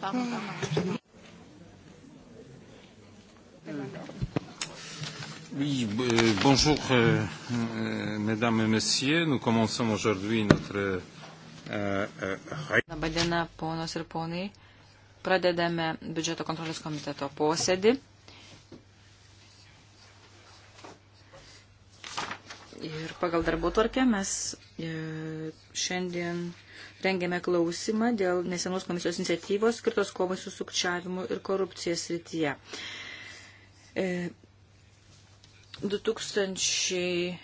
pardon, pardon. Oui, euh, bonjour euh, euh, mesdames et messieurs. Nous commençons aujourd'hui notre. Euh, euh, Labadiena, ponos ir ponai. Pradedame biudžeto kontrolės komiteto posėdį. Ir pagal darbo tvarkę mes e, šiandien rengėme klausimą dėl nesenos komisijos iniciatyvos skirtos kovai su sukčiavimu ir korupcija srityje. 2000 e,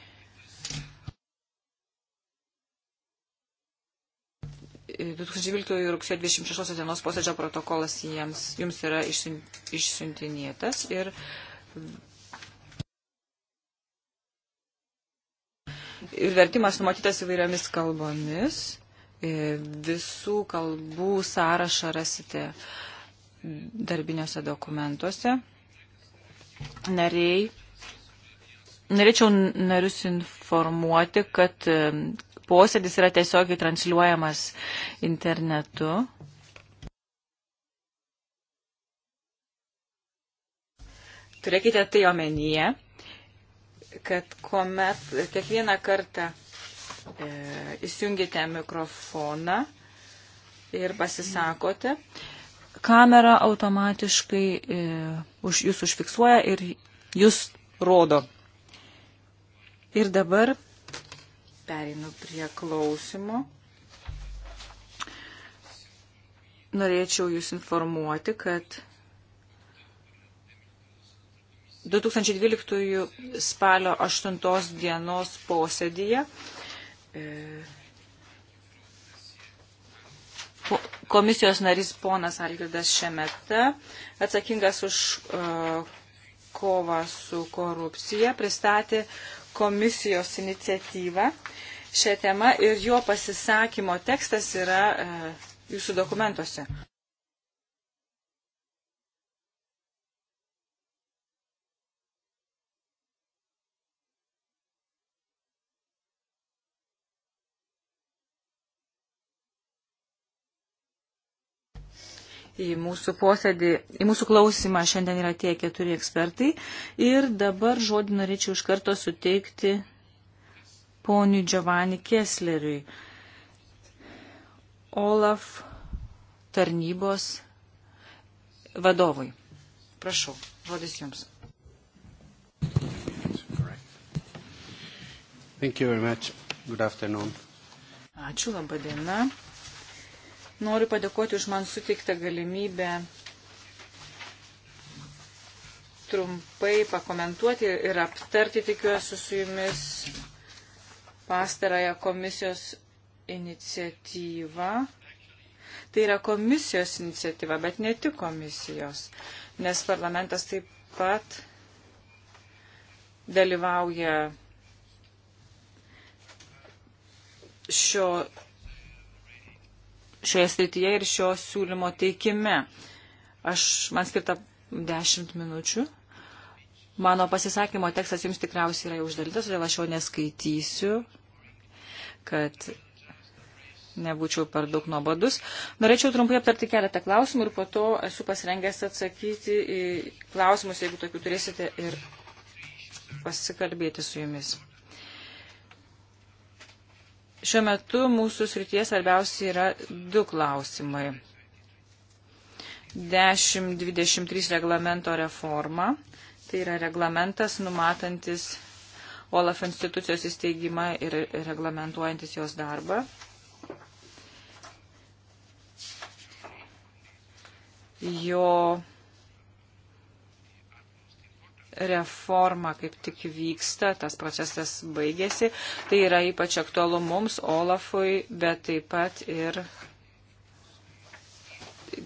2012 e, rugsėjo 26 dienos posėdžio protokolas jiems, jums yra išsiuntinėtas ir, ir vertimas numatytas įvairiomis kalbomis. E, visų kalbų sąrašą rasite darbiniuose dokumentuose. Nariai. Norėčiau narius informuoti, kad e, posėdis yra tiesiogiai transliuojamas internetu. Turėkite tai omenyje, kad kuomet kiekvieną kartą E, įsijungite mikrofoną ir pasisakote. Kamera automatiškai e, už jūs užfiksuoja ir jūs rodo. Ir dabar pereinu prie klausimo. Norėčiau jūs informuoti, kad 2012 spalio 8 dienos posėdyje E, komisijos narys ponas Algirdas Šemeta, atsakingas už e, kovą su korupcija, pristatė komisijos iniciatyvą šią temą ir jo pasisakymo tekstas yra e, jūsų dokumentuose. į mūsų posėdį, į mūsų klausimą šiandien yra tie keturi ekspertai. Ir dabar žodį norėčiau iš karto suteikti poniui Giovanni Kessleriui. Olaf tarnybos vadovui. Prašau, žodis jums. Ačiū, laba diena. Noriu padėkoti už man sutiktą galimybę trumpai pakomentuoti ir aptarti, tikiuosi, su jumis pastarąją komisijos iniciatyvą. Tai yra komisijos iniciatyva, bet ne tik komisijos, nes parlamentas taip pat dalyvauja šio šioje srityje ir šio siūlymo teikime. Aš, man skirta 10 minučių. Mano pasisakymo tekstas jums tikriausiai yra uždalytas, todėl aš jo neskaitysiu, kad nebūčiau per daug nuobodus. Norėčiau trumpai aptarti keletą klausimų ir po to esu pasirengęs atsakyti į klausimus, jeigu tokių turėsite ir pasikalbėti su jumis. Šiuo metu mūsų srityje svarbiausia yra du klausimai. 1023 reglamento reforma, tai yra reglamentas numatantis OLAF institucijos įsteigimą ir reglamentuojantis jos darbą. Jo reforma kaip tik vyksta, tas procesas baigėsi. Tai yra ypač aktualu mums, Olafui, bet taip pat ir.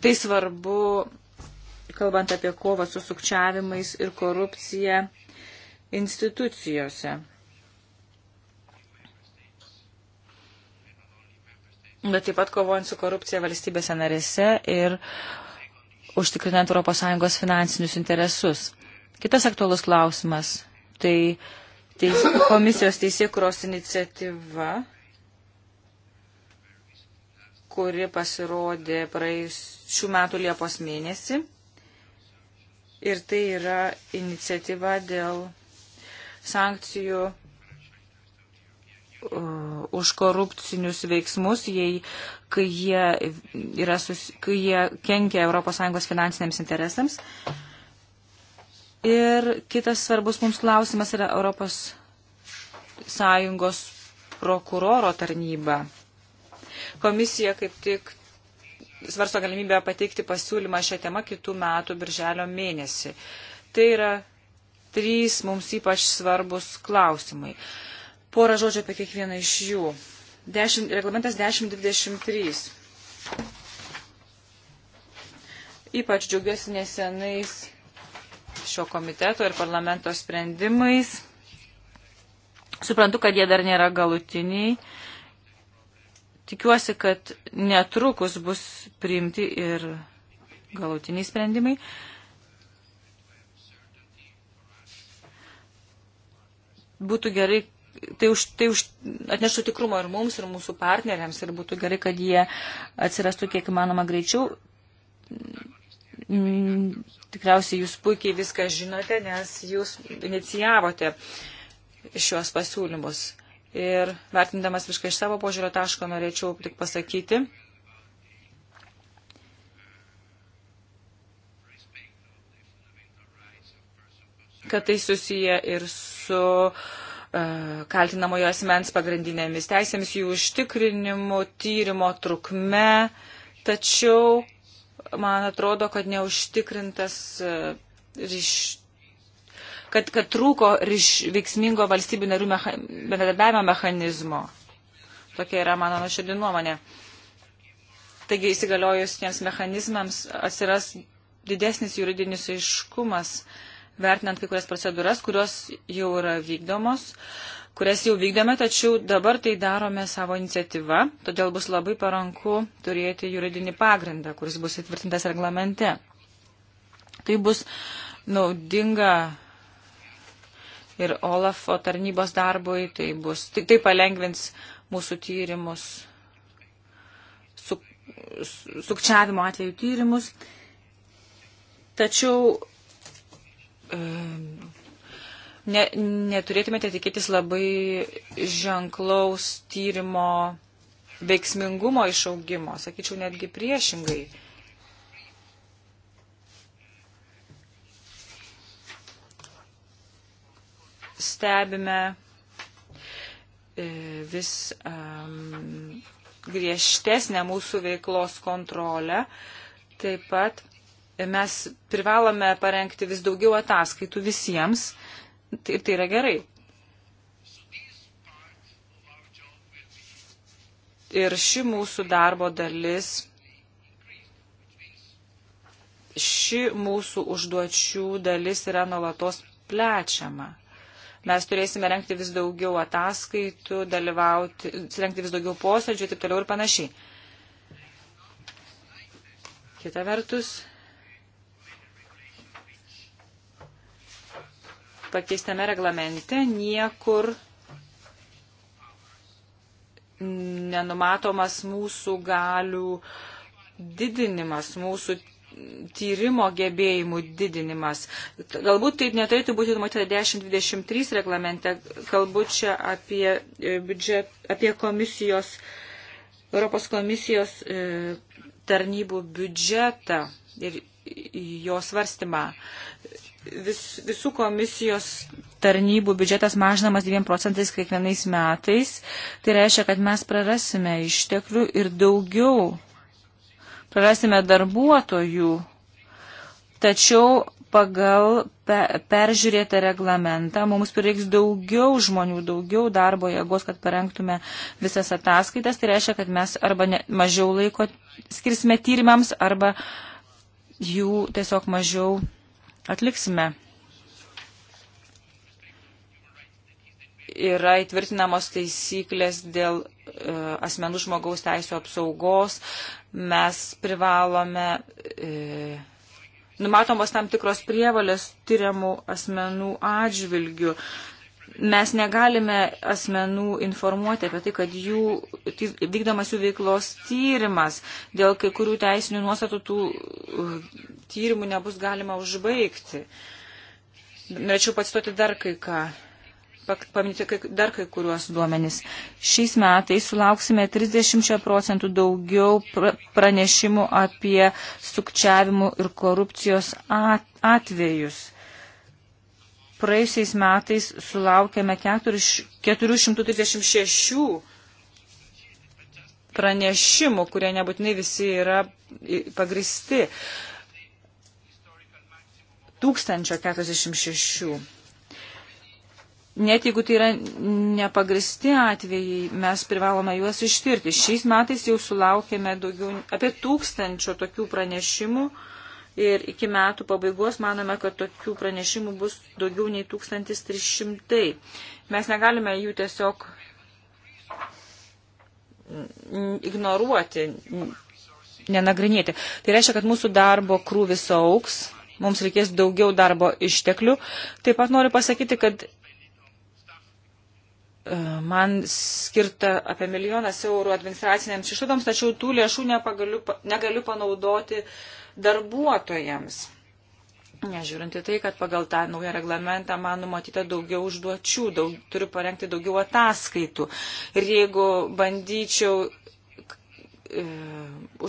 Tai svarbu, kalbant apie kovą su sukčiavimais ir korupcija institucijose. Bet taip pat kovojant su korupcija valstybėse narėse ir užtikrinant ES finansinius interesus. Kitas aktualus klausimas - tai teis, komisijos teisėkuros iniciatyva, kuri pasirodė praėjus šių metų Liepos mėnesį. Ir tai yra iniciatyva dėl sankcijų už korupcinius veiksmus, jei, kai, jie yra sus, kai jie kenkia ES finansiniams interesams. Uh, Ir kitas svarbus mums klausimas yra Europos Sąjungos prokuroro tarnyba. Komisija kaip tik svarsto galimybę pateikti pasiūlymą šią temą kitų metų birželio mėnesį. Tai yra trys mums ypač svarbus klausimai. Porą žodžių apie kiekvieną iš jų. 10, reglamentas 1023. Ypač džiaugiuosi nesenais šio komiteto ir parlamento sprendimais. Suprantu, kad jie dar nėra galutiniai. Tikiuosi, kad netrukus bus priimti ir galutiniai sprendimai. Būtų gerai, tai, už, tai už, atneštų tikrumo ir mums, ir mūsų partneriams, ir būtų gerai, kad jie atsirastų kiek įmanoma greičiau m, mm, tikriausiai jūs puikiai viską žinote, nes jūs inicijavote šiuos pasiūlymus. Ir vertindamas viską iš savo požiūrio taško norėčiau tik pasakyti, kad tai susiję ir su uh, kaltinamojo asmens pagrindinėmis teisėmis, jų užtikrinimu, tyrimo trukme, tačiau man atrodo, kad neužtikrintas e, ryš, kad, kad trūko ryš, veiksmingo valstybių narių mecha, bendradarbiavimo mechanizmo. Tokia yra mano nuoširdį nuomonė. Taigi įsigaliojus tiems mechanizmams atsiras didesnis juridinis aiškumas, vertinant kai kurias procedūras, kurios jau yra vykdomos. Uh, kurias jau vykdėme, tačiau dabar tai darome savo iniciatyvą, todėl bus labai paranku turėti juridinį pagrindą, kuris bus įtvirtintas reglamente. Tai bus naudinga ir Olafo tarnybos darbui, tai, bus, tai, tai palengvins mūsų tyrimus, suk, sukčiavimo atveju tyrimus. Tačiau e, ne, neturėtumėte tikėtis labai ženklaus tyrimo veiksmingumo išaugimo, sakyčiau, netgi priešingai. Stebime e, vis um, griežtesnę mūsų veiklos kontrolę. Taip pat mes privalome parengti vis daugiau ataskaitų visiems, Tai ir tai yra gerai. Ir ši mūsų darbo dalis, ši mūsų užduočių dalis yra nuolatos plečiama. Mes turėsime renkti vis daugiau ataskaitų, dalyvauti, renkti vis daugiau posėdžių ir taip toliau ir panašiai. Kita vertus, pakeistame reglamente niekur nenumatomas mūsų galių didinimas, mūsų tyrimo gebėjimų didinimas. Galbūt tai neturėtų būti numatyta 1023 reglamente. Kalbu čia apie, e, biudžet, apie komisijos, Europos komisijos e, tarnybų biudžetą ir jo svarstymą vis, visų komisijos tarnybų biudžetas mažinamas 2 procentais kiekvienais metais. Tai reiškia, kad mes prarasime išteklių ir daugiau. Prarasime darbuotojų. Tačiau pagal pe, peržiūrėtą reglamentą mums prireiks daugiau žmonių, daugiau darbo jėgos, kad parengtume visas ataskaitas. Tai reiškia, kad mes arba ne, mažiau laiko skirsime tyrimams, arba jų tiesiog mažiau atliksime. Yra įtvirtinamos taisyklės dėl e, asmenų žmogaus teisų apsaugos. Mes privalome, e, numatomos tam tikros prievalės tyriamų asmenų atžvilgių. E, Mes negalime asmenų informuoti apie tai, kad jų vykdomas jų veiklos tyrimas dėl kai kurių teisinių nuostatų tų uh, tyrimų nebus galima užbaigti. Norėčiau pacituoti dar kai ką paminėti dar kai kuriuos duomenys. Šiais metais sulauksime 30 procentų daugiau pranešimų apie sukčiavimų ir korupcijos atvejus praeisiais metais sulaukėme 436 pranešimų, kurie nebūtinai visi yra pagristi. 1046. Net jeigu tai yra nepagristi atvejai, mes privalome juos ištirti. Šiais metais jau sulaukėme daugiau apie tūkstančio tokių pranešimų, uh, ir iki metų pabaigos manome, kad tokių pranešimų bus daugiau nei 1300. Mes negalime jų tiesiog ignoruoti, nenagrinėti. Tai reiškia, kad mūsų darbo krūvis auks, mums reikės daugiau darbo išteklių. Taip pat noriu pasakyti, kad e, man skirta apie milijonas eurų administracinėms išlaidoms, tačiau tų lėšų nepagaliu, negaliu panaudoti uh, darbuotojams. Nežiūrint į tai, kad pagal tą naują reglamentą man numatyta daugiau užduočių, daug, turiu parengti daugiau ataskaitų. Ir jeigu bandyčiau e,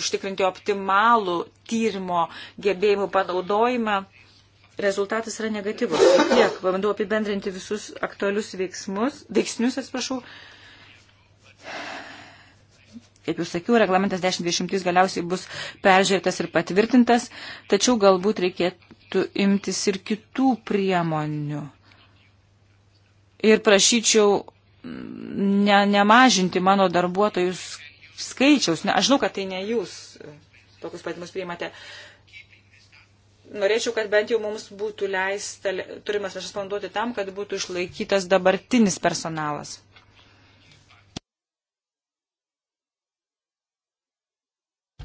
užtikrinti optimalų tyrimo gebėjimų panaudojimą, rezultatas yra negatyvus. Tiek, bandau apibendrinti visus aktualius veiksmus, veiksnius, atsiprašau, kaip jau sakiau, reglamentas 1020 galiausiai bus peržiūrėtas ir patvirtintas, tačiau galbūt reikėtų imtis ir kitų priemonių. Ir prašyčiau ne, nemažinti mano darbuotojų skaičiaus. Ne, aš žinau, kad tai ne jūs tokius patimus priimate. Norėčiau, kad bent jau mums būtų leista turimas lėšas panduoti tam, kad būtų išlaikytas dabartinis personalas.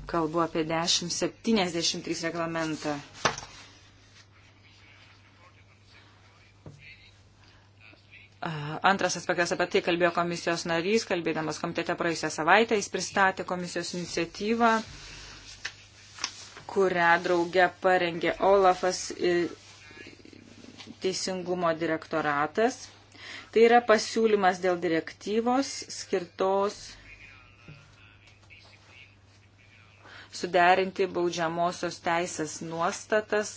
Kalbu apie 1073 reglamentą. Antras aspektas apie tai kalbėjo komisijos narys, kalbėdamas komitete praėjusią savaitę, jis pristatė komisijos iniciatyvą, kurią draugė parengė Olafas ir Teisingumo direktoratas. Tai yra pasiūlymas dėl direktyvos skirtos suderinti baudžiamosios teisės nuostatas,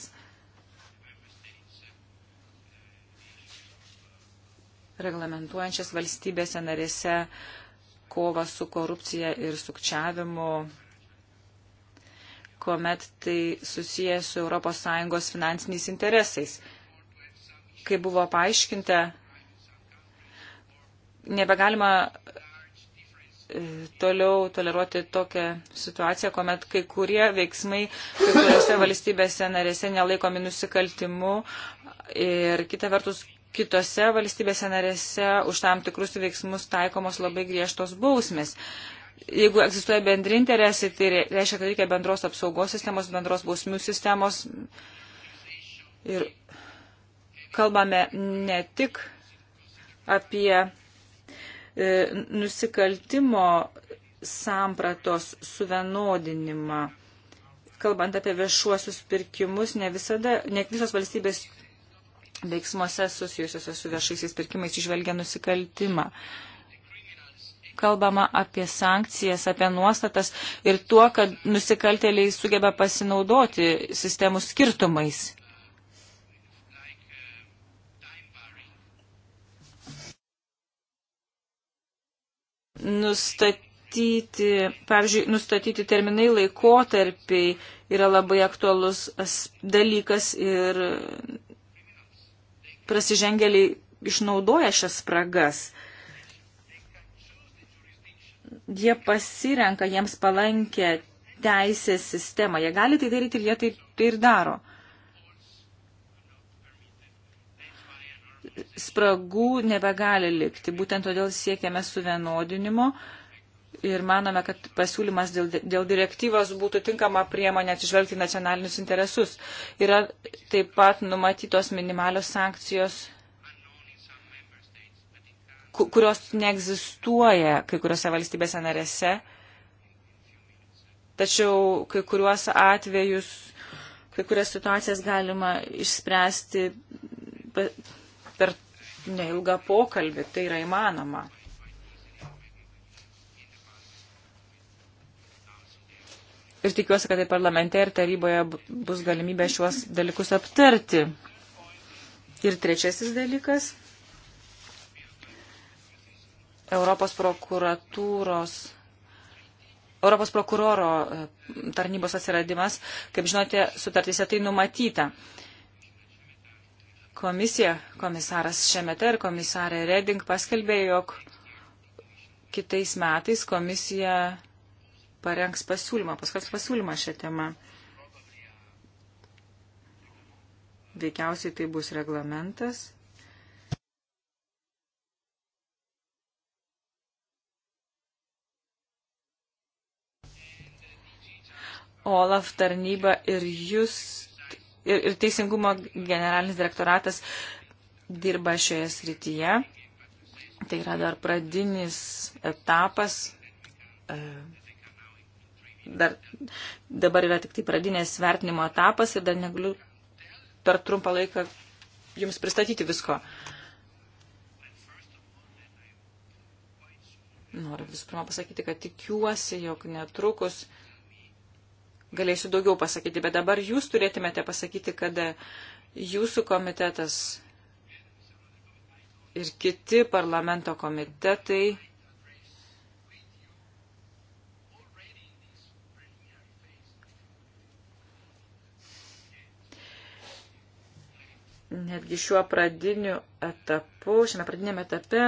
reglamentuojančias valstybėse narėse kovą su korupcija ir sukčiavimu, kuomet tai susijęs su ES finansiniais interesais. Kai buvo paaiškinta, nebegalima E, toliau toleruoti tokią situaciją, kuomet kai kurie veiksmai kai kuriuose valstybėse narėse nelaikomi nusikaltimu ir kita vertus kitose valstybėse narėse už tam tikrus veiksmus taikomos labai griežtos bausmės. Jeigu egzistuoja bendri interesai, tai reiškia, kad reikia bendros apsaugos sistemos, bendros bausmių sistemos. Ir kalbame ne tik apie E, nusikaltimo sampratos suvienodinimą. Kalbant apie viešuosius pirkimus, ne visada, ne visos valstybės veiksmuose susijusiuose su viešaisiais pirkimais išvelgia nusikaltimą. Kalbama apie sankcijas, apie nuostatas ir tuo, kad nusikaltėliai sugeba pasinaudoti sistemų skirtumais. nustatyti, pavyzdžiui, nustatyti terminai laikotarpiai yra labai aktualus dalykas ir prasižengėliai išnaudoja šias spragas. Jie pasirenka jiems palankę teisės sistemą. Jie gali tai daryti ir jie tai, tai ir daro. spragų nebegali likti. Būtent todėl siekiame suvienodinimo ir manome, kad pasiūlymas dėl, dėl direktyvos būtų tinkama priemonė atsižvelgti nacionalinius interesus. Yra taip pat numatytos minimalios sankcijos kurios neegzistuoja kai kuriuose valstybėse narėse, tačiau kai kuriuos atvejus, kai kurias situacijas galima išspręsti per neilgą pokalbį. Tai yra įmanoma. Ir tikiuosi, kad tai parlamente ir taryboje bus galimybė šiuos dalykus aptarti. Ir trečiasis dalykas. Europos prokuratūros Europos prokuroro e, tarnybos atsiradimas, kaip žinote, sutartyse tai numatyta. Komisija, komisaras Šemete ir komisarė Reding paskelbė, jog kitais metais komisija parengs pasiūlymą, paskui pasiūlymą šią temą. Veikiausiai tai bus reglamentas. Olaf tarnyba ir jūs ir, ir Teisingumo generalinis direktoratas dirba šioje srityje. Tai yra dar pradinis etapas. E, dar, dabar yra tik tai pradinės vertinimo etapas ir dar negaliu per trumpą laiką jums pristatyti visko. Noriu visų pirma pasakyti, kad tikiuosi, jog netrukus uh, galėsiu daugiau pasakyti, bet dabar jūs turėtumėte pasakyti, kada jūsų komitetas ir kiti parlamento komitetai netgi šiuo pradiniu etapu, šiame pradinėme etape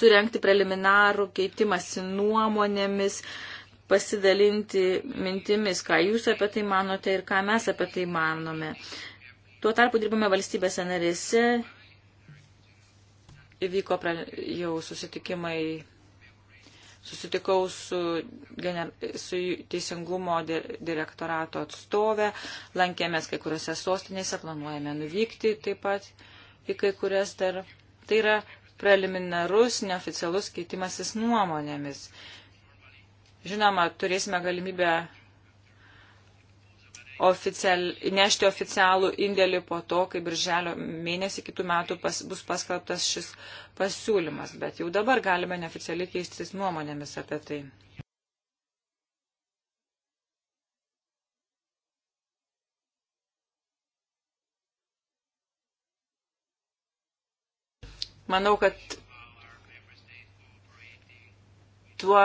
surenkti preliminarų keitimąsi nuomonėmis, pasidalinti mintimis, ką jūs apie tai manote ir ką mes apie tai manome. Tuo tarpu dirbame valstybėse narėse, įvyko pra, jau susitikimai, susitikau su, gener, su teisingumo di, direktorato atstovė, lankėmės kai kuriuose sostinėse, planuojame nuvykti taip pat į kai kurias dar. Tai yra preliminarus, neoficialus keitimasis nuomonėmis. Uh, Žinoma, turėsime galimybę oficial, nešti oficialų indėlį po to, kai birželio mėnesį kitų metų pas, bus paskelbtas šis pasiūlymas, bet jau dabar galime neoficialiai keistis nuomonėmis apie tai. Manau, kad tuo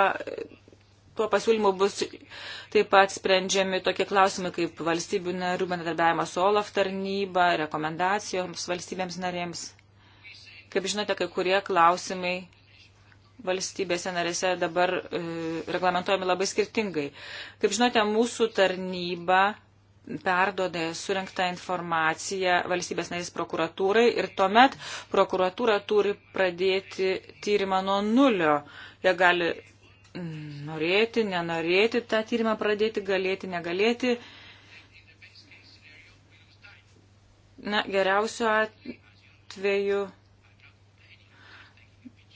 tuo pasiūlymu bus taip pat sprendžiami tokie klausimai kaip valstybių narių bendradarbiavimas su OLAF tarnyba, rekomendacijoms valstybėms narėms. Kaip žinote, kai kurie klausimai valstybėse narėse dabar e, reglamentojami labai skirtingai. Kaip žinote, mūsų tarnyba perdoda surinktą informaciją valstybės narės prokuratūrai ir tuomet prokuratūra turi pradėti tyrimą nuo nulio. Jie gali norėti, nenorėti tą tyrimą pradėti, galėti, negalėti. Na, geriausiu atveju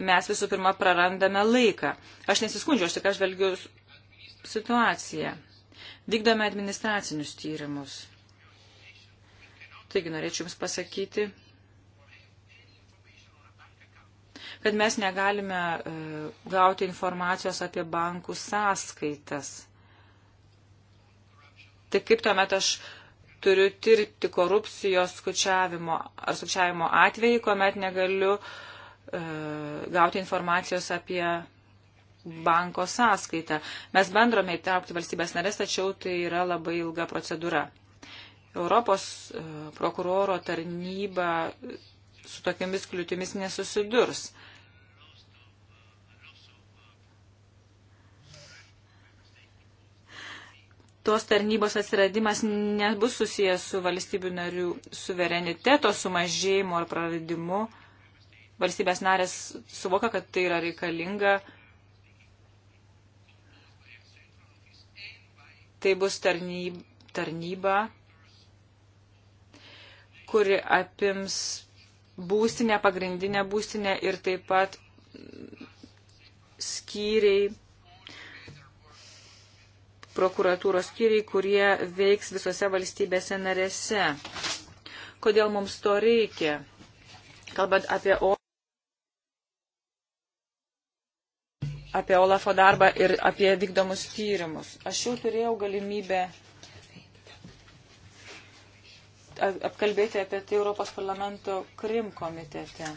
mes visų pirma prarandame laiką. Aš nesiskundžiu, aš tik aš velgiu situaciją. Vykdome administracinius tyrimus. Taigi norėčiau Jums pasakyti, kad mes negalime e, gauti informacijos apie bankų sąskaitas. Tai kaip tuomet aš turiu tirti korupcijos skučiavimo ar skučiavimo atvejį, kuomet negaliu e, gauti informacijos apie banko sąskaitą. Mes bendrome įtraukti valstybės narės, tačiau tai yra labai ilga procedūra. Europos e, prokuroro tarnyba su tokiamis kliūtimis nesusidurs. tos tarnybos atsiradimas nebus susijęs su valstybių narių suvereniteto sumažėjimu ar praradimu. Valstybės narės suvoka, kad tai yra reikalinga. Tai bus tarnyb, tarnyba, kuri apims būstinę, pagrindinę būstinę ir taip pat skyriai prokuratūros skyriai, kurie veiks visose valstybėse narėse. Kodėl mums to reikia? Kalbant apie O. apie Olafo darbą ir apie vykdomus tyrimus. Aš jau turėjau galimybę apkalbėti apie tai Europos parlamento Krim komitete.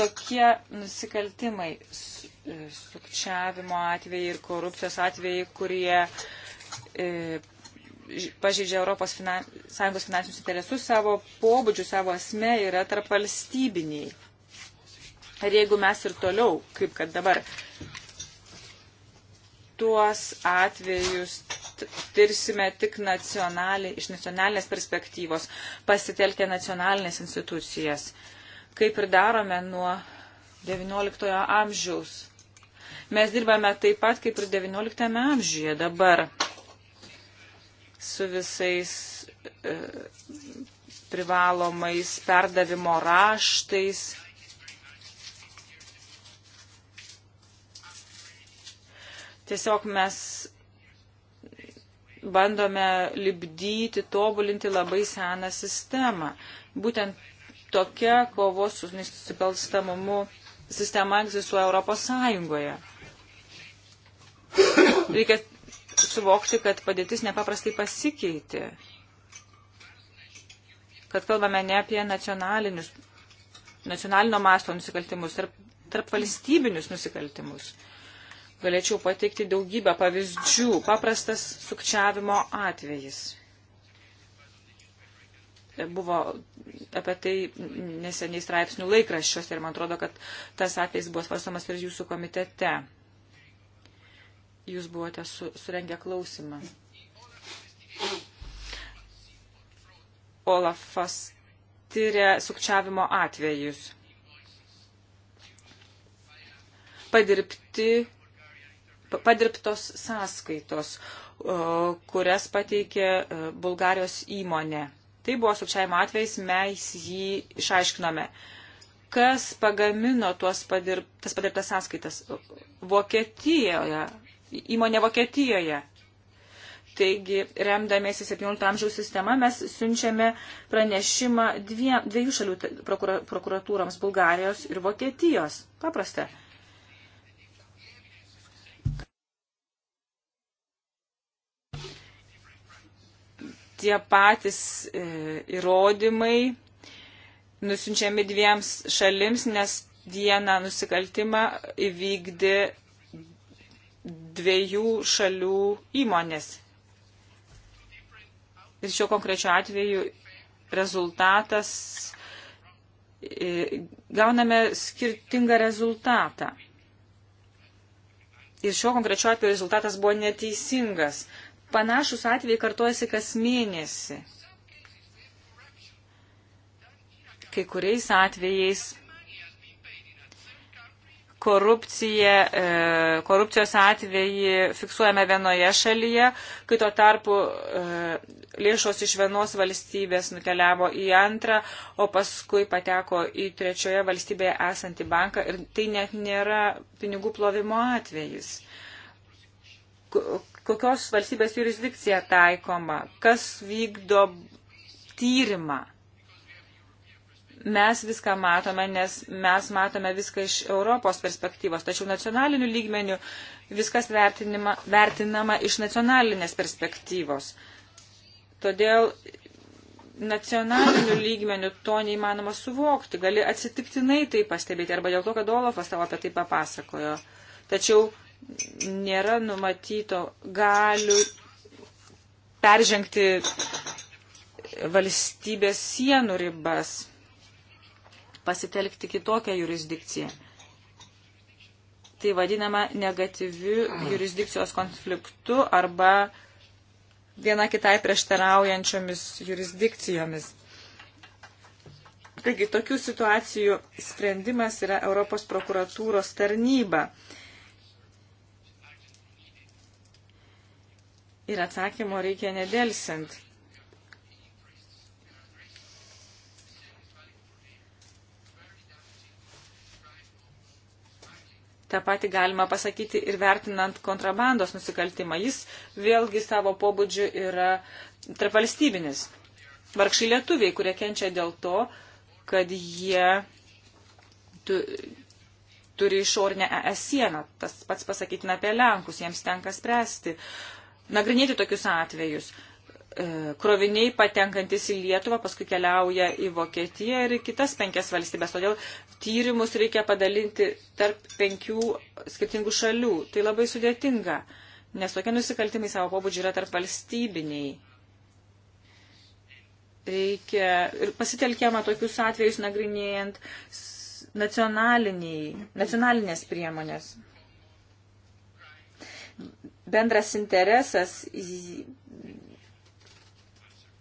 Tokie nusikaltimai sukčiavimo atvejai ir korupcijos atvejai, kurie e, pažeidžia Europos finan, Sąjungos finansinius interesus savo pobūdžių, savo asme yra tarp valstybiniai. Ir jeigu mes ir toliau, kaip kad dabar, tuos atvejus tirsime tik nacionali, iš nacionalinės perspektyvos, pasitelkę nacionalinės institucijas, kaip ir darome nuo XIX amžiaus. Mes dirbame taip pat kaip ir XIX amžiuje dabar su visais e, privalomais perdavimo raštais. Tiesiog mes bandome libdyti, tobulinti labai seną sistemą. Būtent tokia kovos su nusikalstamumu sistema egzistuoja Europos Sąjungoje. Reikia suvokti, kad padėtis nepaprastai pasikeitė. Kad kalbame ne apie nacionalinius, nacionalinio masto nusikaltimus, tarp, tarp valstybinius nusikaltimus. Galėčiau pateikti daugybę pavyzdžių. Paprastas sukčiavimo atvejis buvo apie tai neseniai straipsnių laikraščiuose ir man atrodo, kad tas atvejs buvo svarstamas ir jūsų komitete. Jūs buvote su, surengę klausimą. Olafas tyria sukčiavimo atvejus. Padirbti, padirbtos sąskaitos, kurias pateikė e, Bulgarijos įmonė tai buvo sukčiavimo atvejais, mes jį išaiškinome. Kas pagamino tuos padirb, tas padirbtas sąskaitas? Vokietijoje, įmonė Vokietijoje. Taigi, remdamėsi 17 amžiaus sistema, mes siunčiame pranešimą dviem, dviejų šalių prokuratūrams - Bulgarijos ir Vokietijos. Paprasta. tie patys e, įrodymai nusinčiami dviems šalims, nes vieną nusikaltimą įvykdė dviejų šalių įmonės. Ir šiuo konkrečiu atveju rezultatas, e, gauname skirtingą rezultatą. Ir šiuo konkrečiu atveju rezultatas buvo neteisingas panašus atvejai kartojasi kas mėnesį. Kai kuriais atvejais korupcija, e, korupcijos atvejį fiksuojame vienoje šalyje, kai tuo tarpu e, lėšos iš vienos valstybės nukeliavo į antrą, o paskui pateko į trečioje valstybėje esantį banką ir tai net nėra pinigų plovimo atvejis kokios valstybės jurisdikcija taikoma, kas vykdo tyrimą. Mes viską matome, nes mes matome viską iš Europos perspektyvos, tačiau nacionaliniu lygmeniu viskas vertinama, vertinama iš nacionalinės perspektyvos. Todėl nacionaliniu lygmeniu to neįmanoma suvokti. Gali atsitiktinai tai pastebėti arba dėl to, kad Olafas tavo apie tai papasakojo. Tačiau nėra numatyto galių peržengti valstybės sienų ribas, pasitelkti kitokią jurisdikciją. Tai vadinama negatyviu jurisdikcijos konfliktu arba viena kitai prieštaraujančiomis jurisdikcijomis. Taigi, tokių situacijų sprendimas yra Europos prokuratūros tarnyba. ir atsakymo reikia nedelsint. Ta pati galima pasakyti ir vertinant kontrabandos nusikaltimą. Jis vėlgi savo pobūdžiu yra tarpvalstybinis. Vargšai lietuviai, kurie kenčia dėl to, kad jie tu, turi išorinę ES sieną. Tas pats pasakytina apie Lenkus, jiems tenka spręsti nagrinėti tokius atvejus. E, kroviniai patenkantis į Lietuvą paskui keliauja į Vokietiją ir į kitas penkias valstybės. Todėl tyrimus reikia padalinti tarp penkių skirtingų šalių. Tai labai sudėtinga, nes tokie nusikaltimai savo pobūdžiu yra tarp valstybiniai reikia ir pasitelkiama tokius atvejus nagrinėjant nacionalinės priemonės bendras interesas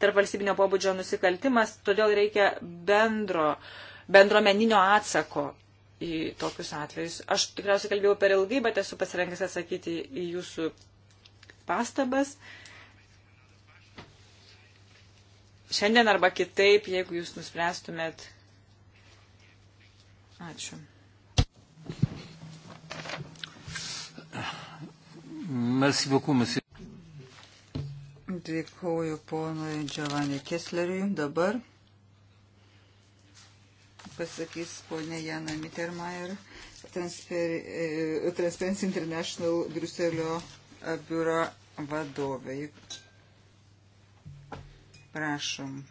tarp valstybinio pobūdžio nusikaltimas, todėl reikia bendro, bendromeninio atsako į tokius atvejus. Aš tikriausiai kalbėjau per ilgai, bet esu pasirengęs atsakyti į jūsų pastabas. Šiandien arba kitaip, jeigu jūs nuspręstumėt. Ačiū. Merci beaucoup, monsieur. Dėkuoju ponui Giovanni Kessleriui. Dabar pasakys ponė Jana Mittermeier, e, Transparency International Briuselio biuro vadovai. Prašom.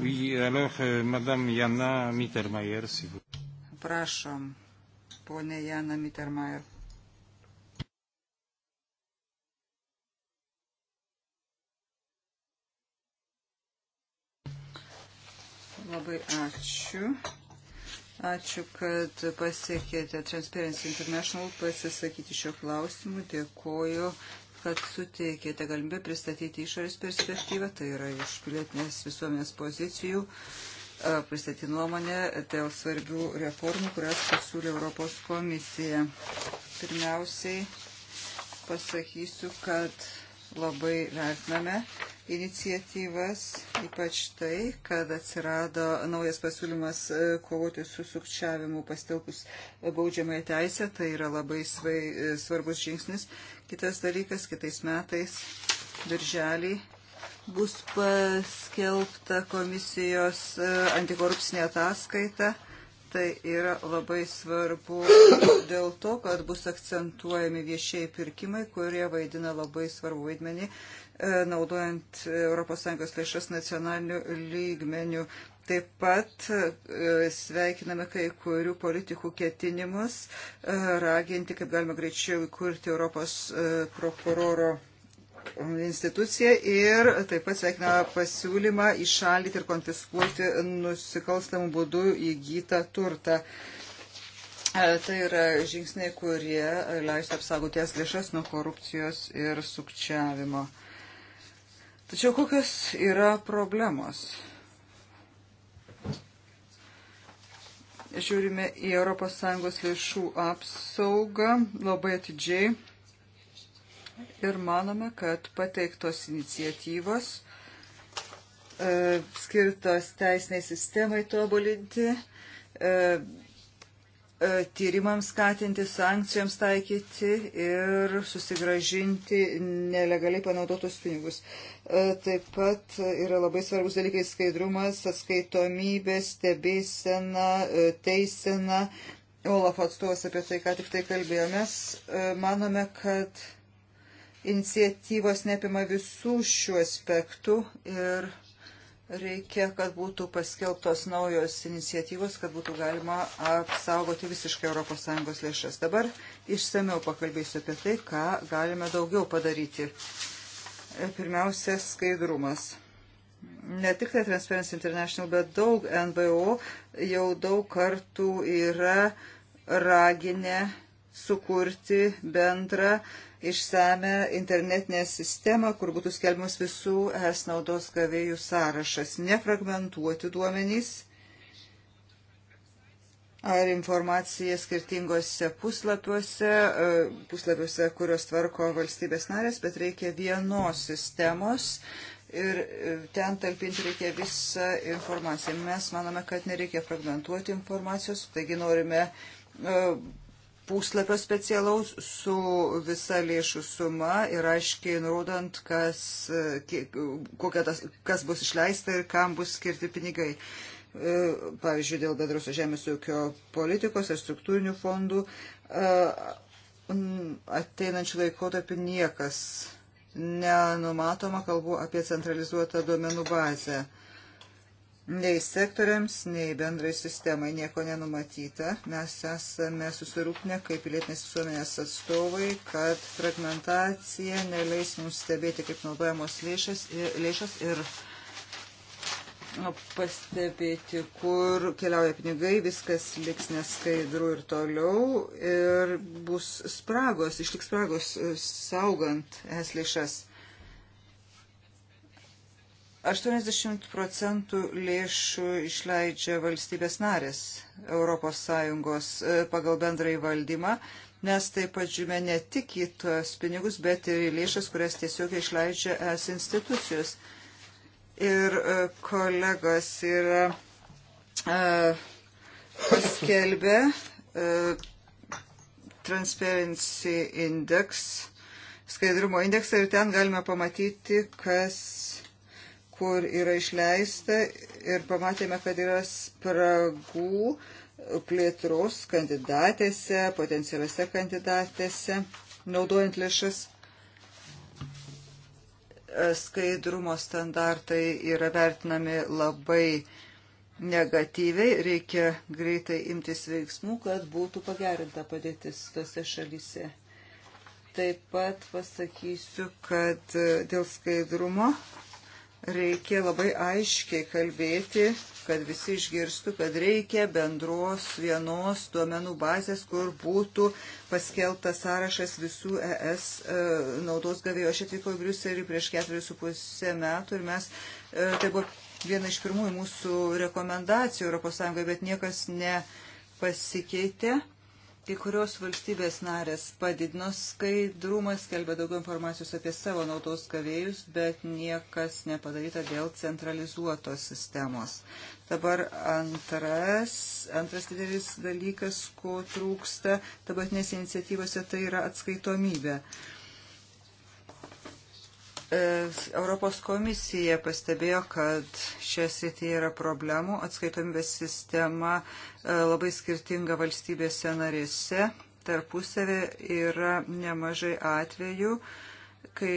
Oui, alors, euh, Madame Jana Mittermeier, si vous... Prašom, ponė Jana Mittermeier. Labai ačiū. Ačiū, kad pasiekėte Transparency International pasisakyti šio klausimu. Dėkoju kad suteikėte galimybę pristatyti išorės perspektyvą, tai yra iš pilietinės visuomenės pozicijų, e, pristatyti nuomonę dėl svarbių reformų, kurias pasiūlė Europos komisija. Pirmiausiai pasakysiu, kad labai vertiname iniciatyvas, ypač tai, kad atsirado naujas pasiūlymas e, kovoti su sukčiavimu pastelkus baudžiamąją teisę, tai yra labai svai, e, svarbus žingsnis. Kitas dalykas, kitais metais, birželį, bus paskelbta komisijos e, antikorupsinė ataskaita. Tai yra labai svarbu dėl to, kad bus akcentuojami viešiai pirkimai, kurie vaidina labai svarbu vaidmenį E, naudojant ES lėšas nacionaliniu lygmeniu. Taip pat e, sveikiname kai kurių politikų ketinimus e, raginti, kaip galima greičiau įkurti Europos prokuroro instituciją ir taip pat sveikiname pasiūlymą išalyti ir konfiskuoti nusikalstamų būdų įgytą turtą. Tai yra žingsniai, kurie leistų apsaugoti jas lėšas nuo korupcijos ir sukčiavimo. Tačiau kokios yra problemos? Žiūrime į ES lėšų apsaugą labai atidžiai ir manome, kad pateiktos iniciatyvos e, skirtos teisiniai sistemai tobulinti e, E, tyrimams skatinti, sankcijoms taikyti ir susigražinti nelegaliai panaudotus pinigus. E, taip pat yra labai svarbus dalykai skaidrumas, atskaitomybė, stebėsena, e, teisena. Olaf atstovas apie tai, ką tik tai kalbėjomės. Manome, kad iniciatyvos neapima visų šių aspektų ir Reikia, kad būtų paskelbtos naujos iniciatyvos, kad būtų galima apsaugoti visiškai ES lėšas. Dabar išsameu pakalbėsiu apie tai, ką galime daugiau padaryti. Pirmiausia, skaidrumas. Ne tik tai Transparency International, bet daug NBO jau daug kartų yra raginę sukurti bendrą uh, išsame internetinę sistemą, kur būtų skelbimas visų es naudos gavėjų sąrašas, nefragmentuoti duomenys ar informacija skirtingose puslapiuose, e, puslapiuose, kurios tvarko valstybės narės, bet reikia vienos sistemos. Ir e, ten talpinti reikia visą informaciją. Mes manome, kad nereikia fragmentuoti informacijos, taigi norime e, puslapio specialaus su visa lėšų suma ir aiškiai nurodant, kas, kiek, tas, kas bus išleista ir kam bus skirti pinigai. E, pavyzdžiui, dėl bedrusio žemės ūkio politikos ir struktūrinių fondų e, ateinančių laikotarpį niekas nenumatoma, kalbu apie centralizuotą duomenų bazę nei sektoriams, nei bendrai sistemai nieko nenumatyta. Mes esame susirūpnę kaip pilietinės visuomenės atstovai, kad fragmentacija neleis mums stebėti, kaip naudojamos lėšas ir, lėšas nu, ir pastebėti, kur keliauja pinigai, viskas liks neskaidru ir toliau ir bus spragos, išliks spragos e, saugant es lėšas. 80 procentų lėšų išleidžia valstybės narės ES e, pagal bendrai valdymą, nes taip pat žiūrime ne tik į tuos pinigus, bet ir į lėšas, kurias tiesiog išleidžia es institucijos. Ir e, kolegos yra e, paskelbę Transparency Index, skaidrumo indeksą ir ten galime pamatyti, kas kur yra išleista ir pamatėme, kad yra spragų plėtros kandidatėse, potencialiuose kandidatėse, naudojant lėšas. Skaidrumo standartai yra vertinami labai negatyviai, reikia greitai imtis veiksmų, kad būtų pagerinta padėtis tose šalyse. Taip pat pasakysiu, kad dėl skaidrumo reikia labai aiškiai kalbėti, kad visi išgirstų, kad reikia bendros vienos duomenų bazės, kur būtų paskelbtas sąrašas visų ES e, naudos gavėjo. Aš atvykau į Briuselį prieš keturis su pusę metų ir mes, e, tai buvo viena iš pirmųjų mūsų rekomendacijų ES, bet niekas nepasikeitė. Kai kurios valstybės narės padidino skaidrumą, skelbė daugiau informacijos apie savo naudos gavėjus, bet niekas nepadaryta dėl centralizuotos sistemos. Dabar antras, antras didelis dalykas, ko trūksta dabartinėse iniciatyvose, tai yra atskaitomybė. Uh, E, Europos komisija pastebėjo, kad šioje srityje yra problemų, atskaitomybės sistema e, labai skirtinga valstybėse narėse, tarpusavė yra nemažai atvejų, kai,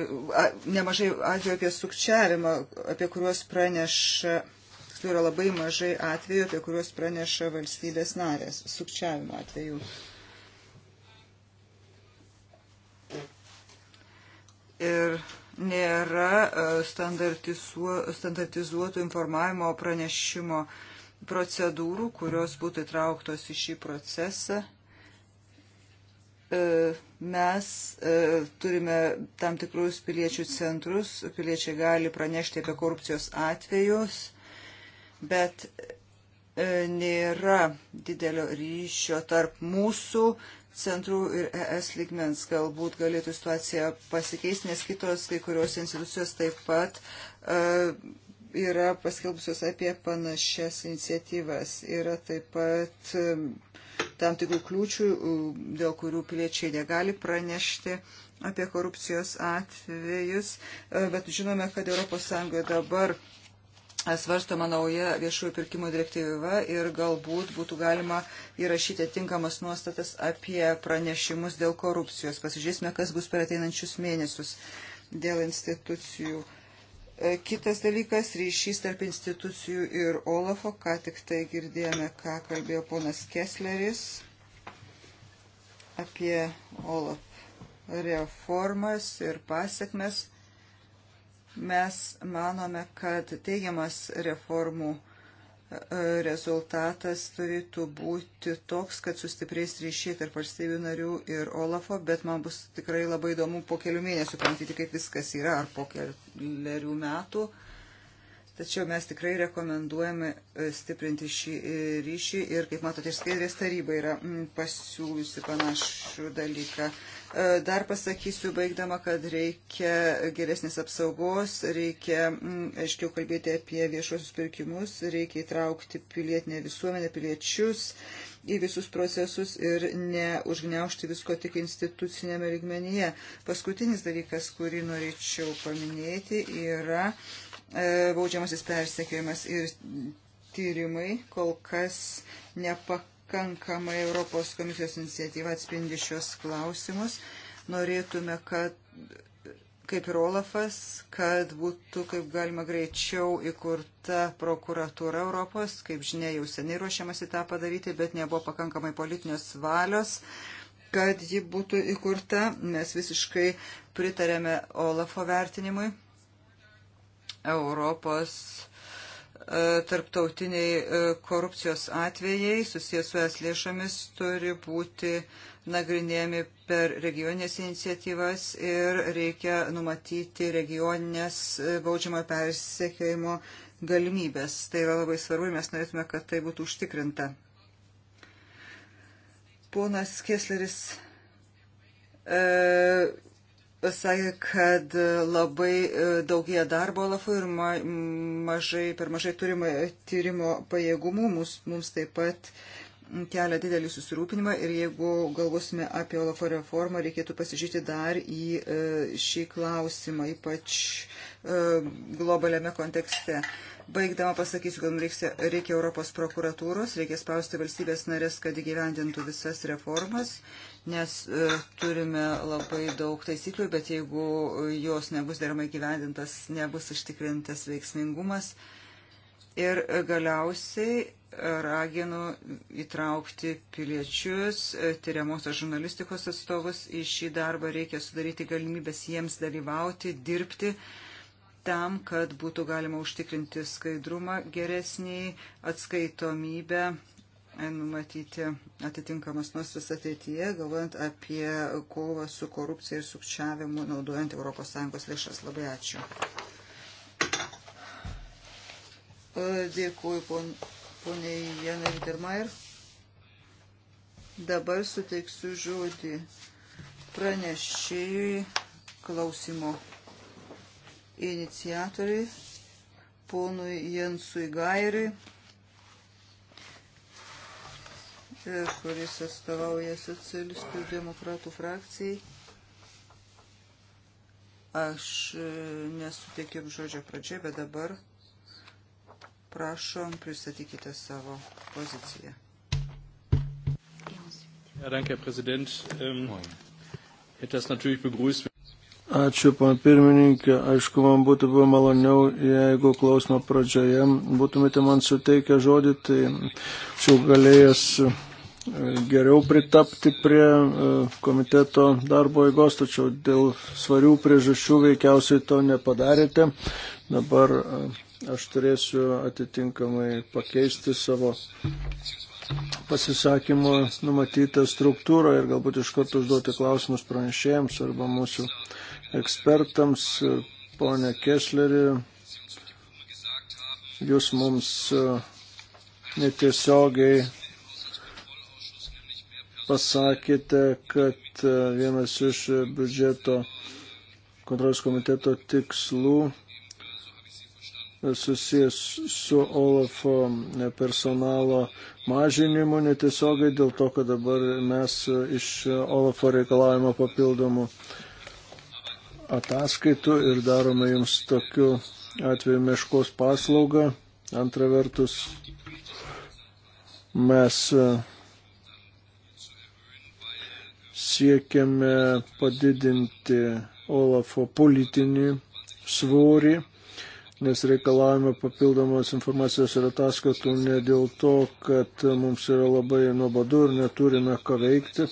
e, a, nemažai atvejų apie sukčiavimą, apie kuriuos praneša, tai yra labai mažai atvejų, apie kuriuos praneša valstybės narės, sukčiavimo atvejų. Uh, ir nėra e, standartizuotų informavimo pranešimo procedūrų, kurios būtų įtrauktos į šį procesą. E, mes e, turime tam tikrus piliečių centrus, piliečiai gali pranešti apie korupcijos atvejus, bet nėra didelio ryšio tarp mūsų centrų ir ES lygmens. Galbūt galėtų situacija pasikeisti, nes kitos kai kurios institucijos taip pat uh, yra paskelbusios apie panašias iniciatyvas. Yra taip pat um, tam tikrų kliūčių, um, dėl kurių piliečiai negali pranešti apie korupcijos atvejus, uh, bet žinome, kad ES dabar uh, svarstoma nauja viešųjų pirkimų direktyva ir galbūt būtų galima įrašyti tinkamas nuostatas apie pranešimus dėl korupcijos. Pasižiūrėsime, kas bus per ateinančius mėnesius dėl institucijų. E, kitas dalykas - ryšys tarp institucijų ir Olafo. Ką tik tai girdėjome, ką kalbėjo ponas Kessleris apie Olaf reformas ir pasiekmes. Mes manome, kad teigiamas reformų e, rezultatas turėtų būti toks, kad sustiprės ryšiai tarp valstybių narių ir Olafo, bet man bus tikrai labai įdomu po kelių mėnesių pamatyti, kaip viskas yra, ar po keliarių metų. Tačiau mes tikrai rekomenduojame e, stiprinti šį e, ryšį ir, kaip matote, iš skaidrės taryba yra pasiūliusi panašų dalyką. E, dar pasakysiu, baigdama, kad reikia geresnės apsaugos, reikia mm, aiškiau kalbėti apie viešuosius pirkimus, reikia įtraukti pilietinę visuomenę, piliečius į visus procesus ir neužgneušti visko tik institucinėme lygmenyje. Paskutinis dalykas, kurį norėčiau paminėti, yra e, baudžiamasis persekiojimas ir tyrimai kol kas nepakankamai nepakankamai Europos komisijos iniciatyva atspindi šios klausimus. Norėtume, kad kaip ir Olafas, kad būtų kaip galima greičiau įkurta prokuratūra Europos. Kaip žinia, jau seniai ruošiamasi tą padaryti, bet nebuvo pakankamai politinės valios kad ji būtų įkurta. Mes visiškai pritarėme Olafo vertinimui. Europos tarptautiniai e, korupcijos atvejai susijęs su es lėšomis turi būti nagrinėjami per regioninės iniciatyvas ir reikia numatyti regioninės e, baudžiamo persiekėjimo galimybės. Tai yra labai svarbu ir mes norėtume, kad tai būtų užtikrinta. Ponas Kesleris e, sakė, kad labai e, daugie darbo Olafui ir ma, mažai, per mažai turime tyrimo pajėgumų, mums, mums taip pat kelia didelį susirūpinimą ir jeigu galvosime apie Olafo reformą, reikėtų pasižiūrėti dar į e, šį klausimą, ypač e, globaliame kontekste. Baigdama pasakysiu, kad reiks, reikia Europos prokuratūros, reikia spausti valstybės narės, kad įgyvendintų visas reformas nes e, turime labai daug taisyklių, bet jeigu jos nebus deramai gyvendintas, nebus ištikrintas veiksmingumas. Ir galiausiai e, raginu įtraukti piliečius, e, tyriamosios žurnalistikos atstovus į šį darbą, reikia sudaryti galimybės jiems dalyvauti, dirbti tam, kad būtų galima užtikrinti skaidrumą geresnį, atskaitomybę numatyti atitinkamas nuostas ateityje, galvojant apie kovą su korupcija ir sukčiavimu, naudojant ES lėšas. Labai ačiū. E, dėkuoju pon, poniai Janai Dermair. Dabar suteiksiu žodį pranešėjui klausimo iniciatoriui, ponui Jensui Gairiui. Šliter, kuris atstovauja socialistų demokratų frakcijai. Aš e, nesutekiam žodžio pradžią, bet dabar prašom pristatykite savo poziciją. Ja, danke, Herr Präsident. Ähm, hätte das natürlich begrüßt. Ačiū, pan pirmininkė. Aišku, man būtų buvo maloniau, jeigu klausimo pradžioje būtumėte man suteikę žodį, tai būčiau galėjęs geriau pritapti prie e, komiteto darbo eigos, tačiau dėl svarių priežasčių veikiausiai to nepadarėte. Dabar e, aš turėsiu atitinkamai pakeisti savo pasisakymo numatytą struktūrą ir galbūt iš karto užduoti klausimus pranešėjams arba mūsų ekspertams. E, Pone Kešleri, jūs mums netiesiogiai pasakėte, kad e, vienas iš biudžeto kontrolės komiteto tikslų e, susijęs su Olafo personalo mažinimu netiesiogai dėl to, kad dabar mes e, iš Olafo reikalavimo papildomų ataskaitų ir darome jums tokiu atveju meškos paslaugą. Antra vertus, mes siekiame padidinti Olafo politinį svorį, nes reikalavome papildomos informacijos ir ataskaitų ne dėl to, kad mums yra labai nuobodu ir neturime ką veikti.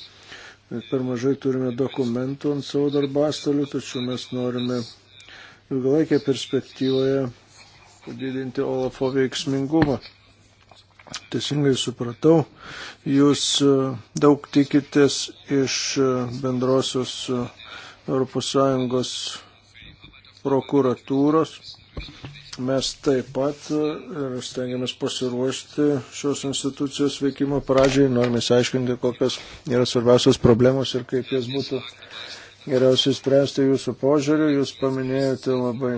Per mažai turime dokumentų ant savo darbastalių, tačiau mes norime ilgalaikėje perspektyvoje padidinti Olafo veiksmingumą teisingai supratau, jūs e, daug tikitės iš e, bendrosios ES prokuratūros. Mes taip pat e, ir stengiamės pasiruošti šios institucijos veikimo pradžiai, norime išsiaiškinti, kokios yra svarbiausios problemos ir kaip jas būtų geriausiai spręsti jūsų požiūriu. Jūs paminėjote labai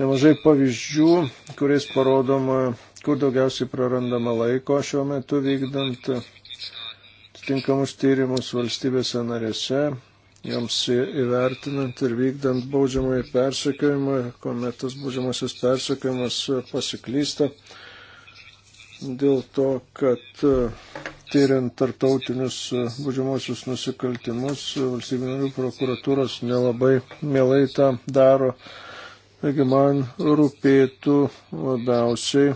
nemažai pavyzdžių, kuriais parodoma kur daugiausiai prarandama laiko šiuo metu vykdant tinkamus tyrimus valstybėse narėse, joms įvertinant ir vykdant baudžiamąjį persekiojimą, kuomet tas baudžiamasis persekiojimas pasiklysta dėl to, kad tyriant tartautinius baudžiamosius nusikaltimus, valstybinių prokuratūros nelabai mielai tą daro. Taigi man rūpėtų labiausiai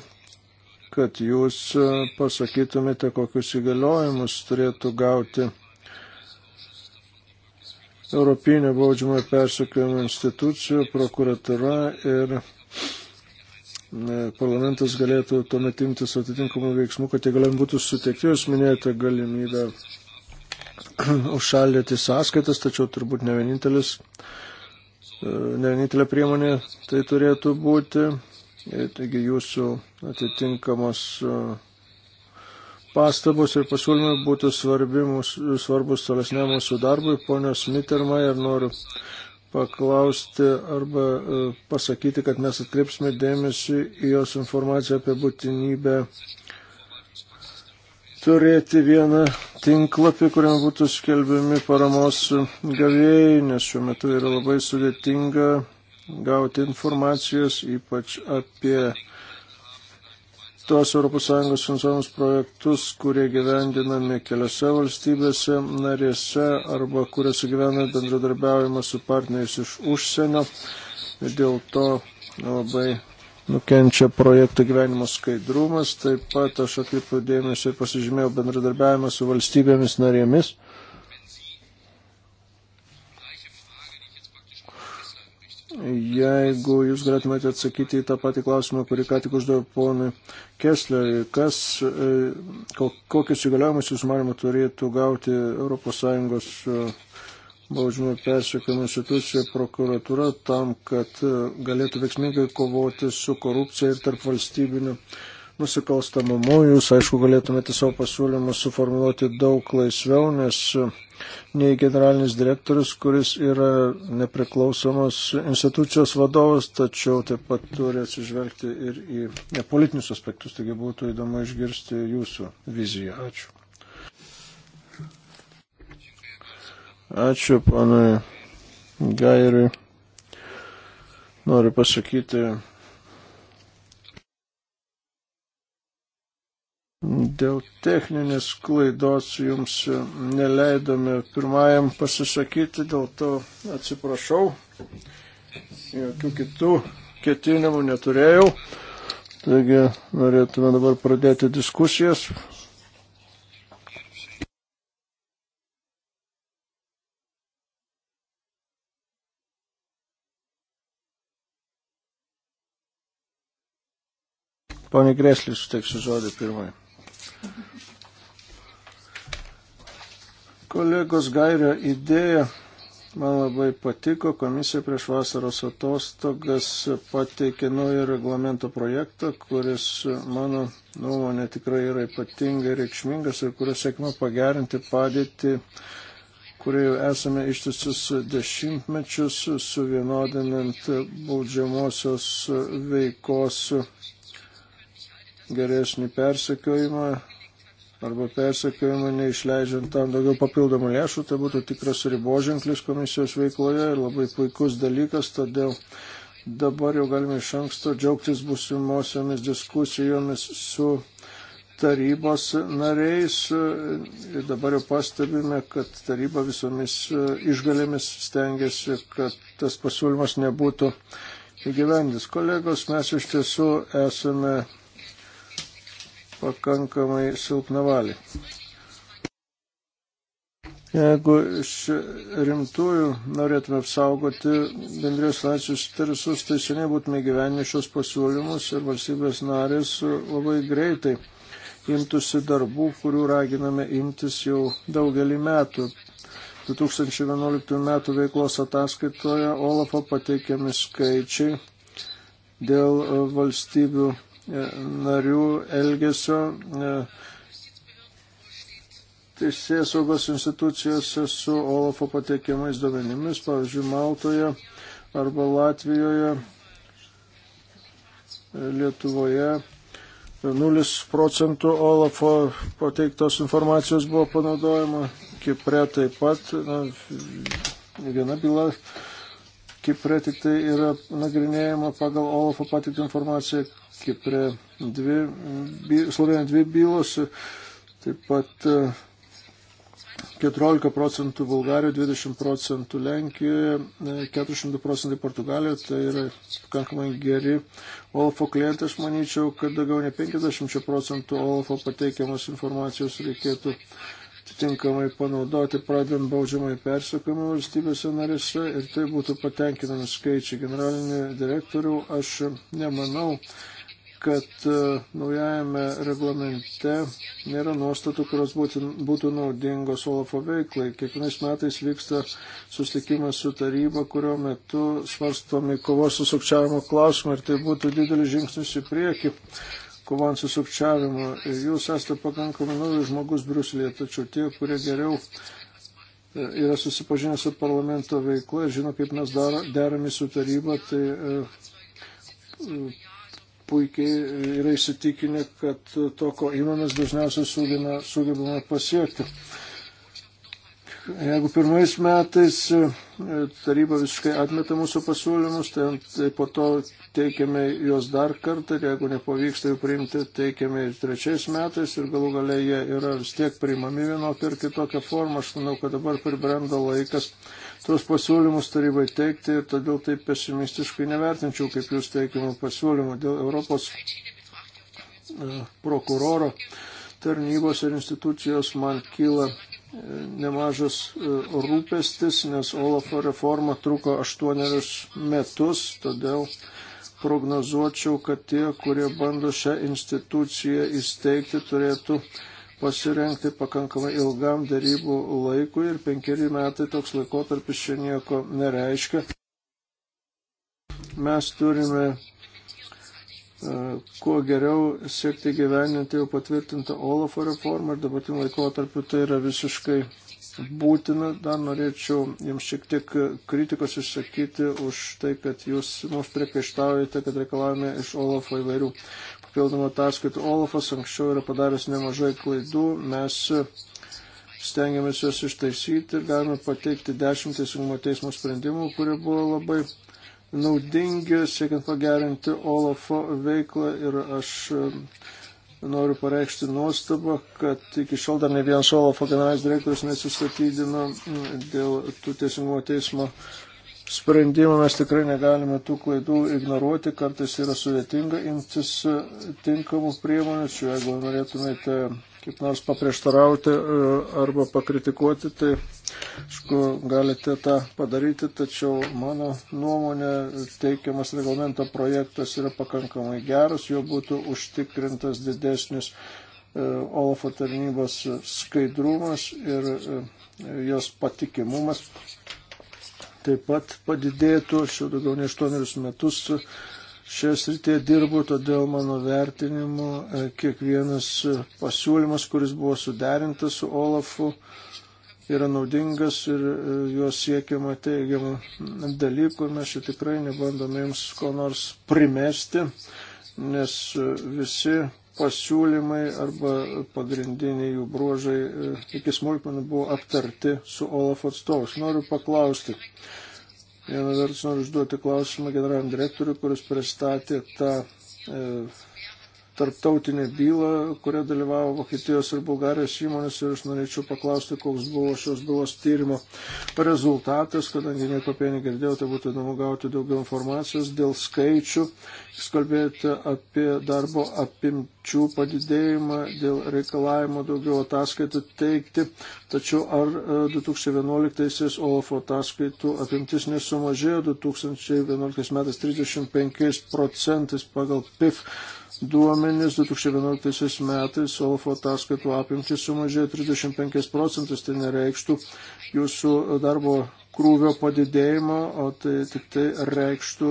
kad jūs e, pasakytumėte, kokius įgaliojimus turėtų gauti Europinė baudžiamojo persekiojimo institucijų, prokuratura ir e, parlamentas galėtų tuomet imtis atitinkamų veiksmų, kad jie galim būtų suteikti, jūs minėjote galimybę užšaldyti sąskaitas, tačiau turbūt ne vienintelis, e, ne vienintelė priemonė tai turėtų būti. E, taigi jūsų atitinkamos e, pastabos ir pasiūlymai būtų svarbi, mūsų, svarbus tolesniam mūsų darbui. Ponios Mitermai, ir noriu paklausti arba e, pasakyti, kad mes atkreipsime dėmesį į jos informaciją apie būtinybę turėti vieną tinklapį, kuriam būtų skelbiami paramos gavėjai, nes šiuo metu yra labai sudėtinga gauti informacijos, ypač apie tos ES finansuojamus projektus, kurie gyvendinami keliose valstybėse narėse arba kuriuose gyvena bendradarbiavimas su partneriais iš užsienio. Ir dėl to labai nukenčia projektų gyvenimo skaidrumas. Taip pat aš atkreipiu dėmesį ir pasižymėjau bendradarbiavimą su valstybėmis narėmis. Jeigu jūs galėtumėte atsakyti į tą patį klausimą, kurį ką tik uždavė ponui Kessleriui, kas, e, kokius įgaliojimus jūsų manimo turėtų gauti ES e, baudžiamo persiekimo institucija, prokuratūra, tam, kad e, galėtų veiksmingai kovoti su korupcija ir tarp valstybiniu nusikalstamumu. Jūs, aišku, galėtumėte savo pasiūlymus suformuoluoti daug laisviau, nes nei generalinis direktorius, kuris yra nepriklausomos institucijos vadovas, tačiau taip pat turi atsižvelgti ir į ne, politinius aspektus, taigi būtų įdomu išgirsti jūsų viziją. Ačiū. Ačiū panui Gairiui. Noriu pasakyti Dėl techninės klaidos jums neleidome pirmajam pasisakyti, dėl to atsiprašau. Jokių kitų ketinimų neturėjau. Taigi norėtume dabar pradėti diskusijas. Pane Greslį suteiksiu žodį pirmąjį. Kolegos Gairio idėja man labai patiko. Komisija prieš vasaros atostogas pateikė naują reglamento projektą, kuris mano nuomonė tikrai yra ypatingai reikšmingas ir kurio sėkma pagerinti padėtį kurie jau esame ištisus dešimtmečius suvienodinant baudžiamosios veikos geresnį persekiojimą arba persekiojimą, neišleidžiant tam daugiau papildomų lėšų, tai būtų tikras riboženklis komisijos veikloje ir labai puikus dalykas, todėl dabar jau galime iš anksto džiaugtis busimuosiamis diskusijomis su tarybos nariais ir dabar jau pastebime, kad taryba visomis išgalėmis stengiasi, kad tas pasiūlymas nebūtų įgyvendis. Kolegos, mes iš tiesų esame pakankamai silpnavaliai. Jeigu iš rimtųjų norėtume apsaugoti bendrijos finansinius interesus, tai seniai būtume gyvenę šios pasiūlymus ir valstybės narės labai greitai imtųsi darbų, kurių raginame imtis jau daugelį metų. 2011 metų veiklos ataskaitoje Olafo pateikiami skaičiai dėl valstybių narių elgesio e, teisės saugos institucijose su Olafo pateikiamais duomenimis, pavyzdžiui, Maltoje arba Latvijoje, e, Lietuvoje. 0 procentų Olafo pateiktos informacijos buvo panaudojama, Kipre taip pat. Na, viena byla Kipre tik tai yra nagrinėjama pagal Olafo pateiktą informaciją, Kipre dvi, Slovenijoje dvi bylos, taip pat 14 e, procentų Bulgarijoje, 20 procentų Lenkijoje, 400 e, procentai Portugalijoje, tai yra pakankamai geri Olafo klientai, aš manyčiau, kad daugiau ne 50 procentų Olafo pateikiamos informacijos reikėtų atitinkamai panaudoti, pradedant baudžiamai persiekimą valstybėse narėse ir tai būtų patenkinami skaičiai. Generalinį direktorių aš nemanau, kad e, naujajame reglamente nėra nuostatų, kurios būtų, būtų naudingos Olafo veiklai. Kiekvienais metais vyksta susitikimas su taryba, kurio metu svarstomi kovos su sukčiavimo klausimai ir tai būtų didelis žingsnis į priekį kovant su sukčiavimu. Jūs esate pakankamai naujas žmogus Bruselėje, tačiau tie, kurie geriau e, yra susipažinę su parlamento veikla ir žino, kaip mes deramės su taryba, tai e, puikiai e, yra įsitikinę, kad to, ko įmonės dažniausiai sugebame pasiekti. Jeigu pirmais metais e, taryba visiškai atmeta mūsų pasiūlymus, tai, tai po to teikiame juos dar kartą ir jeigu nepavyksta jų priimti, teikiame ir trečiais metais ir galų galia jie yra vis tiek priimami vienokia ir kitokia forma. Aš manau, kad dabar pribrendo laikas tos pasiūlymus tarybai teikti ir todėl taip pesimistiškai nevertinčiau, kaip jūs teikimo pasiūlymų dėl Europos e, prokuroro tarnybos ir institucijos man kyla e, nemažas e, rūpestis, nes Olafo reforma truko aštuonerius metus, todėl prognozuočiau, kad tie, kurie bando šią instituciją įsteigti, turėtų uh, pasirengti pakankamai ilgam darybų laikui ir penkeri metai toks laikotarpis čia nieko nereiškia. Mes turime e, kuo geriau siekti gyveninti jau patvirtintą Olafo reformą ir dabartiniu laikotarpiu tai yra visiškai būtina. Dar norėčiau jums šiek tiek kritikos išsakyti už tai, kad jūs mums priekaištaujate, kad reikalavome iš Olafo įvairių papildomų ataskaitų. Olafas anksčiau yra padaręs nemažai klaidų. Mes stengiamės juos ištaisyti ir galime pateikti dešimt teisingumo teismo sprendimų, kurie buvo labai naudingi, siekiant pagerinti Olafo veiklą ir aš e, noriu pareikšti nuostabą, kad iki šiol dar ne vienas Olafo generalinis direktorius nesistatydino dėl tų teisingumo teismo sprendimų mes tikrai negalime tų klaidų ignoruoti, kartais yra sudėtinga imtis e, tinkamų priemonių, čia jeigu norėtumėte kaip nors paprieštarauti e, arba pakritikuoti, tai, aišku, galite tą padaryti, tačiau mano nuomonė teikiamas reglamento projektas yra pakankamai geras, jo būtų užtikrintas didesnis e, Olafo tarnybos skaidrumas ir jos patikimumas taip pat padidėtų. Aš jau daugiau nei 8 metus šioje srityje dirbu, todėl mano vertinimu e, kiekvienas pasiūlymas, kuris buvo suderintas su Olafu, yra naudingas ir e, juos siekiama teigiamų dalykų ir mes čia tikrai nebandome jums ko nors primesti, nes e, visi pasiūlymai arba pagrindiniai jų bruožai e, iki smulkmenų buvo aptarti su Olaf atstovus. Noriu paklausti. Vieną vertus noriu užduoti klausimą generaliniam direktoriui, kuris pristatė tą e, tarptautinę bylą, kurioje dalyvavo Vokietijos ir Bulgarijos įmonės ir aš norėčiau paklausti, koks buvo šios bylos tyrimo rezultatas, kadangi nieko apie negirdėjau, tai būtų įdomu gauti daugiau informacijos dėl skaičių. Jūs kalbėjote apie darbo apimčių padidėjimą, dėl reikalavimo daugiau ataskaitų teikti, tačiau ar 2011-aisiais e, OLAFO ataskaitų apimtis nesumažėjo 2011 metais 35 procentais pagal PIF duomenys 2011 metais OLFO ataskaitų apimtis sumažėjo 35 procentus, tai nereikštų jūsų darbo krūvio padidėjimo, o tai tik tai reikštų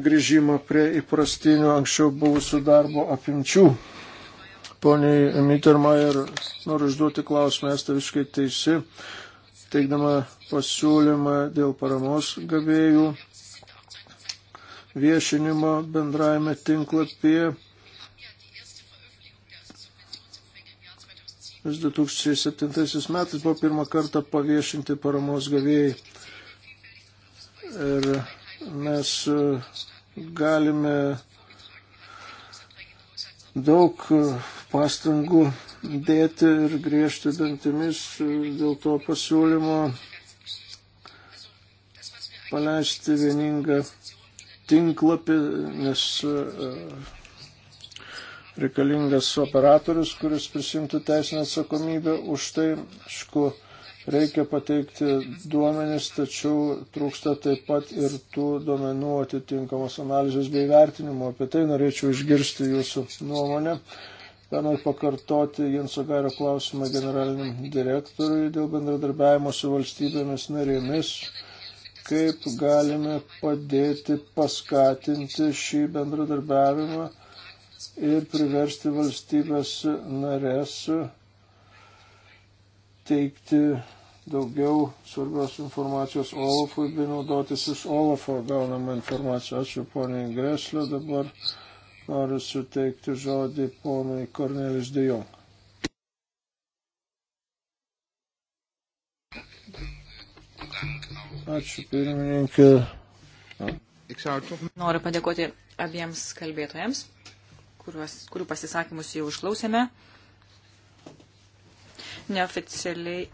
grįžimą prie įprastinių anksčiau buvusių darbo apimčių. Poniai Mittermeier, noriu užduoti klausimą, esate visiškai teisi, teikdama pasiūlymą dėl paramos gavėjų viešinimo bendrajame tinklapyje. Vis 2007 metais buvo pirmą kartą paviešinti paramos gavėjai. Ir mes e, galime daug e, pastangų dėti ir griežti dantimis e, dėl to pasiūlymo paleisti vieningą tinklapį, nes e, reikalingas operatorius, kuris prisimtų teisinę atsakomybę už tai, aišku, reikia pateikti duomenis, tačiau trūksta taip pat ir tų duomenų atitinkamos analizės bei vertinimo. Apie tai norėčiau išgirsti jūsų nuomonę. Dar noriu pakartoti Jenso Gairio klausimą generaliniam direktoriui dėl bendradarbiavimo su valstybėmis narėmis kaip galime padėti paskatinti šį bendradarbiavimą ir priversti valstybės narės teikti daugiau svarbios informacijos Olafui bei naudotis iš Olafo gaunamą informaciją. Ačiū poniai Greslio, dabar noriu suteikti žodį ponai Kornelis Dejong. Ačiū pirmininkė. Noriu padėkoti abiems kalbėtojams, kuriuos, kurių pasisakymus jau išklausėme. Neoficialiai e,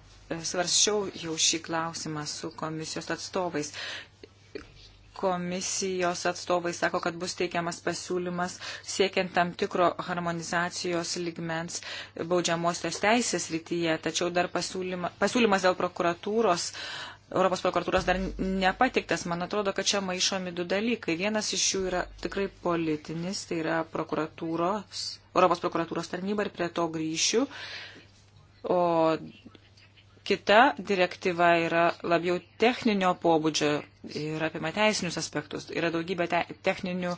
svarščiau jau šį klausimą su komisijos atstovais. Komisijos atstovai sako, kad bus teikiamas pasiūlymas siekiant tam tikro harmonizacijos ligmens baudžiamosios teisės rytyje, tačiau dar pasiūlyma, pasiūlymas dėl prokuratūros uh, Europos prokuratūros dar nepatiktas. Man atrodo, kad čia maišomi du dalykai. Vienas iš jų yra tikrai politinis, tai yra prokuratūros, Europos prokuratūros tarnyba ir prie to grįšiu. O kita direktyva yra labiau techninio pobūdžio ir apima teisinius aspektus. Yra daugybė te techninių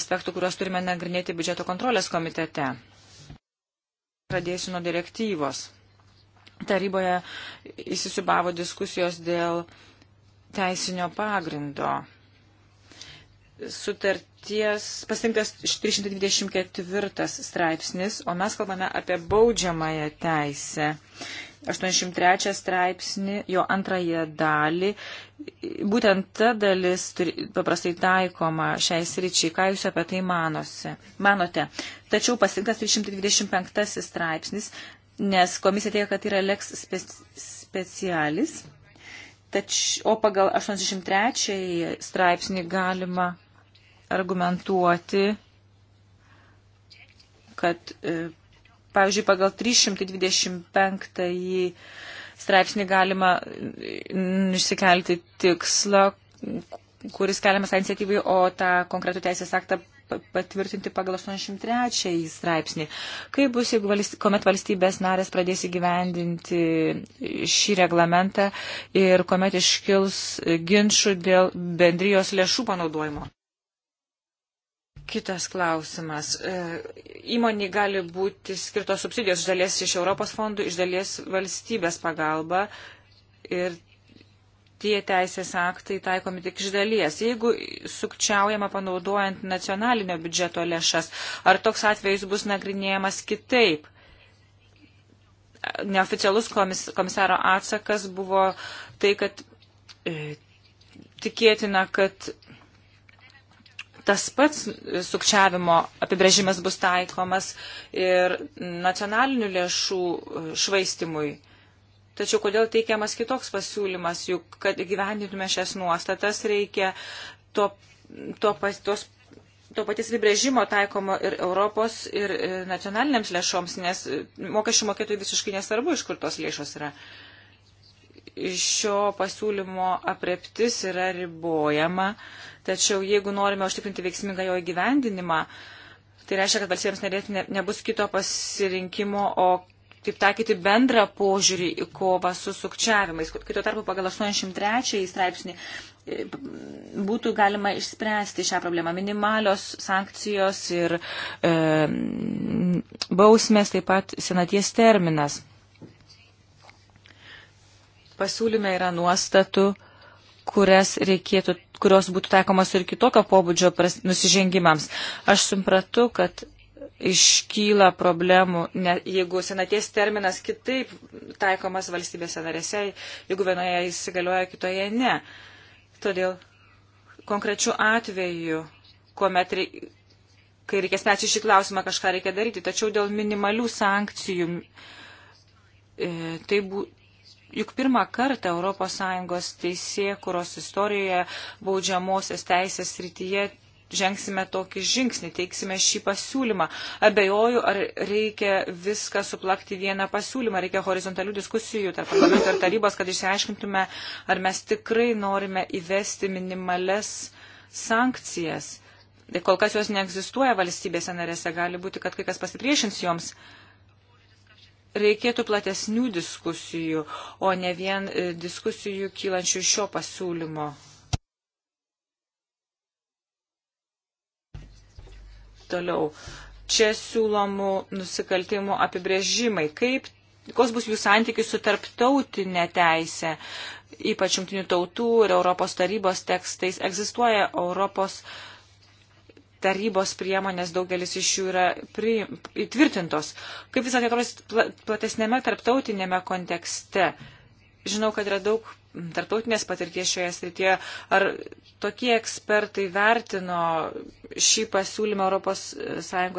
aspektų, kuriuos turime nagrinėti biudžeto kontrolės komitete. Pradėsiu nuo direktyvos taryboje įsisubavo diskusijos dėl teisinio pagrindo. Sutarties pasirinktas 324 straipsnis, o mes kalbame apie baudžiamąją teisę. 83 straipsnį, jo antrąją dalį. Būtent ta dalis turi, paprastai taikoma šiai sričiai. Ką jūs apie tai manosi, manote? Tačiau pasirinktas 325 straipsnis nes komisija teigia, kad yra leks spe, specialis, tač, o pagal 83 straipsnį galima argumentuoti, kad, e, pavyzdžiui, pagal 325 straipsnį galima e, išsikelti tikslą, kuris keliamas iniciatyvai, o tą konkretų teisės aktą patvirtinti pagal 83 straipsnį. Kaip bus, jeigu valstybės, kuomet valstybės narės pradės įgyvendinti šį reglamentą ir kuomet iškils ginčių dėl bendrijos lėšų panaudojimo? Kitas klausimas. E, Įmoniai gali būti skirtos subsidijos iš dalies iš Europos fondų, iš dalies valstybės pagalba ir tie teisės aktai taikomi tik iš dalies. Jeigu sukčiaujama panaudojant nacionalinio biudžeto lėšas, ar toks atvejis bus nagrinėjamas kitaip? Neoficialus komis, komisaro atsakas buvo tai, kad e, tikėtina, kad tas pats sukčiavimo apibrėžimas bus taikomas ir nacionalinių lėšų švaistimui. E, Tačiau kodėl teikiamas kitoks pasiūlymas, juk kad gyvendintume šias nuostatas, reikia to, to, pas, tos, to paties apibrėžimo taikomo ir Europos, ir e, nacionaliniams lėšoms, nes e, mokesčių mokėtojų visiškai nesvarbu, iš kur tos lėšos yra. Šio pasiūlymo apreptis yra ribojama, tačiau jeigu norime užtikrinti veiksmingą jo įgyvendinimą, tai reiškia, kad valstybėms narėti ne, nebus kito pasirinkimo, o taip taikyti bendrą požiūrį į kovą su sukčiavimais. Kito tarpu pagal 83 straipsnį e, būtų galima išspręsti šią problemą. Minimalios sankcijos ir e, bausmės, taip pat senaties terminas. Pasiūlyme yra nuostatų, kurias reikėtų, kurios būtų taikomos ir kitokio pobūdžio nusižengimams. Aš supratau, kad iškyla problemų, ne, jeigu senaties terminas kitaip taikomas valstybėse narėse, jeigu vienoje jis įgalioja, kitoje ne. Todėl konkrečių atvejų, kuomet reikia, kai reikės spręsti šį klausimą, kažką reikia daryti. Tačiau dėl minimalių sankcijų, e, tai bū, juk pirmą kartą ES teisėkuros istorijoje baudžiamosios teisės rytyje žengsime tokį žingsnį, teiksime šį pasiūlymą. Abejoju, ar reikia viską suplakti vieną pasiūlymą, reikia horizontalių diskusijų tarp parlamento ir tarybos, kad išsiaiškintume, ar mes tikrai norime įvesti minimales sankcijas. Tai kol kas jos neegzistuoja valstybėse narėse, gali būti, kad kai kas pasipriešins joms. Reikėtų platesnių diskusijų, o ne vien e, diskusijų kylančių šio pasiūlymo. toliau. Čia siūlomų nusikaltimų apibrėžimai. Kaip, koks bus jų santykis su tarptautinė teisė, ypač jungtinių tautų ir Europos tarybos tekstais. Egzistuoja Europos tarybos priemonės, daugelis iš jų yra pri, įtvirtintos. Kaip visą tai atrodys platesnėme tarptautinėme kontekste? Žinau, kad yra daug tarptautinės patirties šioje srityje. Ar tokie ekspertai vertino šį pasiūlymą ES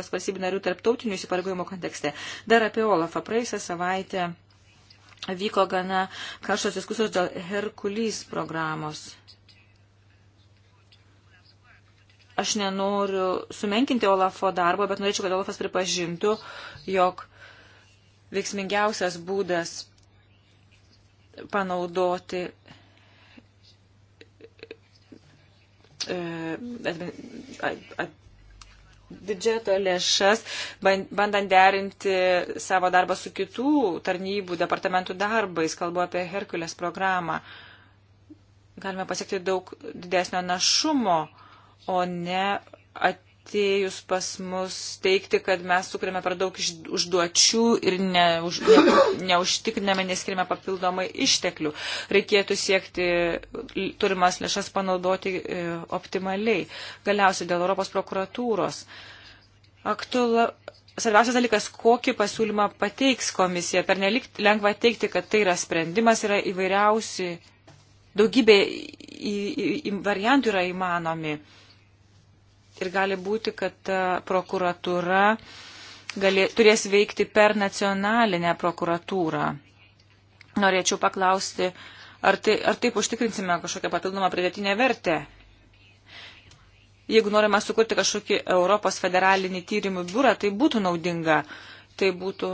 valstybių narių tarptautinių įsipareigojimų kontekste? Dar apie Olafą. Praėjusią savaitę vyko gana karštos diskusijos dėl Herkulys programos. Aš nenoriu sumenkinti Olafo darbo, bet norėčiau, kad Olafas pripažintų, jog veiksmingiausias būdas panaudoti e, biudžeto lėšas, bandant derinti savo darbą su kitų tarnybų, departamentų darbais, kalbu apie Herkulės programą. Galime pasiekti daug didesnio našumo, o ne at, atėjus pas mus teikti, kad mes sukūrėme per daug užduočių ir ne, už, ne, neužtikriname, neskirime papildomai išteklių. Reikėtų siekti turimas lėšas panaudoti e, optimaliai. Galiausiai dėl Europos prokuratūros. Aktuala, svarbiausias dalykas, kokį pasiūlymą pateiks komisija. Per nelik lengva teikti, kad tai yra sprendimas, yra įvairiausi, daugybė į, į, į variantų yra įmanomi ir gali būti, kad e, prokuratūra galė, turės veikti per nacionalinę prokuratūrą. Norėčiau paklausti, ar, tai, ar taip užtikrinsime kažkokią papildomą pridėtinę vertę? Jeigu norime sukurti kažkokį Europos federalinį tyrimų biurą, tai būtų naudinga. Tai būtų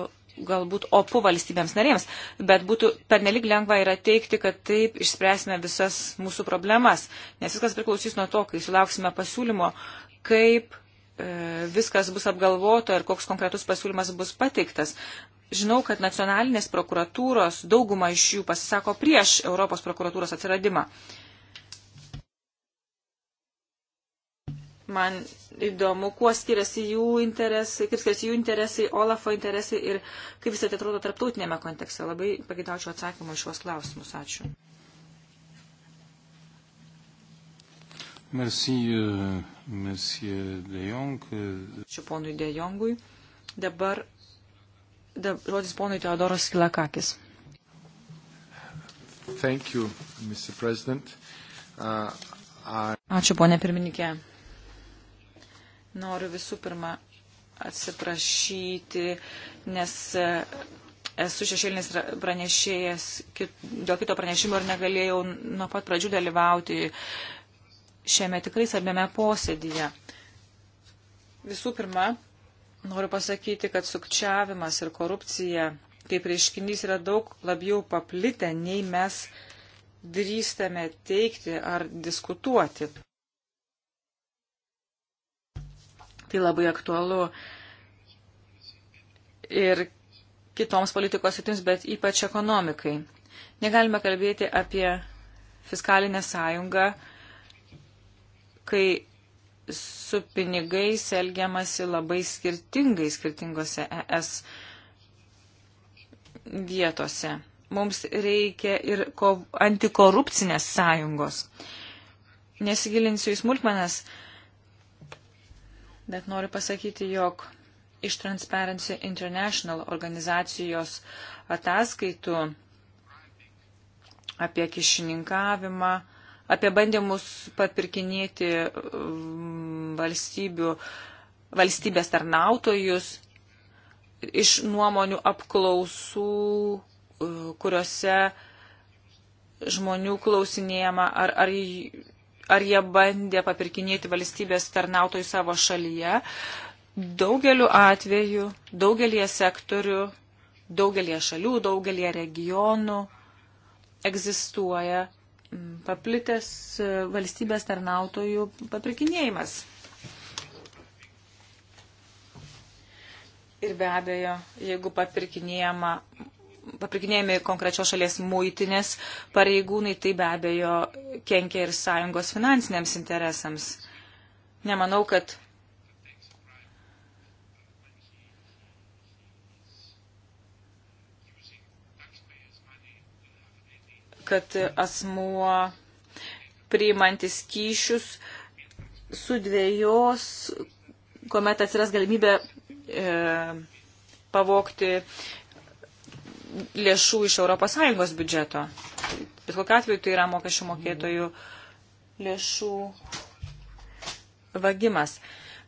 galbūt opu valstybėms narėms, bet būtų pernelik lengva yra teikti, kad taip išspręsime visas mūsų problemas, nes viskas priklausys nuo to, kai sulauksime pasiūlymo, kaip e, viskas bus apgalvota ir koks konkretus pasiūlymas bus pateiktas. Žinau, kad nacionalinės prokuratūros, dauguma iš jų pasisako prieš Europos prokuratūros atsiradimą. Man įdomu, kuo skiriasi jų interesai, kaip skiriasi jų interesai, Olafo interesai ir kaip visą tai atrodo tarptautinėme kontekste. Labai pagidaučiau atsakymą iš juos klausimus. Ačiū. Merci, euh, merci De Jong. Ačiū ponui De Jongui. Dabar da, žodis ponui Teodoras Kilakakis. Thank you, Mr. President. Uh, I... Ačiū, ponė pirmininkė. Noriu visų pirma atsiprašyti, nes uh, esu šešėlinis pranešėjas kit, dėl kito pranešimo ir negalėjau nuo pat pradžių dalyvauti šiame tikrai svarbiame posėdyje. Visų pirma, noriu pasakyti, kad sukčiavimas ir korupcija kaip reiškinys yra daug labiau paplitę, nei mes drįstame teikti ar diskutuoti. Tai labai aktualu ir kitoms politikos sritims, bet ypač ekonomikai. Negalime kalbėti apie fiskalinę sąjungą kai su pinigais elgiamasi labai skirtingai skirtingose ES vietose. Mums reikia ir antikorupcinės sąjungos. Nesigilinsiu į smulkmenas, bet noriu pasakyti, jog iš Transparency International organizacijos ataskaitų apie kišininkavimą, apie bandymus papirkinėti mm, valstybių, valstybės tarnautojus iš nuomonių apklausų, e, kuriuose žmonių klausinėjama, ar, ar, ar jie bandė papirkinėti valstybės tarnautojų savo šalyje. Daugeliu atveju, daugelie sektorių, daugelie šalių, daugelie regionų egzistuoja paplitęs e, valstybės tarnautojų paprikinėjimas. Ir be abejo, jeigu papirkinėjama papirkinėjami konkrečios šalies muitinės pareigūnai, tai be abejo kenkia ir sąjungos finansiniams interesams. Nemanau, kad kad asmuo priimantis kyšius sudvėjos, kuomet atsiras galimybė e, pavokti lėšų iš ES biudžeto. Bet kokiu atveju tai yra mokesčių mokėtojų lėšų vagimas.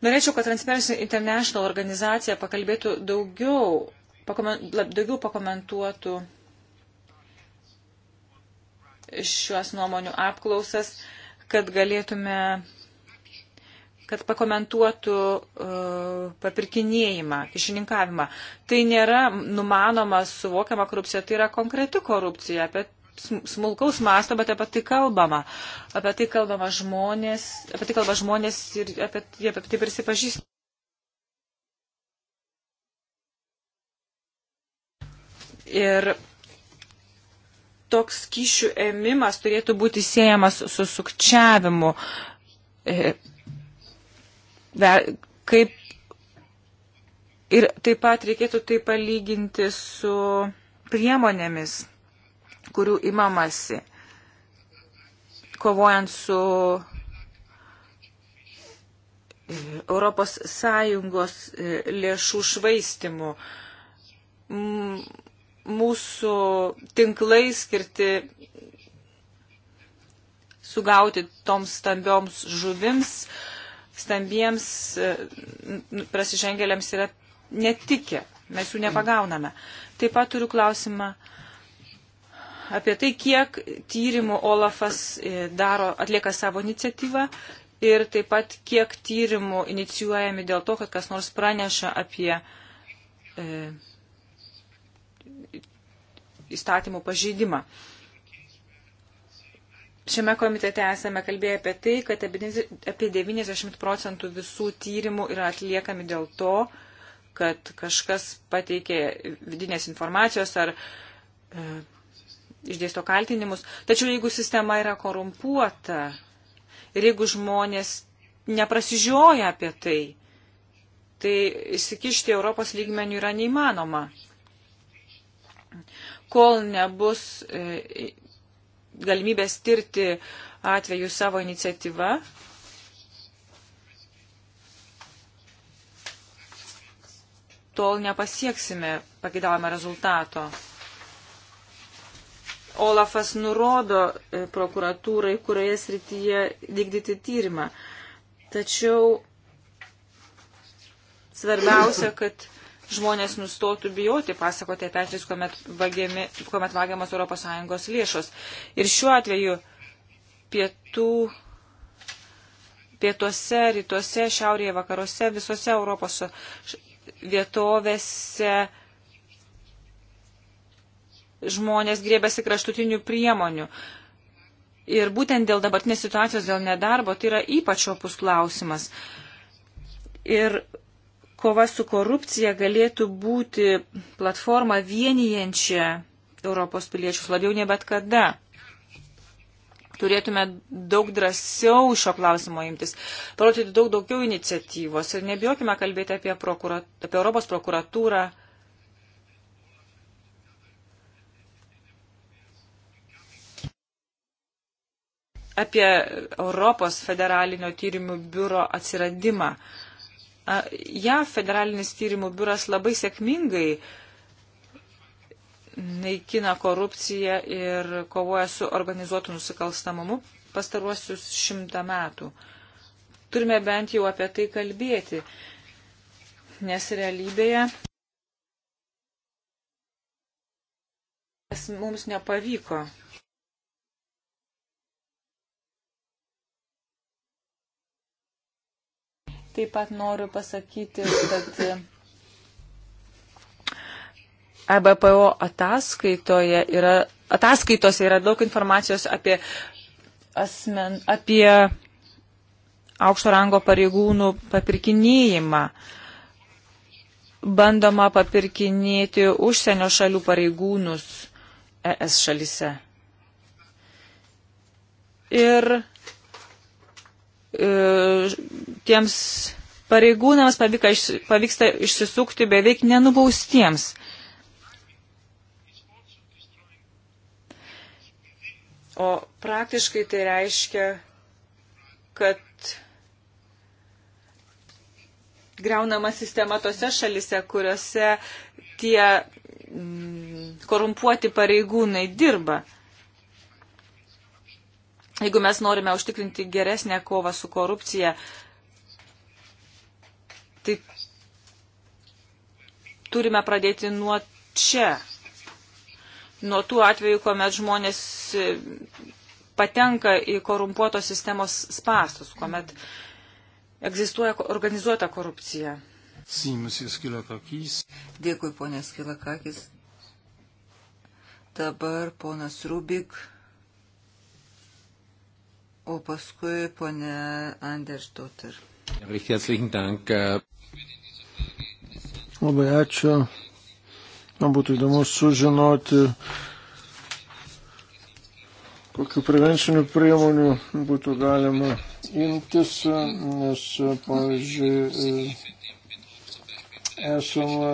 Norėčiau, kad Transparency International organizacija pakalbėtų daugiau, pakomen, daugiau pakomentuotų šiuos nuomonių apklausas, kad galėtume, kad pakomentuotų e, papirkinėjimą, kišininkavimą. Tai nėra numanoma, suvokiama korupcija, tai yra konkreti korupcija, apie smulkaus masto, bet apie tai kalbama. Apie tai kalbama žmonės, apie tai kalba žmonės ir apie, jie apie tai prisipažįsta. Ir toks kyšių ėmimas turėtų būti siejamas su sukčiavimu. E, kaip ir taip pat reikėtų tai palyginti su priemonėmis, kurių imamasi, kovojant su e, Europos Sąjungos e, lėšų švaistimu mūsų tinklai skirti sugauti toms stambioms žuvims, stambiems e, prasižengėliams yra netikė. Mes jų nepagauname. Taip pat turiu klausimą apie tai, kiek tyrimų Olafas e, daro, atlieka savo iniciatyvą ir taip pat kiek tyrimų inicijuojami dėl to, kad kas nors praneša apie e, įstatymų pažeidimą. Šiame komitete esame kalbėję apie tai, kad apie 90 procentų visų tyrimų yra atliekami dėl to, kad kažkas pateikė vidinės informacijos ar e, išdėsto kaltinimus. Tačiau jeigu sistema yra korumpuota ir jeigu žmonės neprasižioja apie tai, tai įsikišti Europos lygmenių yra neįmanoma kol nebus e, galimybės tirti atvejų savo iniciatyvą. Tol nepasieksime pagidavimą rezultato. Olafas nurodo e, prokuratūrai, kurioje srityje vykdyti tyrimą. Tačiau svarbiausia, kad žmonės nustotų bijoti pasakoti apie atvejus, kuomet, vagiami, kuomet vagiamas ES lėšos. Ir šiuo atveju pietų, pietuose, rytuose, šiaurėje, vakaruose, visose Europos vietovėse žmonės grėbėsi kraštutinių priemonių. Ir būtent dėl dabartinės situacijos, dėl nedarbo, tai yra ypač opus klausimas. Ir kova su korupcija galėtų būti platforma vienijančia Europos piliečius labiau nei bet kada. Turėtume daug drąsiau šio klausimo imtis, parodyti daug daugiau iniciatyvos ir nebijokime kalbėti apie, prokura, apie Europos prokuratūrą. apie Europos federalinio tyrimų biuro atsiradimą. Uh, JAV federalinis tyrimų biuras labai sėkmingai naikina korupciją ir kovoja su organizuotu nusikalstamumu pastaruosius šimtą metų. Turime bent jau apie tai kalbėti, nes realybėje mums nepavyko Taip pat noriu pasakyti, kad EBPO ataskaitoje yra, ataskaitose yra daug informacijos apie, asmen, apie aukšto rango pareigūnų papirkinėjimą. Bandoma papirkinėti užsienio šalių pareigūnus ES šalise. Ir E, tiems pareigūnams pavyka, pavyksta išsisukti beveik nenubaustiems. O praktiškai tai reiškia, kad greunama sistema tose šalise, kuriuose tie mm, korumpuoti pareigūnai dirba. Jeigu mes norime užtikrinti geresnę kovą su korupcija, tai turime pradėti nuo čia. Nuo tų atvejų, kuomet žmonės patenka į korumpuotos sistemos spastus, kuomet egzistuoja organizuota korupcija. Dėkui, ponės Kilakakis. Dabar ponas Rubik. O paskui ponė Andersdotter. Äh, Labai ačiū. Man būtų įdomu sužinoti, kokiu prevenciniu priemoniu būtų galima imtis, nes, pavyzdžiui, esama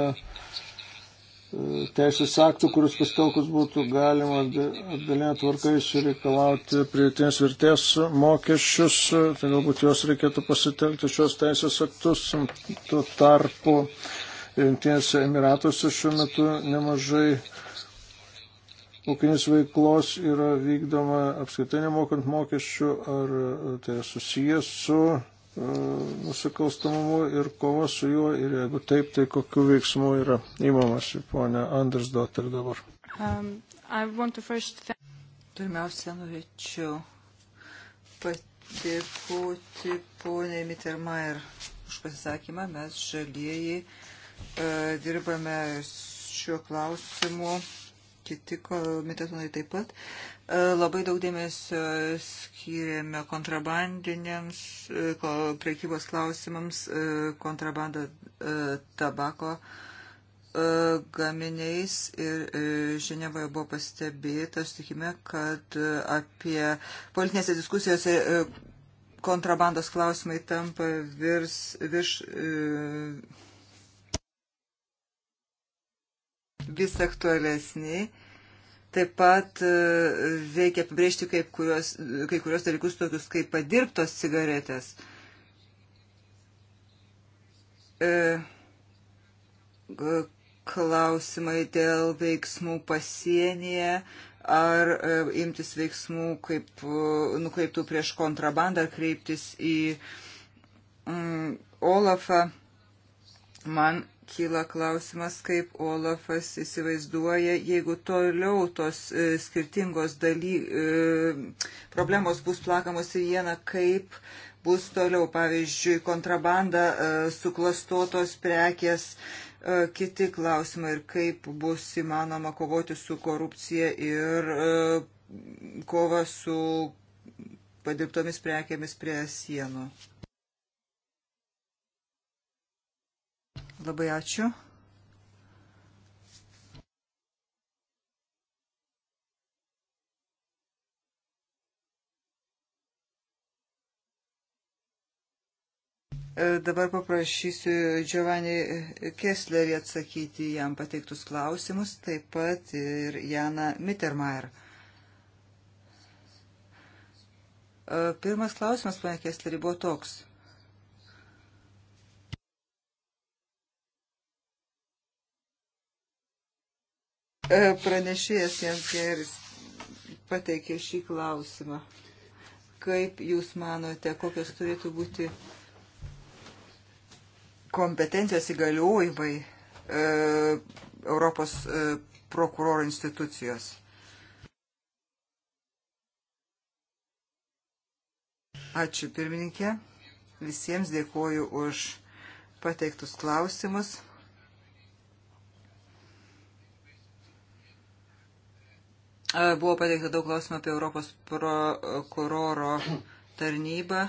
teisės aktų, kurius pastelkus būtų galima apdalinę tvarkai sureikalauti pridėtinės vertės mokesčius, tai galbūt juos reikėtų pasitelkti šios teisės aktus. Tuo tarpu Junktinėse Emiratuose šiuo metu nemažai ūkinės veiklos yra vykdoma apskaitai nemokant mokesčių, ar tai susijęs su E, nusikalstamumu ir kova su juo ir jeigu taip, tai kokiu veiksmu yra įmamasi, ponia Anders Dotter dabar. Um, first... Pirmiausia, norėčiau padėkoti poniai Mittermeier už pasisakymą. Mes žalieji uh, dirbame šiuo klausimu, kiti komiteto nariai taip pat. Uh, E, labai daug dėmesio skiriame kontrabandiniams, e, prekybos klausimams, e, kontrabandą tabako gaminiais ir Ženevoje buvo pastebėta, sutikime, kad apie politinėse diskusijose kontrabandos klausimai tampa virs, virš vis aktualesni Taip pat e, reikia apibrėžti kai kurios, kai kurios dalykus tokius kaip padirbtos cigaretės. E, klausimai dėl veiksmų pasienyje, ar e, imtis veiksmų kaip nukreiptų prieš kontrabandą, ar kreiptis į mm, Olafą. Man kyla klausimas, kaip Olafas įsivaizduoja, jeigu toliau tos e, skirtingos daly, e, problemos bus plakamos į vieną, kaip bus toliau, pavyzdžiui, kontrabanda, e, suklastotos prekės, kiti klausimai ir kaip bus įmanoma kovoti su korupcija ir kova su padirbtomis prekėmis prie sienų. Labai ačiū. E, dabar paprašysiu Giovanni Kesslerį atsakyti jam pateiktus klausimus, taip pat ir Jana Mittermeier. E, pirmas klausimas, pane Kesslerį, buvo toks. E, pranešėjas Jens Geris pateikė šį klausimą. Kaip Jūs manote, kokios turėtų būti kompetencijos įgaliojimai e, Europos e, prokuroro institucijos? Ačiū pirmininkė. Visiems dėkoju už pateiktus klausimus. Buvo pateikta daug klausimų apie Europos prokuroro tarnybą.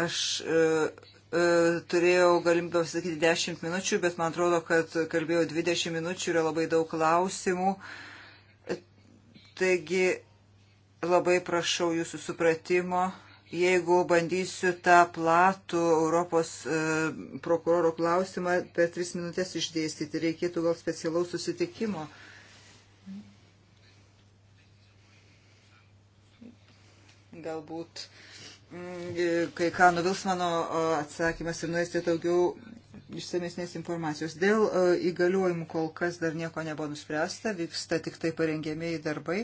Aš e, e, turėjau galimybę pasakyti 10 minučių, bet man atrodo, kad kalbėjau 20 minučių, yra labai daug klausimų. Taigi labai prašau jūsų supratimo, jeigu bandysiu tą platų Europos e, prokuroro klausimą per 3 minutės išdėstyti, reikėtų gal specialaus susitikimo. Galbūt mm, e, kai ką nuvils mano atsakymas ir norėsite tai daugiau išsamesnės informacijos. Dėl e, įgaliojimų kol kas dar nieko nebuvo nuspręsta, vyksta tik tai parengėmėjai darbai.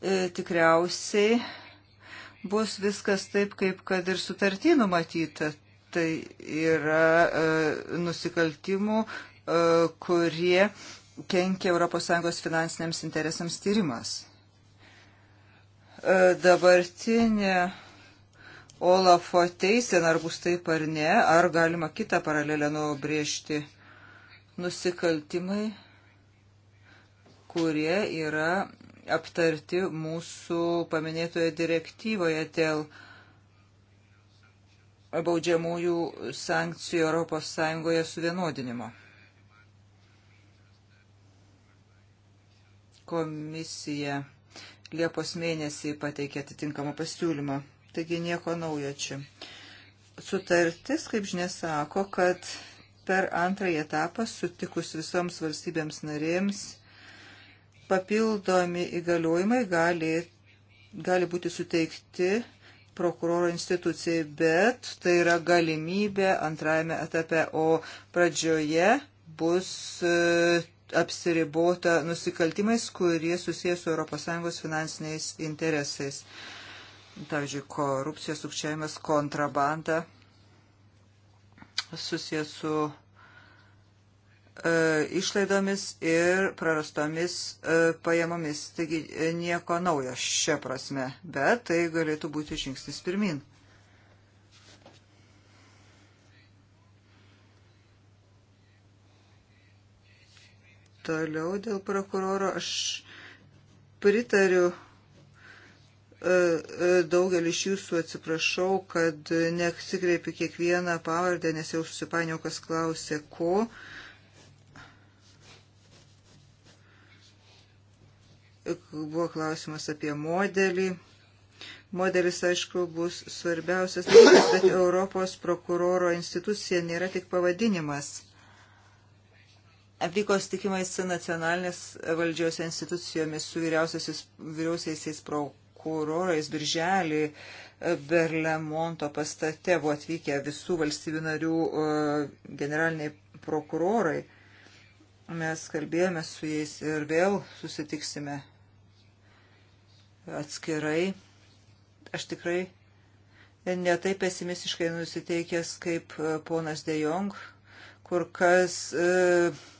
E, tikriausiai bus viskas taip, kaip kad ir sutartį numatyta. Tai yra e, nusikaltimų, e, kurie kenkia ES finansiniams interesams tyrimas. E, dabartinė Olafo teisena, ar bus taip ar ne, ar galima kitą paralelę nubrėžti nusikaltimai, kurie yra aptarti mūsų paminėtoje direktyvoje dėl baudžiamųjų sankcijų ES suvienodinimo. Komisija Liepos mėnesį pateikė atitinkamą pasiūlymą. Taigi nieko naujo čia. Sutartis, kaip žinia, sako, kad per antrąjį etapą sutikus visoms valstybėms narėms papildomi įgaliojimai gali, gali būti suteikti prokuroro institucijai, bet tai yra galimybė antrajame etape, o pradžioje bus e, apsiribota nusikaltimais, kurie susijęs su ES finansiniais interesais. Pavyzdžiui, korupcija, sukčiavimas, kontrabanda susijęs su e, išlaidomis ir prarastomis e, pajamomis. Taigi e, nieko naujo šia prasme, bet tai galėtų būti žingsnis pirmin. Toliau dėl prokuroro aš pritariu e, e, daugelį iš jūsų atsiprašau, kad neatsikreipiu kiekvieną pavardę, nes jau susipainiau, kas klausė ko. Buvo klausimas apie modelį. Modelis, aišku, bus svarbiausias dalykas, bet Europos prokuroro institucija nėra tik pavadinimas. Vyko sutikimai su nacionalinės valdžios institucijomis, su vyriausiaisiais prokurorais Birželį e, Berlemonto pastate buvo atvykę visų valstybių narių e, generaliniai prokurorai. Mes kalbėjome su jais ir vėl susitiksime atskirai. Aš tikrai netai pesimistiškai nusiteikęs kaip e, ponas De Jong, kur kas. E,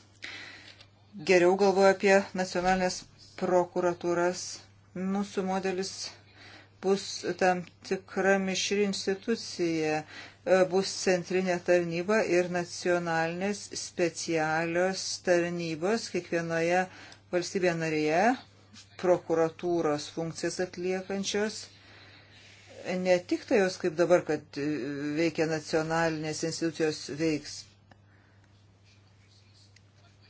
geriau galvoja apie nacionalinės prokuratūras. Mūsų modelis bus tam tikra mišri institucija, e, bus centrinė tarnyba ir nacionalinės specialios tarnybos kiekvienoje valstybėje narėje, prokuratūros funkcijas atliekančios. Ne tik tai jos kaip dabar, kad e, veikia nacionalinės institucijos veiks,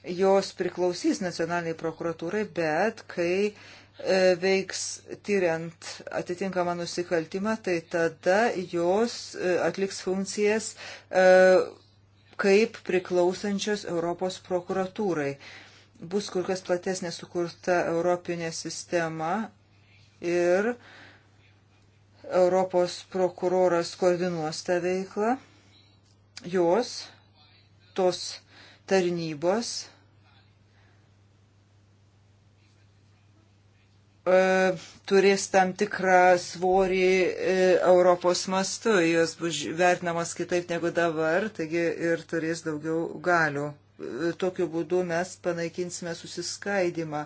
jos priklausys nacionaliniai prokuratūrai, bet kai e, veiks tyriant atitinkamą nusikaltimą, tai tada jos e, atliks funkcijas e, kaip priklausančios Europos prokuratūrai. Bus kur kas platesnė sukurta Europinė sistema ir Europos prokuroras koordinuos tą veiklą. Jos, tos tarnybos e, turės tam tikrą svorį e, Europos mastu, jos bus vertinamos kitaip negu dabar, taigi ir turės daugiau galių. E, tokiu būdu mes panaikinsime susiskaidimą.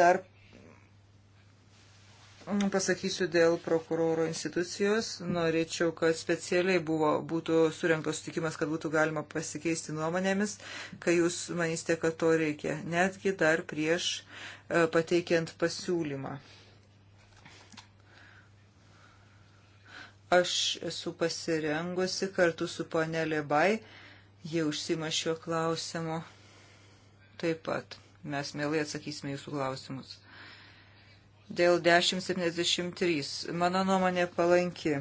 Dar pasakysiu dėl prokuroro institucijos. Norėčiau, kad specialiai buvo, būtų surinktas sutikimas, kad būtų galima pasikeisti nuomonėmis, kai jūs manysite, kad to reikia, netgi dar prieš e, pateikiant pasiūlymą. Aš esu pasirengusi kartu su panelė Bai, jie užsima šiuo klausimu. Taip pat mes mielai atsakysime jūsų klausimus dėl 1073. Mano nuomonė palanki.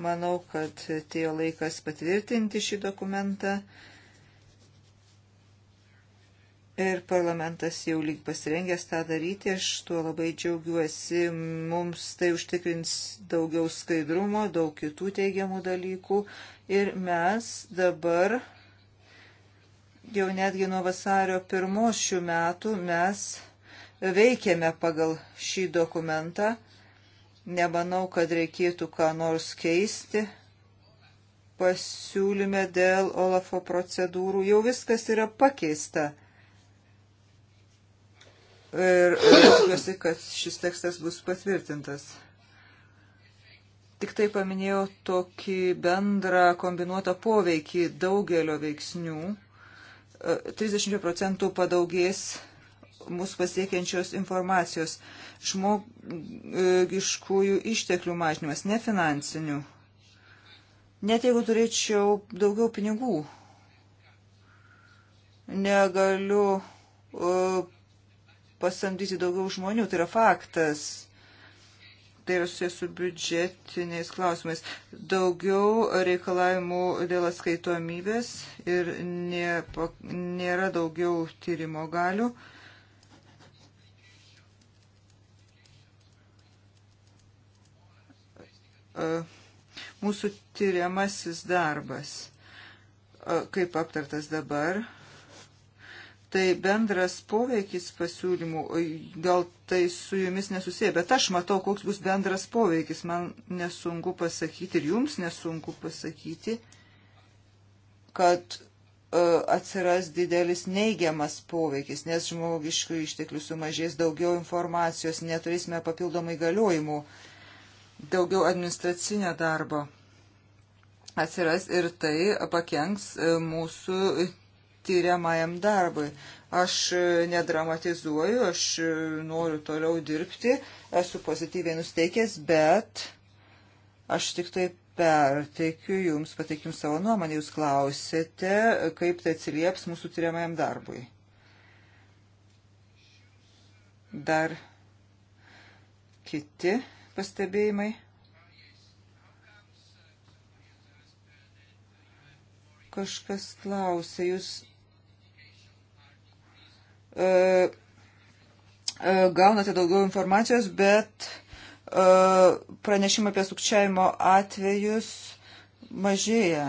Manau, kad atėjo laikas patvirtinti šį dokumentą. Ir parlamentas jau lyg pasirengęs tą daryti, aš tuo labai džiaugiuosi. Mums tai užtikrins daugiau skaidrumo, daug kitų teigiamų dalykų. Ir mes dabar Jau netgi nuo vasario pirmos šių metų mes veikiame pagal šį dokumentą. Nemanau, kad reikėtų ką nors keisti. Pasiūlyme dėl Olafo procedūrų jau viskas yra pakeista. Ir tikiuosi, kad šis tekstas bus patvirtintas. Tik tai paminėjau tokį bendrą kombinuotą poveikį daugelio veiksnių 30 procentų padaugės mūsų pasiekiančios informacijos, žmogiškųjų išteklių mažinimas, nefinansinių. Net jeigu turėčiau daugiau pinigų, negaliu uh, pasamdyti daugiau žmonių, tai yra faktas tai yra susijęs su biudžetiniais klausimais. Daugiau reikalavimų dėl atskaitomybės ir nėra daugiau tyrimo galių. E, mūsų tyriamasis darbas, e, kaip aptartas dabar, tai bendras poveikis pasiūlymų, gal tai su jumis nesusiję, bet aš matau, koks bus bendras poveikis, man nesunku pasakyti ir jums nesunku pasakyti, kad e, atsiras didelis neigiamas poveikis, nes žmogiškų išteklių sumažės daugiau informacijos, neturėsime papildomai galiojimų, daugiau administracinio darbo. Atsiras ir tai pakenks e, mūsų tyriamajam darbui. Aš e, nedramatizuoju, aš e, noriu toliau dirbti, esu pozityviai nusteikęs, bet aš tik tai perteikiu jums, pateikim savo nuomonę, jūs klausėte, kaip tai atsilieps mūsų tyriamajam darbui. Dar kiti pastebėjimai. Kažkas klausė, jūs E, e, gaunate daugiau informacijos, bet e, pranešimai apie sukčiavimo atvejus mažėja.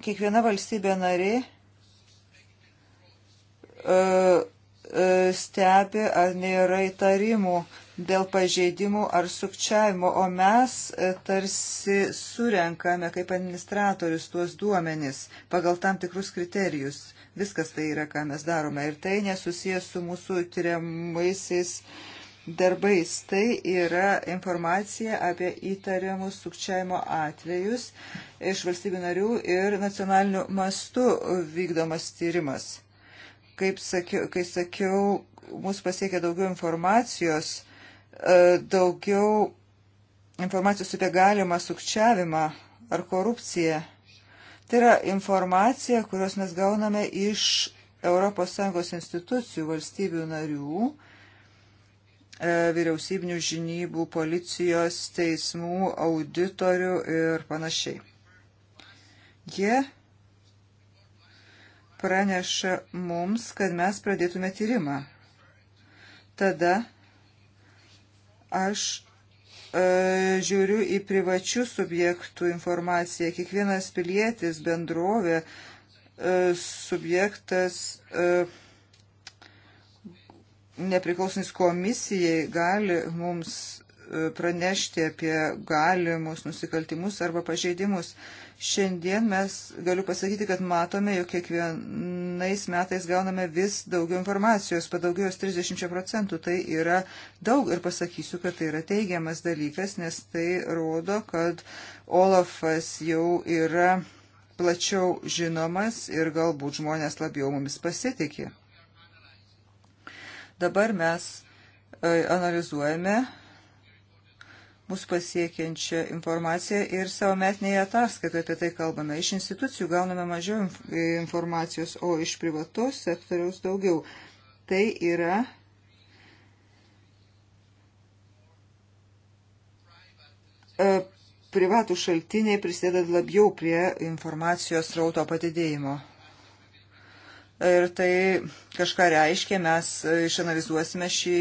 Kiekviena valstybė nari stebi, ar nėra įtarimų dėl pažeidimų ar sukčiavimo, o mes tarsi surenkame kaip administratorius tuos duomenis pagal tam tikrus kriterijus. Viskas tai yra, ką mes darome. Ir tai nesusijęs su mūsų tyriamaisiais darbais. Tai yra informacija apie įtariamus sukčiavimo atvejus iš valstybių narių ir nacionalinių mastų vykdomas tyrimas kaip sakiau, kai sakiau, mus pasiekia daugiau informacijos, e, daugiau informacijos apie galimą sukčiavimą ar korupciją. Tai yra informacija, kurios mes gauname iš ES institucijų, valstybių narių, e, vyriausybinių žinybų, policijos, teismų, auditorių ir panašiai. Jie praneša mums, kad mes pradėtume tyrimą. Tada aš E, žiūriu į privačių subjektų informaciją. Kiekvienas pilietis, bendrovė, e, subjektas e, nepriklausomis komisijai gali mums pranešti apie galimus nusikaltimus arba pažeidimus. Šiandien mes galiu pasakyti, kad matome, jog kiekvienais metais gauname vis daugiau informacijos, padaugėjus 30 procentų. Tai yra daug ir pasakysiu, kad tai yra teigiamas dalykas, nes tai rodo, kad Olafas jau yra plačiau žinomas ir galbūt žmonės labiau mumis pasitikė. Dabar mes e, analizuojame mus pasiekiančią informaciją ir savo metinėje ataskaitoje apie tai kalbame. Iš institucijų gauname mažiau informacijos, o iš privatos sektoriaus daugiau. Tai yra e, privatų šaltiniai prisideda labiau prie informacijos rauto padidėjimo. Ir tai kažką reiškia, mes išanalizuosime šį,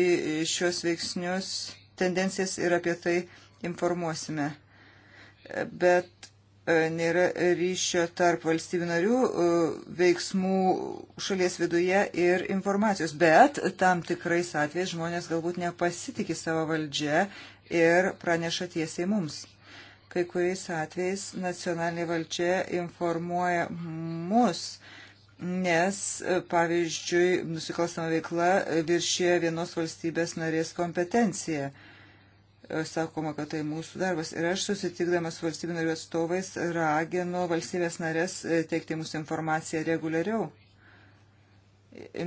šios veiksnius tendencijas ir apie tai informuosime. Bet e, nėra ryšio tarp valstybių narių e, veiksmų šalies viduje ir informacijos. Bet tam tikrais atvejais žmonės galbūt nepasitikė savo valdžia ir praneša tiesiai mums. Kai kuriais atvejais nacionalinė valdžia informuoja mus, nes, e, pavyzdžiui, nusikalstama veikla viršė vienos valstybės narės kompetenciją E, sakoma, kad tai mūsų darbas. Ir aš susitikdamas su valstybių narių atstovais raginu valstybės narės e, teikti mūsų informaciją reguliariau.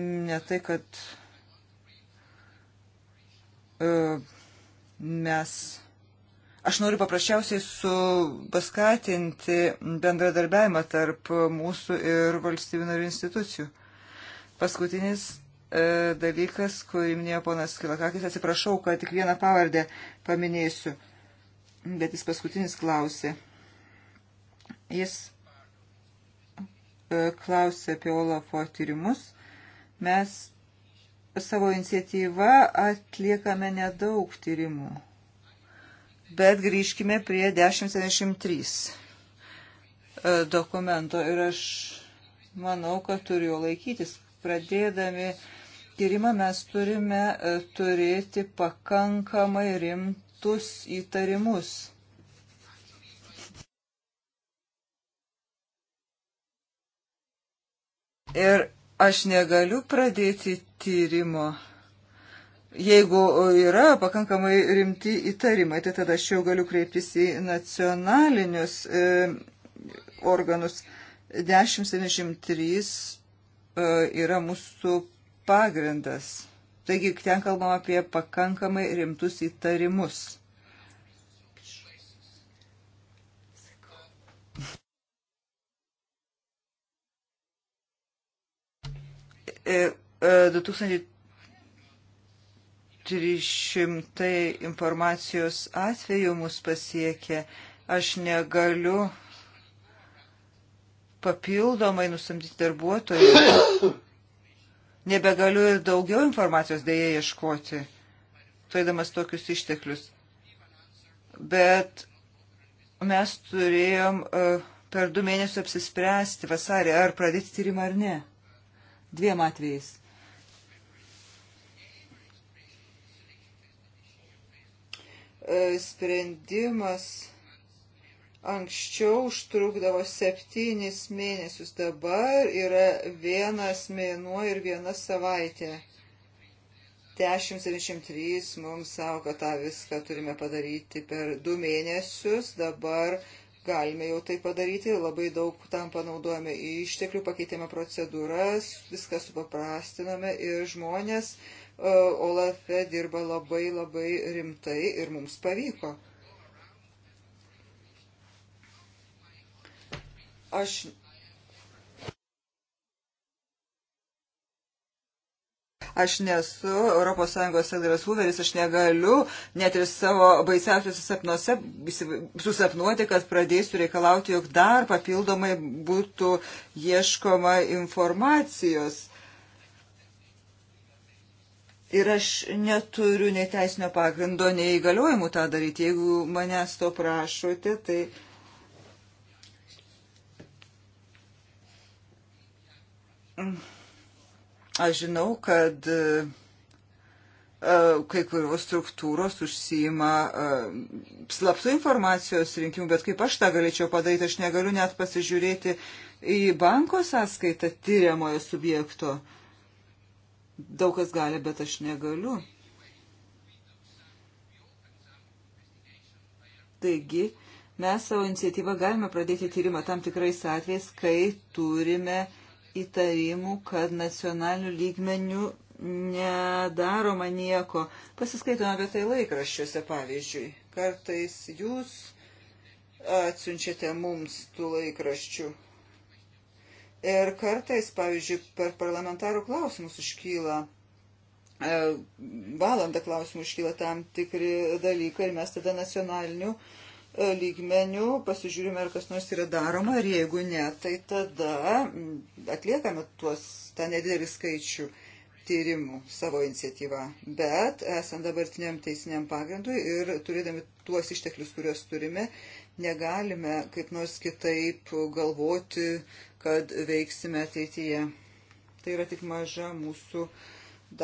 Ne tai, kad e, mes. Aš noriu paprasčiausiai supaskatinti bendradarbiavimą tarp mūsų ir valstybių narių institucijų. Paskutinis E, dalykas, kurį minėjo ponas Kilakakis. Atsiprašau, kad tik vieną pavardę paminėsiu, bet jis paskutinis klausė. Jis e, klausė apie Olafo tyrimus. Mes savo iniciatyvą atliekame nedaug tyrimų. Bet grįžkime prie 1073 e, dokumento ir aš manau, kad turiu laikytis, pradėdami uh, tyrimą mes turime e, turėti pakankamai rimtus įtarimus. Ir aš negaliu pradėti tyrimo. Jeigu yra pakankamai rimti įtarimai, tai tada aš jau galiu kreiptis į nacionalinius e, organus. 1073 e, yra mūsų pagrindas. Taigi ten kalbam apie pakankamai rimtus įtarimus. E, e, 2000 300 informacijos atvejų mus pasiekė, aš negaliu papildomai nusamdyti darbuotojų. Nebegaliu ir daugiau informacijos dėja ieškoti, turėdamas tokius išteklius. Bet mes turėjom e, per du mėnesius apsispręsti vasarį, ar pradėti tyrimą ar ne. Dviem atvejais. E, sprendimas anksčiau užtrukdavo septynis mėnesius, dabar yra vienas mėnuo ir viena savaitė. 1073 mums savo, kad tą viską turime padaryti per du mėnesius, dabar galime jau tai padaryti, labai daug tam panaudojame išteklių, pakeitėme procedūras, viską supaprastiname ir žmonės e, Olafe dirba labai labai rimtai ir mums pavyko. Aš aš nesu ES Edgaras Hooveris, aš negaliu net ir savo baisiausiuose sapnuose susapnuoti, kad pradėsiu reikalauti, jog dar papildomai būtų ieškoma informacijos. Ir aš neturiu nei teisinio pagrindo, nei įgaliojimų tą daryti. Jeigu manęs to prašote, tai Aš žinau, kad e, e, kai kurios struktūros užsijima e, slaptų informacijos rinkimų, bet kaip aš tą galėčiau padaryti, aš negaliu net pasižiūrėti į banko sąskaitą tyriamojo subjekto. Daug kas gali, bet aš negaliu. Taigi, mes savo iniciatyvą galime pradėti tyrimą tam tikrais atvejais, kai turime uh, įtarimų, kad nacionalinių lygmenių nedaroma nieko. Pasiskaitome apie tai laikraščiuose, pavyzdžiui. Kartais jūs atsiunčiate mums tų laikraščių. Ir kartais, pavyzdžiui, per parlamentarų klausimus iškyla, e, valandą klausimų iškyla tam tikri dalykai ir mes tada nacionalinių uh, E, lygmenių, pasižiūrime, ar kas nors yra daroma, ir jeigu ne, tai tada mm, atliekame tuos tą nedidelį skaičių tyrimų savo iniciatyvą. Bet esant dabartiniam teisiniam pagrindui ir turėdami tuos išteklius, kuriuos turime, negalime kaip nors kitaip galvoti, kad veiksime ateityje. Tai yra tik maža mūsų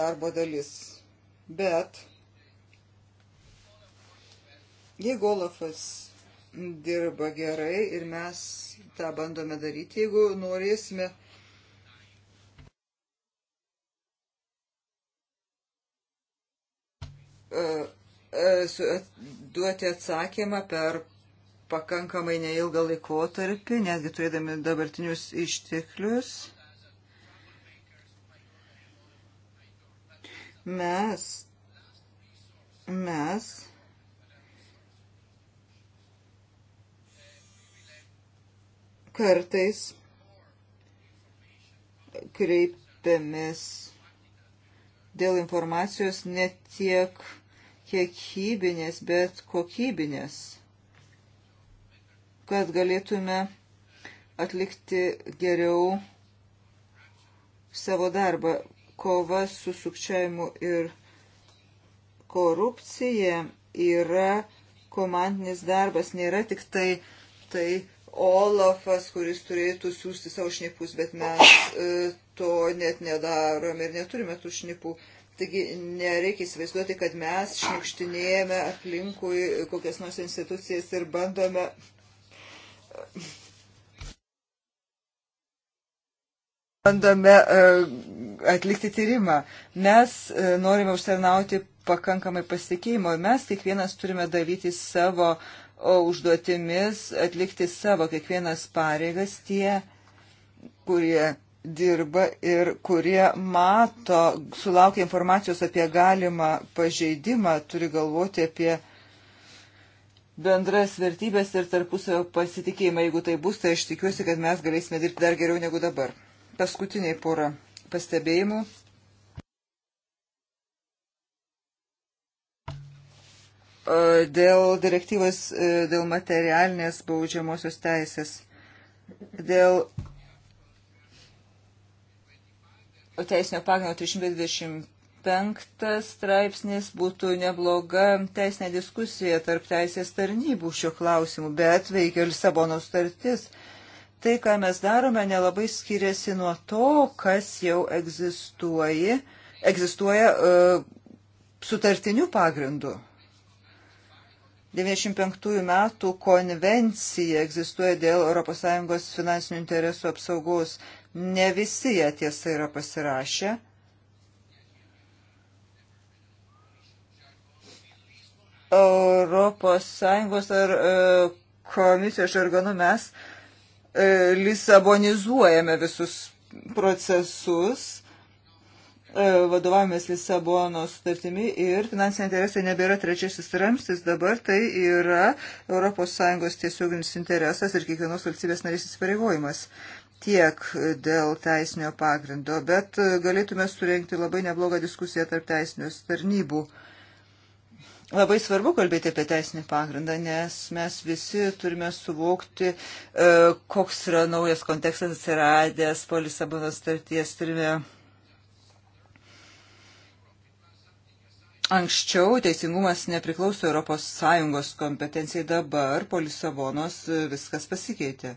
darbo dalis. Bet Jeigu Olafas dirba gerai ir mes tą bandome daryti, jeigu norėsime e, e, e, duoti atsakymą per pakankamai neilgą laikotarpį, netgi turėdami dabartinius išteklius. Mes, mes kartais kreipiamės dėl informacijos ne tiek kiekybinės, bet kokybinės, kad galėtume atlikti geriau savo darbą. Kova su sukčiavimu ir korupcija yra komandinis darbas, nėra tik tai, tai Olafas, kuris turėtų siūsti savo šnipus, bet mes e, to net nedarom ir neturime tų šnipų. Taigi nereikia įsivaizduoti, kad mes šnipštinėjame aplinkui kokias nors institucijas ir bandome. Bandome e, atlikti tyrimą. Mes e, norime užtarnauti pakankamai pasitikėjimo. Mes kiekvienas turime daryti savo uh, užduotimis atlikti savo kiekvienas pareigas tie, kurie dirba ir kurie mato, sulaukia informacijos apie galimą pažeidimą, turi galvoti apie bendras vertybės ir tarpusavio pasitikėjimą. Jeigu tai bus, tai aš tikiuosi, kad mes galėsime dirbti dar geriau negu dabar. Paskutiniai pora pastebėjimų. E, dėl direktyvos e, dėl materialinės baudžiamosios teisės, dėl teisinio pagrindo 325 straipsnis būtų nebloga teisinė diskusija tarp teisės tarnybų šio klausimu, bet veikia Lisabono startis. Tai, ką mes darome, nelabai skiriasi nuo to, kas jau egzistuoja, egzistuoja uh, sutartinių pagrindų. 95 metų konvencija egzistuoja dėl ES finansinių interesų apsaugos. Ne visi ją tiesa yra pasirašę. ES ar e, komisijos žargonu mes e, lisabonizuojame visus procesus E, vadovavomės Lisabonos sutartimi ir finansiniai interesai nebėra trečiasis ramstis, dabar tai yra ES tiesioginis interesas ir kiekvienos valstybės narys įsipareigojimas. Tiek dėl teisinio pagrindo, bet galėtume surenkti labai neblogą diskusiją tarp teisinius tarnybų. Labai svarbu kalbėti apie teisinį pagrindą, nes mes visi turime suvokti, e, koks yra naujas kontekstas atsiradęs po Lisabonos starties, turime Anksčiau teisingumas nepriklauso ES kompetencijai, dabar po Lisabonos e, viskas pasikeitė.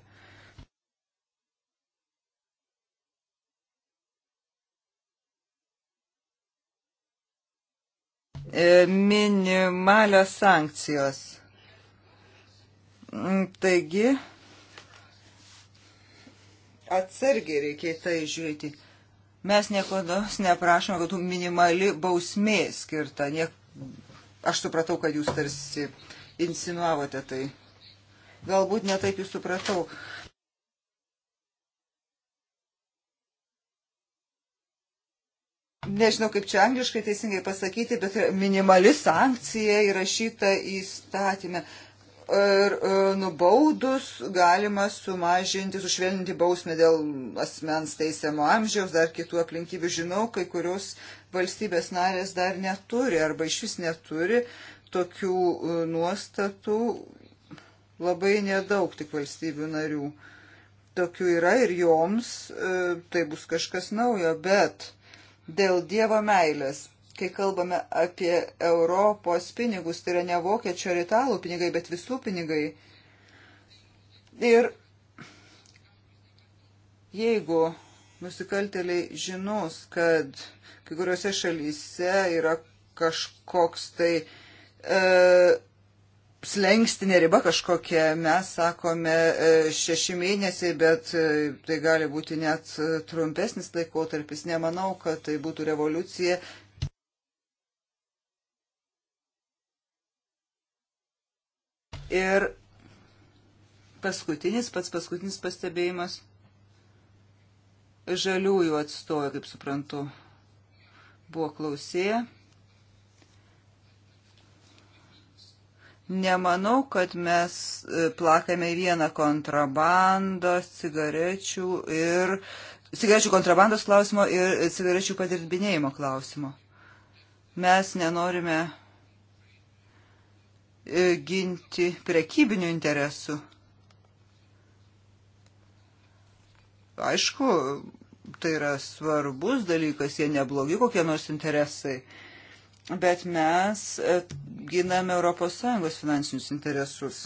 E, minimalios sankcijos. Mm, taigi, atsargiai reikia tai žiūrėti. Mes niekados neprašome, kad minimali bausmė skirta. Nie... Aš supratau, kad jūs tarsi insinuavote tai. Galbūt netaip jūs supratau. nežinau kaip čia angliškai teisingai pasakyti, bet minimali sankcija įrašyta įstatymę ir e, nubaudus galima sumažinti, sušvelninti bausmę dėl asmens teisėmo amžiaus, dar kitų aplinkybių žinau, kai kurios valstybės narės dar neturi arba iš vis neturi tokių e, nuostatų, labai nedaug tik valstybių narių. Tokių yra ir joms e, tai bus kažkas naujo, bet dėl Dievo meilės kai kalbame apie Europos pinigus, tai yra ne vokiečio ar italų pinigai, bet visų pinigai. Ir jeigu nusikaltėliai žinos, kad kai kuriuose šalyse yra kažkoks tai e, slengstinė riba kažkokia, mes sakome e, šeši mėnesiai, bet e, tai gali būti net trumpesnis laikotarpis. Nemanau, kad tai būtų revoliucija, Ir paskutinis, pats paskutinis pastebėjimas žaliųjų atstovai, kaip suprantu, buvo klausėję. Nemanau, kad mes e, plakame vieną kontrabandos cigarečių ir cigarečių kontrabandos klausimo ir cigarečių padirbinėjimo klausimo. Mes nenorime E, ginti prekybinių interesų. Aišku, tai yra svarbus dalykas, jie neblogi kokie nors interesai, bet mes e, giname ES finansinius interesus.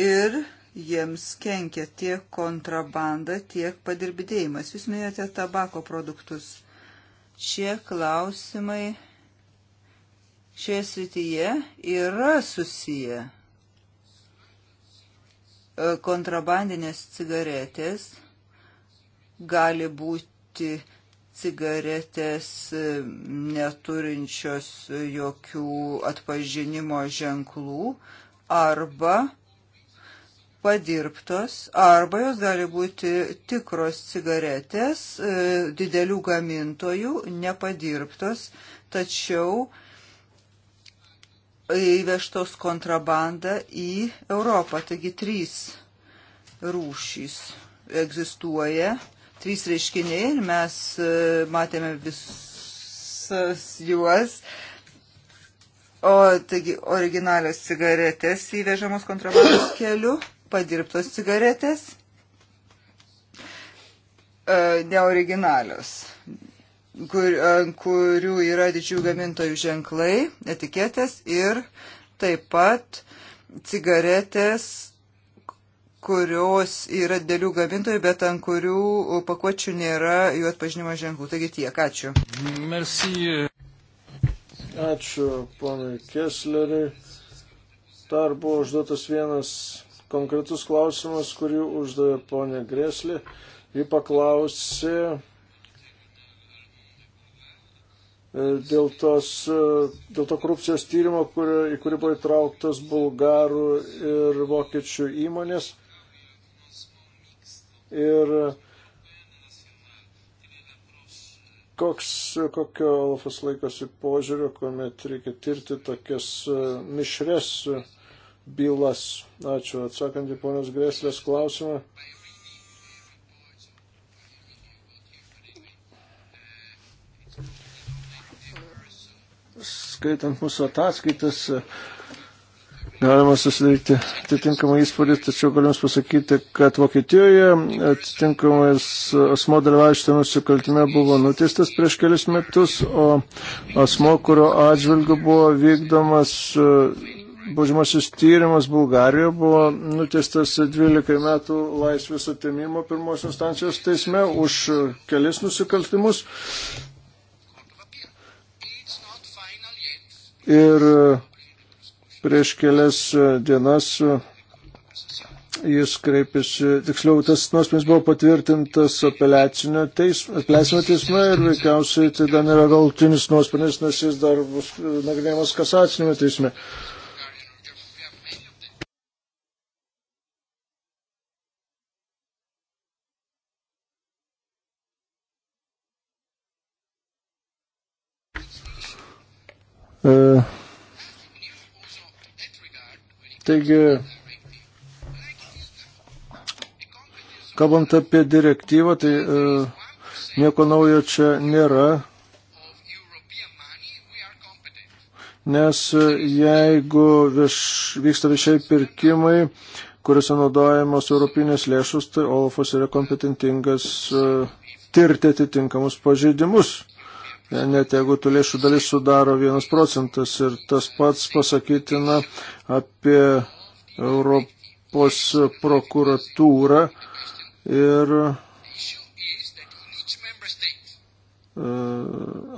Ir jiems kenkia tiek kontrabanda, tiek padirbidėjimas. Jūs minėjote tabako produktus. Šie klausimai šioje srityje yra susiję e, kontrabandinės cigaretės, gali būti cigaretės e, neturinčios jokių atpažinimo ženklų arba padirbtos, arba jos gali būti tikros cigaretės e, didelių gamintojų, nepadirbtos, tačiau e, įvežtos kontrabanda į Europą. Taigi trys rūšys egzistuoja, trys reiškiniai ir mes e, matėme visas juos. O taigi originalios cigaretės įvežamos kontrabandos keliu, padirbtos cigaretės, e, neoriginalios kur, ant kurių yra didžiųjų gamintojų ženklai, etiketės ir taip pat cigaretės, kurios yra dėlių gamintojų, bet ant kurių pakuočių nėra jų atpažinimo ženklų. Taigi tiek, ačiū. Merci. Ačiū, ponai Kesleri. Dar buvo užduotas vienas konkretus klausimas, kurį uždavė ponė Greslė. Ji paklausė, E, dėl, tos, e, dėl to korupcijos tyrimo, kur, į kurį buvo įtrauktos bulgarų ir vokiečių įmonės. Ir koks, kokio Alfas laikosi požiūrio, kuomet reikia tirti tokias e, mišres bylas. Ačiū. Atsakant į ponios Greslės klausimą, skaitant mūsų ataskaitas, e, galima susidaryti atitinkamą įspūdį, tačiau galim pasakyti, kad Vokietijoje atitinkamas asmo dalyvaujantis nusikaltime buvo nuteistas prieš kelius metus, o asmo, kurio atžvilgiu buvo vykdomas e, baudžiamasis tyrimas Bulgarijoje, buvo nuteistas 12 metų laisvės atėmimo pirmos instancijos teisme už kelis nusikaltimus. Ir e, prieš kelias e, dienas e, jis kreipėsi, tiksliau, tas nuosprendis buvo patvirtintas apeliacinio teismo, apeliacinio teismo ir veikiausiai tai dar nėra galutinis nuosprendis, nes jis dar bus nagrinėjamas kasacinėme teisme. Uh, Taigi, kalbant apie direktyvą, tai e, nieko naujo čia nėra, nes e, jeigu vieš, vyksta viešiai pirkimai, kuriuose naudojamos europinės lėšus, tai Olafas yra kompetentingas e, tirti atitinkamus pažeidimus net jeigu tų lėšų dalis sudaro vienas procentas. Ir tas pats pasakytina apie Europos prokuratūrą ir e,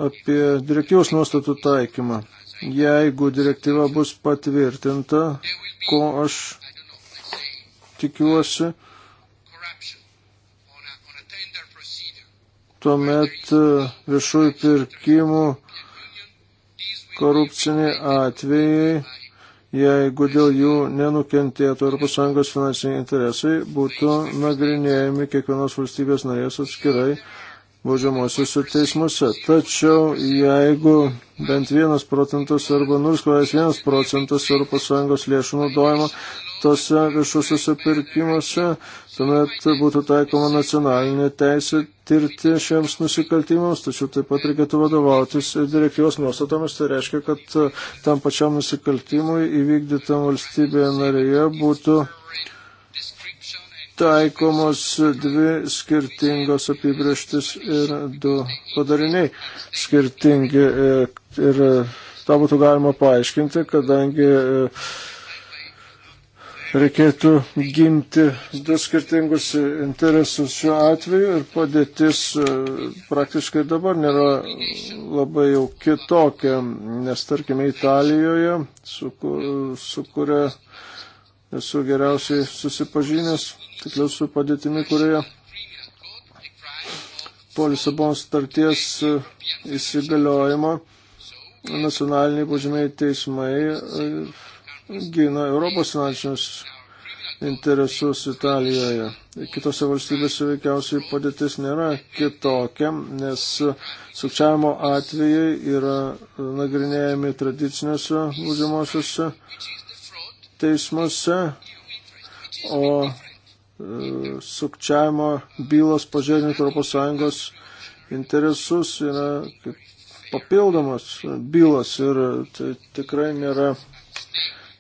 apie direktyvos nuostatų taikymą. Jeigu direktyva bus patvirtinta, ko aš tikiuosi, tuomet e, viešųjų pirkimų korupciniai atvejai, jeigu dėl jų nenukentėtų ES finansiniai interesai, būtų nagrinėjami kiekvienos valstybės narės atskirai baudžiamosiuose teismuose. Tačiau jeigu bent vienas procentas arba 0,1 procentas ES lėšų naudojimo tose viešuosiuose pirkimuose, tuomet būtų taikoma nacionalinė teisė tirti šiems nusikaltimams, tačiau taip pat reikėtų vadovautis direktyvos nuostatomis, tai reiškia, kad tam pačiam nusikaltimui įvykdytam valstybėje narėje būtų taikomos dvi skirtingos apibrieštis ir du padariniai skirtingi. Ir tą būtų galima paaiškinti, kadangi e, reikėtų gimti du skirtingus interesus šiuo atveju ir padėtis e, praktiškai dabar nėra labai jau kitokia, nes tarkime Italijoje, su, su kuria esu geriausiai susipažinęs, tiksliau su padėtimi, kurioje po Lisabonos starties e, įsigaliojimo nacionaliniai bažmiai teismai e, gina Europos finansinius interesus Italijoje. Kitose valstybėse veikiausiai padėtis nėra kitokia, nes sukčiavimo atvejai yra nagrinėjami tradiciniuose būdžiamosiuose teismuose, o sukčiavimo bylos pažeidžiant ES interesus yra papildomos bylos ir tai tikrai nėra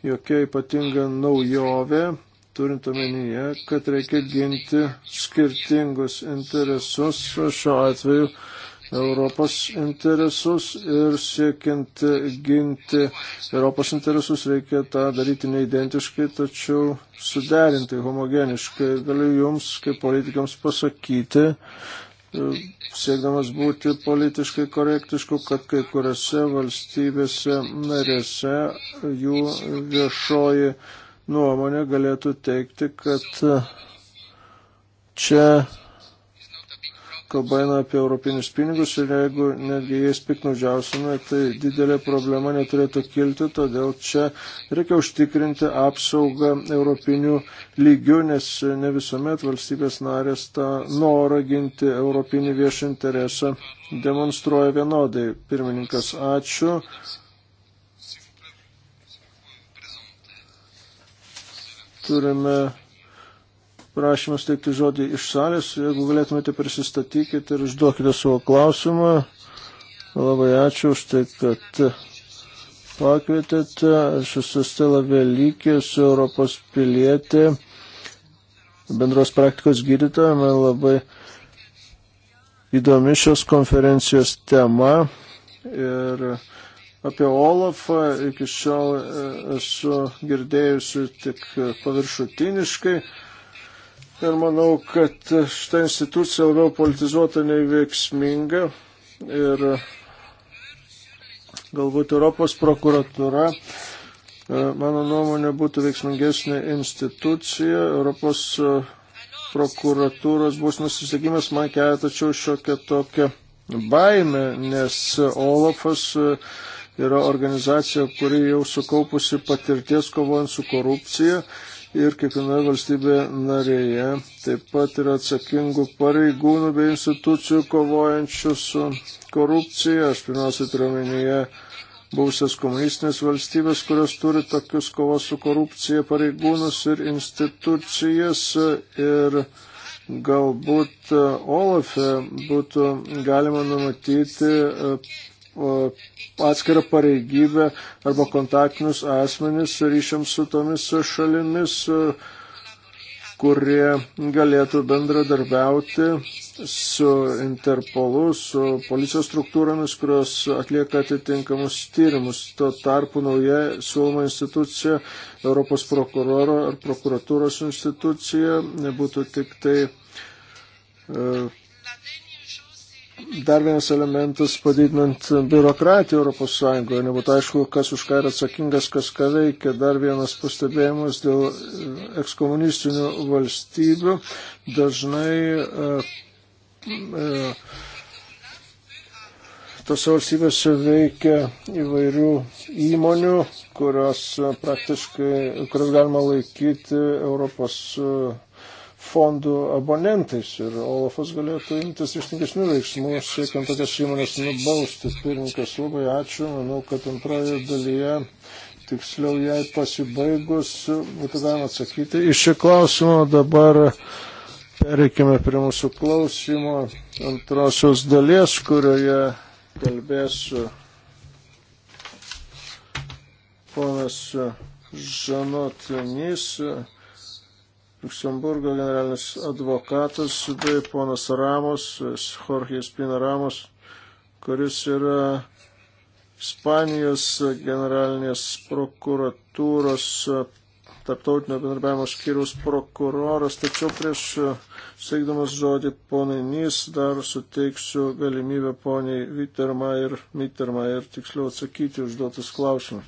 jokia ypatinga naujovė, turint omenyje, kad reikia ginti skirtingus interesus šiuo atveju Europos interesus ir siekiant ginti Europos interesus reikia tą daryti neidentiškai, tačiau suderintai, homogeniškai. Galiu Jums, kaip politikams, pasakyti, siekdamas būti politiškai korektišku, kad kai kuriuose valstybėse narėse jų viešoji nuomonė galėtų teikti, kad čia kalba eina apie europinius pinigus ir jeigu netgi jais piknaudžiausime, tai didelė problema neturėtų kilti, todėl čia reikia užtikrinti apsaugą europinių lygių, nes ne visuomet valstybės narės tą norą ginti europinį viešą interesą demonstruoja vienodai. Pirmininkas, ačiū. Turime prašymas teikti žodį iš salės. Jeigu galėtumėte prisistatykite ir užduokite savo klausimą. Labai ačiū už tai, kad pakvietėte. Aš esu Stela Velykė, esu Europos pilietė, bendros praktikos gydytoja. Man labai įdomi šios konferencijos tema. Ir apie Olafą iki šiol e, esu girdėjusi tik e, paviršutiniškai. Ir manau, kad šitą instituciją labiau politizuota nei veiksminga. Ir galbūt Europos prokuratura, e, mano nuomonė, būtų veiksmingesnė institucija. Europos e, prokuratūros bus nusisegimas man kelia tačiau šiokia tokia baime, nes Olafas e, yra organizacija, kuri jau sukaupusi patirties kovojant su korupcija ir kiekvienoje valstybėje narėje taip pat yra atsakingų pareigūnų bei institucijų kovojančių su korupcija. Aš pirmiausia turiu omenyje buvusias komunistinės valstybės, kurios turi tokius kovos su korupcija pareigūnus ir institucijas. Ir galbūt e, Olafe būtų galima numatyti e, atskirą pareigybę arba kontaktinius asmenis ryšiams su tomis šalimis, kurie galėtų bendradarbiauti su Interpolu, su policijos struktūromis, kurios atlieka atitinkamus tyrimus. Tuo tarpu nauja siūloma institucija, Europos prokuroro ar prokuratūros institucija, būtų tik tai e, dar vienas elementas padidinant biurokratiją Europos Sąjungoje. Nebūtų aišku, kas už ką yra atsakingas, kas ką veikia. Dar vienas pastebėjimas dėl ekskomunistinių valstybių. Dažnai e, e tose valstybėse veikia įvairių įmonių, kurios praktiškai, kurias galima laikyti Europos fondų abonentais ir Olafas galėtų imtis ištingesnių veiksmų, siekiant tokias įmonės nubausti. Pirmininkas, labai ačiū. Manau, kad antroje dalyje, tiksliau jai pasibaigus, būtų galima atsakyti. Iš šio klausimo dabar pereikime prie mūsų klausimo antrosios dalies, kurioje kalbėsiu ponas Žanot Janys Luxemburgo generalinis advokatas bei ponas Ramos, Jorge Spina Ramos, kuris yra Ispanijos generalinės prokuratūros tarptautinio bendarbiavimo skyriaus prokuroras, tačiau prieš steigdamas žodį ponai Nys dar suteiksiu galimybę poniai Viterma ir Miterma ir tiksliau atsakyti užduotus klausimus.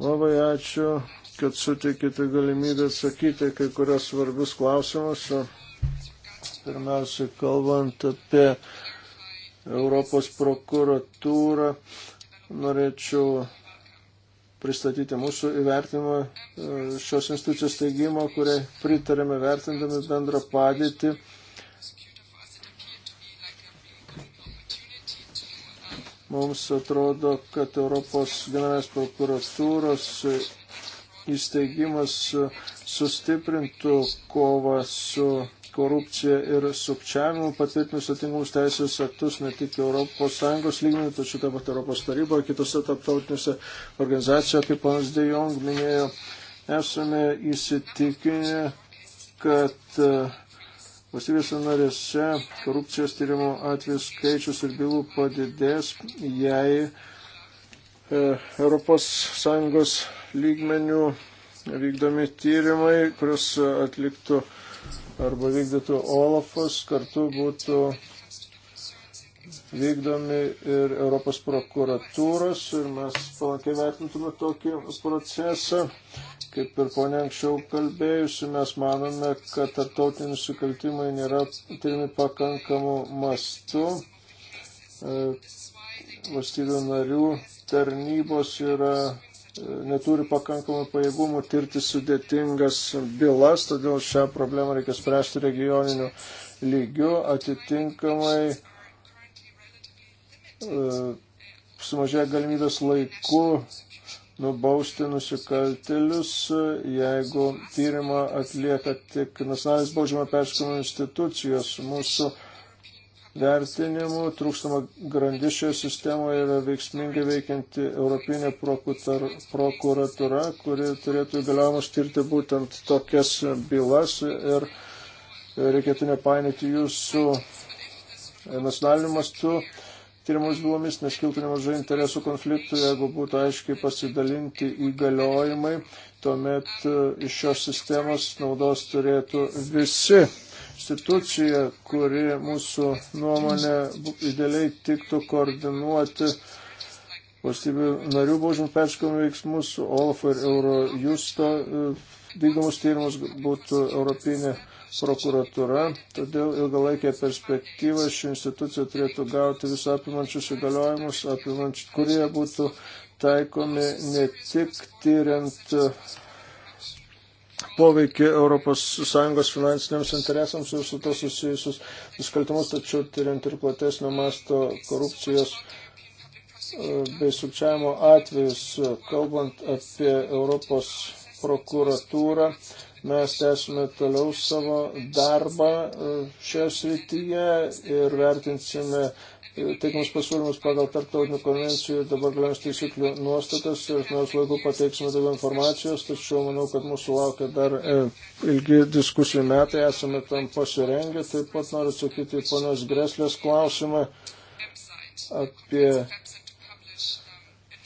Labai ačiū, kad suteikite galimybę atsakyti kai kurios svarbius klausimus. Pirmiausia, kalbant apie Europos prokuratūrą, norėčiau pristatyti mūsų įvertinimą e, šios institucijos teigimo, kuriai pritarėme vertindami bendrą padėtį. Mums atrodo, kad Europos generalinės prokuratūros įsteigimas e, sustiprintų kovą su korupcija ir sukčiavimu, patvirtinus atingus teisės aktus ne tik ES lygmenį, tačiau taip pat Europos taryboje ir kitose tarptautinėse organizacijose, kaip panas Dejong minėjo, esame įsitikinę, kad e, valstybėse narėse korupcijos tyrimo atvejų skaičius ir bylų padidės, jei ES lygmenių vykdomi tyrimai, kuriuos atliktų arba vykdytų Olafas, kartu būtų vykdomi ir Europos prokuratūros ir mes palankiai vertintume tokį procesą. Kaip ir ponia anksčiau kalbėjusi, mes manome, kad tarptautiniai nusikaltimai nėra tyrimi pakankamu mastu. E, valstybių narių tarnybos yra, e, neturi pakankamai pajėgumų tirti sudėtingas bylas, todėl šią problemą reikia spręsti regioniniu lygiu, atitinkamai e, sumažėja galimybės laiku nubausti nusikaltelius, jeigu tyrimą atlieka tik nacionalinės baudžiamo perskimo institucijos. Mūsų vertinimų trūkstama grandis šioje sistemoje yra veiksmingai veikianti Europinė prokuratura, kuri turėtų įgaliojimus tirti būtent tokias bylas ir reikėtų nepainyti jų su nacionaliniu mastu tyrimus bylomis, nes kiltų nemažai interesų konfliktų, jeigu būtų aiškiai pasidalinti įgaliojimai, tuomet iš šios sistemos naudos turėtų visi institucija, kuri mūsų nuomonė idealiai tiktų koordinuoti valstybių narių baudžiamų perskumų veiksmus, OLAF ir Eurojusto e, vykdomus tyrimus būtų Europinė prokuratura. Todėl ilgalaikė perspektyva ši institucija turėtų gauti visą apimančius įgaliojimus, apimančius, kurie būtų taikomi ne tik tyriant poveikį ES finansiniams interesams ir su to susijusius nusikaltimus, tačiau tyriant ir platesnio masto korupcijos e, bei sukčiavimo atvejus, kalbant apie Europos prokuratūrą, mes esame toliau savo darbą e, šioje srityje ir vertinsime teikimus pasiūlymus pagal tarptautinių konvencijų ir dabar galiojančių taisyklių nuostatas ir mes laiku pateiksime daugiau informacijos, tačiau manau, kad mūsų laukia dar e, ilgi diskusijų metai, esame tam pasirengę. Taip pat noriu atsakyti į ponios Greslės klausimą apie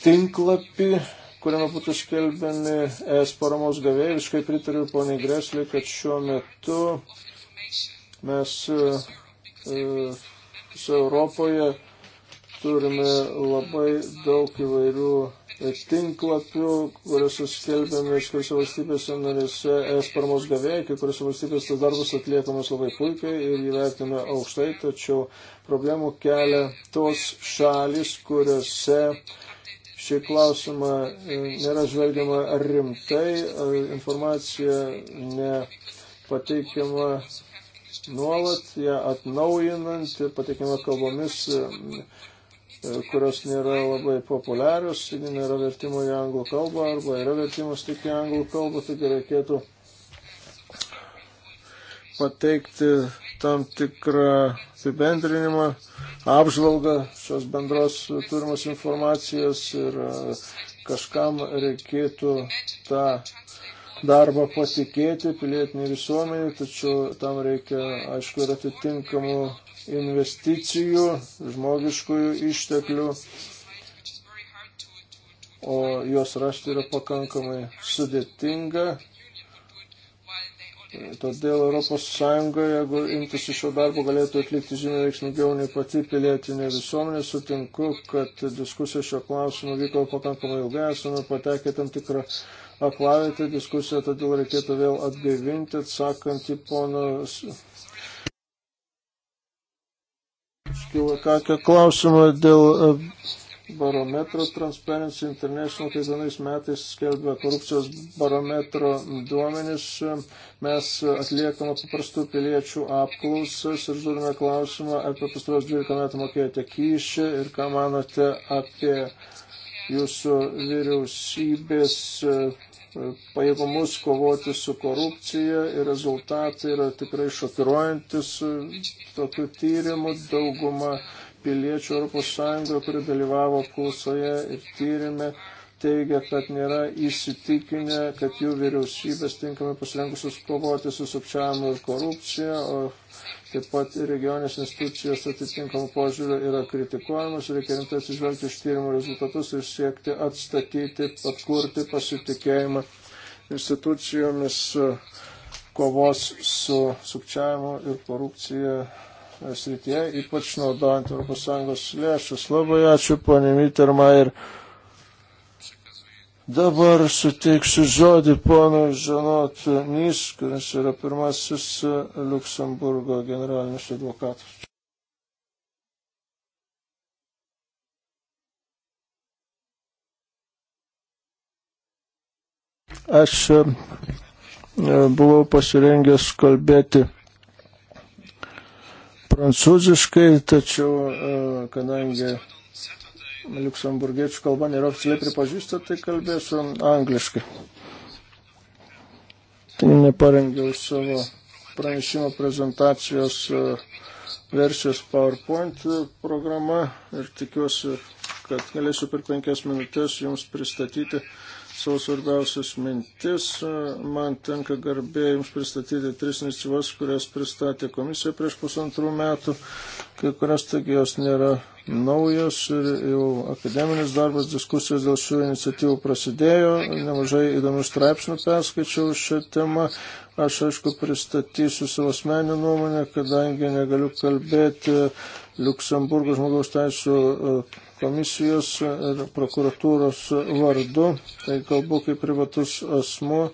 tinklapį kuriame būtų skelbiami es paramos gavėjai. Visiškai pritariu poniai Greslį, kad šiuo metu mes e, e, Visoje Europoje turime labai daug įvairių e, tinklapių, kuriuose skelbiame iš kuriuose valstybėse narėse es paramos gavėjai, kai kuriuose valstybėse tas darbas atliekamas labai puikiai ir įvertiname aukštai, tačiau problemų kelia tos šalis, kuriuose šį klausimą e, nėra žvelgiama rimtai, e, informacija nepateikiama nuolat, ją atnaujinant ir patikima kalbomis, e, e, kurios nėra labai populiarios, jeigu nėra vertimo į anglų kalbą arba yra vertimas tik į anglų kalbą, taigi reikėtų pateikti tam tikrą apibendrinimą, apžvalgą šios bendros turimos informacijos ir e, kažkam reikėtų tą darbą patikėti pilietinį visuomenį, tačiau tam reikia, aišku, ir atitinkamų investicijų, žmogiškųjų išteklių, o juos rasti yra pakankamai sudėtinga. Todėl ES, jeigu imtųsi šio darbo, galėtų atlikti žymiai veiksmingiau nei pati pilietinė visuomenė. Sutinku, kad diskusija šio klausimu vyko pakankamai ilgai, esame patekę tam tikrą aklavėte diskusiją, todėl reikėtų vėl atgaivinti, atsakant į pono Škilakakio klausimą dėl e, barometro Transparency International kiekvienais metais skelbia korupcijos barometro duomenis. Mes atliekame paprastų piliečių apklausas ir žiūrime klausimą, ar per pastaros 12 metų mokėjote kyšį ir ką manote apie jūsų vyriausybės e, pajėgumus kovoti su korupcija ir rezultatai yra tikrai šokiruojantis e, tokių tyrimų. Dauguma piliečių ES, kurie dalyvavo apklausoje ir tyrimė, teigia, kad nėra įsitikinę, kad jų vyriausybės tinkamai pasirengusios kovoti su sukčiavimu ir korupcija, o Taip pat regionės institucijos atitinkamų požiūrių yra kritikuojamos, reikia rimtai atsižvelgti iš tyrimų rezultatus ir siekti atstatyti, atkurti pasitikėjimą institucijomis kovos su sukčiavimu ir korupcija e, srityje, ypač naudojant ES lėšas. Labai ačiū, ponė Miterma. Ir... Dabar suteiksiu žodį ponui Žanot Nys, kuris yra pirmasis e, Luksemburgo generalinis advokatas. Aš e, e, buvau pasirengęs kalbėti prancūziškai, tačiau kadangi liuksemburgiečių kalba nėra oficialiai pripažįsta, tai kalbėsiu angliškai. Tai neparengiau savo pranešimo prezentacijos e, versijos PowerPoint programa ir tikiuosi, kad galėsiu per penkias minutės jums pristatyti uh, savo svarbiausias mintis. Man tenka garbė Jums pristatyti tris iniciatyvas, kurias pristatė komisija prieš pusantrų metų. Kai kurias taigi jos nėra naujos ir jau akademinis darbas, diskusijos dėl šių iniciatyvų prasidėjo. Nemažai įdomių straipsnių perskaičiau šią temą. Aš aišku pristatysiu savo asmenį nuomonę, kadangi negaliu kalbėti Luksemburgo žmogaus teisų komisijos ir prokuratūros vardu, tai kalbu kaip privatus asmo,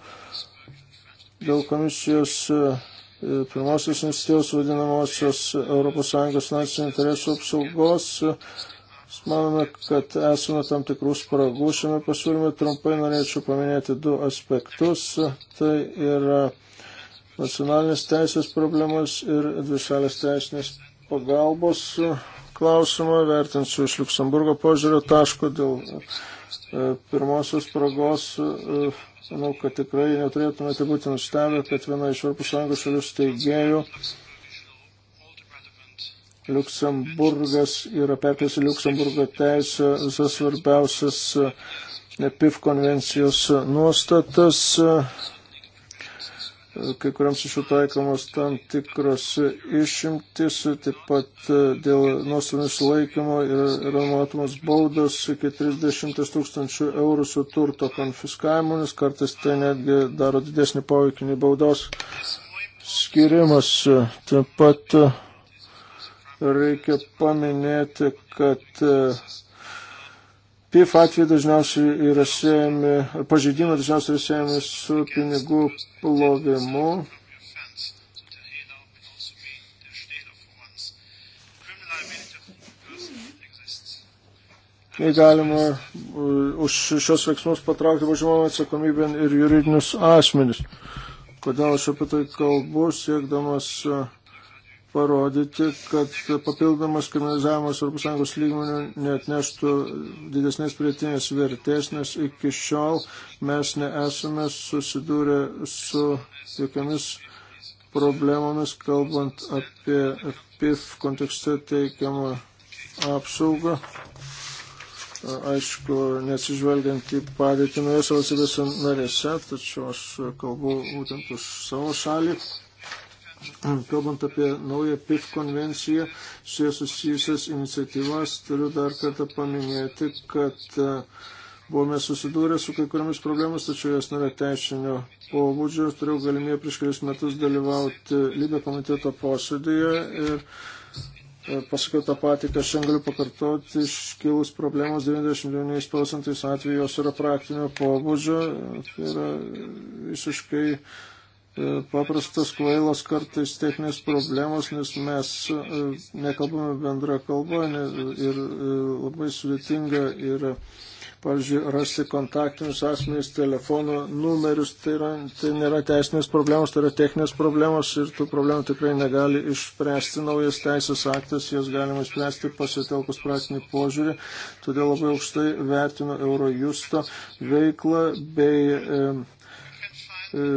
dėl komisijos e, pirmosios institucijos vadinamosios ES nacionalinio interesų apsaugos. Manome, kad esame tam tikrų spragų šiame pasiūlyme. Trumpai norėčiau paminėti du aspektus. Tai yra nacionalinės teisės problemas ir dvišalės teisinės pagalbos klausimą, vertinsiu iš Luksemburgo požiūrio taško dėl e, pirmosios spragos. E, manau, kad tikrai neturėtumėte būti nustebę, kad viena iš Europos Sąjungos šalių steigėjų Luksemburgas yra perkėsi Luksemburgo teisę visas svarbiausias e, PIF konvencijos nuostatas kai kuriams iš jų taikomos tam tikros išimtis, taip pat e, dėl nuosavų sulaikymo yra numatomos baudos iki 30 tūkstančių eurų su turto konfiskavimu, nes kartais tai netgi daro didesnį poveikį nei baudos skirimas. Taip pat e, reikia paminėti, kad e, PIF atveju dažniausiai yra siejami, pažeidimai dažniausiai yra siejami su pinigų plovimu. Kai galima uh, už šios veiksmus patraukti važiuojamą atsakomybę ir juridinius asmenis. Kodėl aš apie tai kalbu, siekdamas uh, parodyti, kad papildomas kriminalizavimas Europos Sąjungos lygmenių netneštų didesnės pridėtinės vertės, nes iki šiol mes nesame susidūrę su jokiamis problemomis, kalbant apie PIF kontekste teikiamą apsaugą. Aišku, nesižvelgiant į padėtį naujose valstybėse narėse, tačiau aš kalbu būtent už savo šalį. Kalbant apie naują PIF konvenciją, su jie susijusias iniciatyvas, turiu dar kartą paminėti, kad e, buvome susidūrę su kai kuriamis problemas, tačiau jos nėra teisinio pobūdžio. Turėjau galimybę prieš kelius metus dalyvauti lygio komiteto posėdėje ir e, pasakiau tą patį, kad šiandien galiu pakartoti, iškilus problemos 99 procentais atveju jos yra praktinio pobūdžio. Tai yra visiškai E, paprastas kvailas kartais techninės problemos, nes mes e, nekalbame bendrą kalbą ir e, labai sudėtinga yra, pavyzdžiui, rasti kontaktinius asmenys, telefono numerius, tai, yra, tai nėra teisinės problemos, tai yra techninės problemos ir tų problemų tikrai negali išspręsti naujas teisės aktas, jas galima išspręsti pasitelkus praktinį požiūrį, todėl labai aukštai vertinu Eurojusto veiklą bei e, e,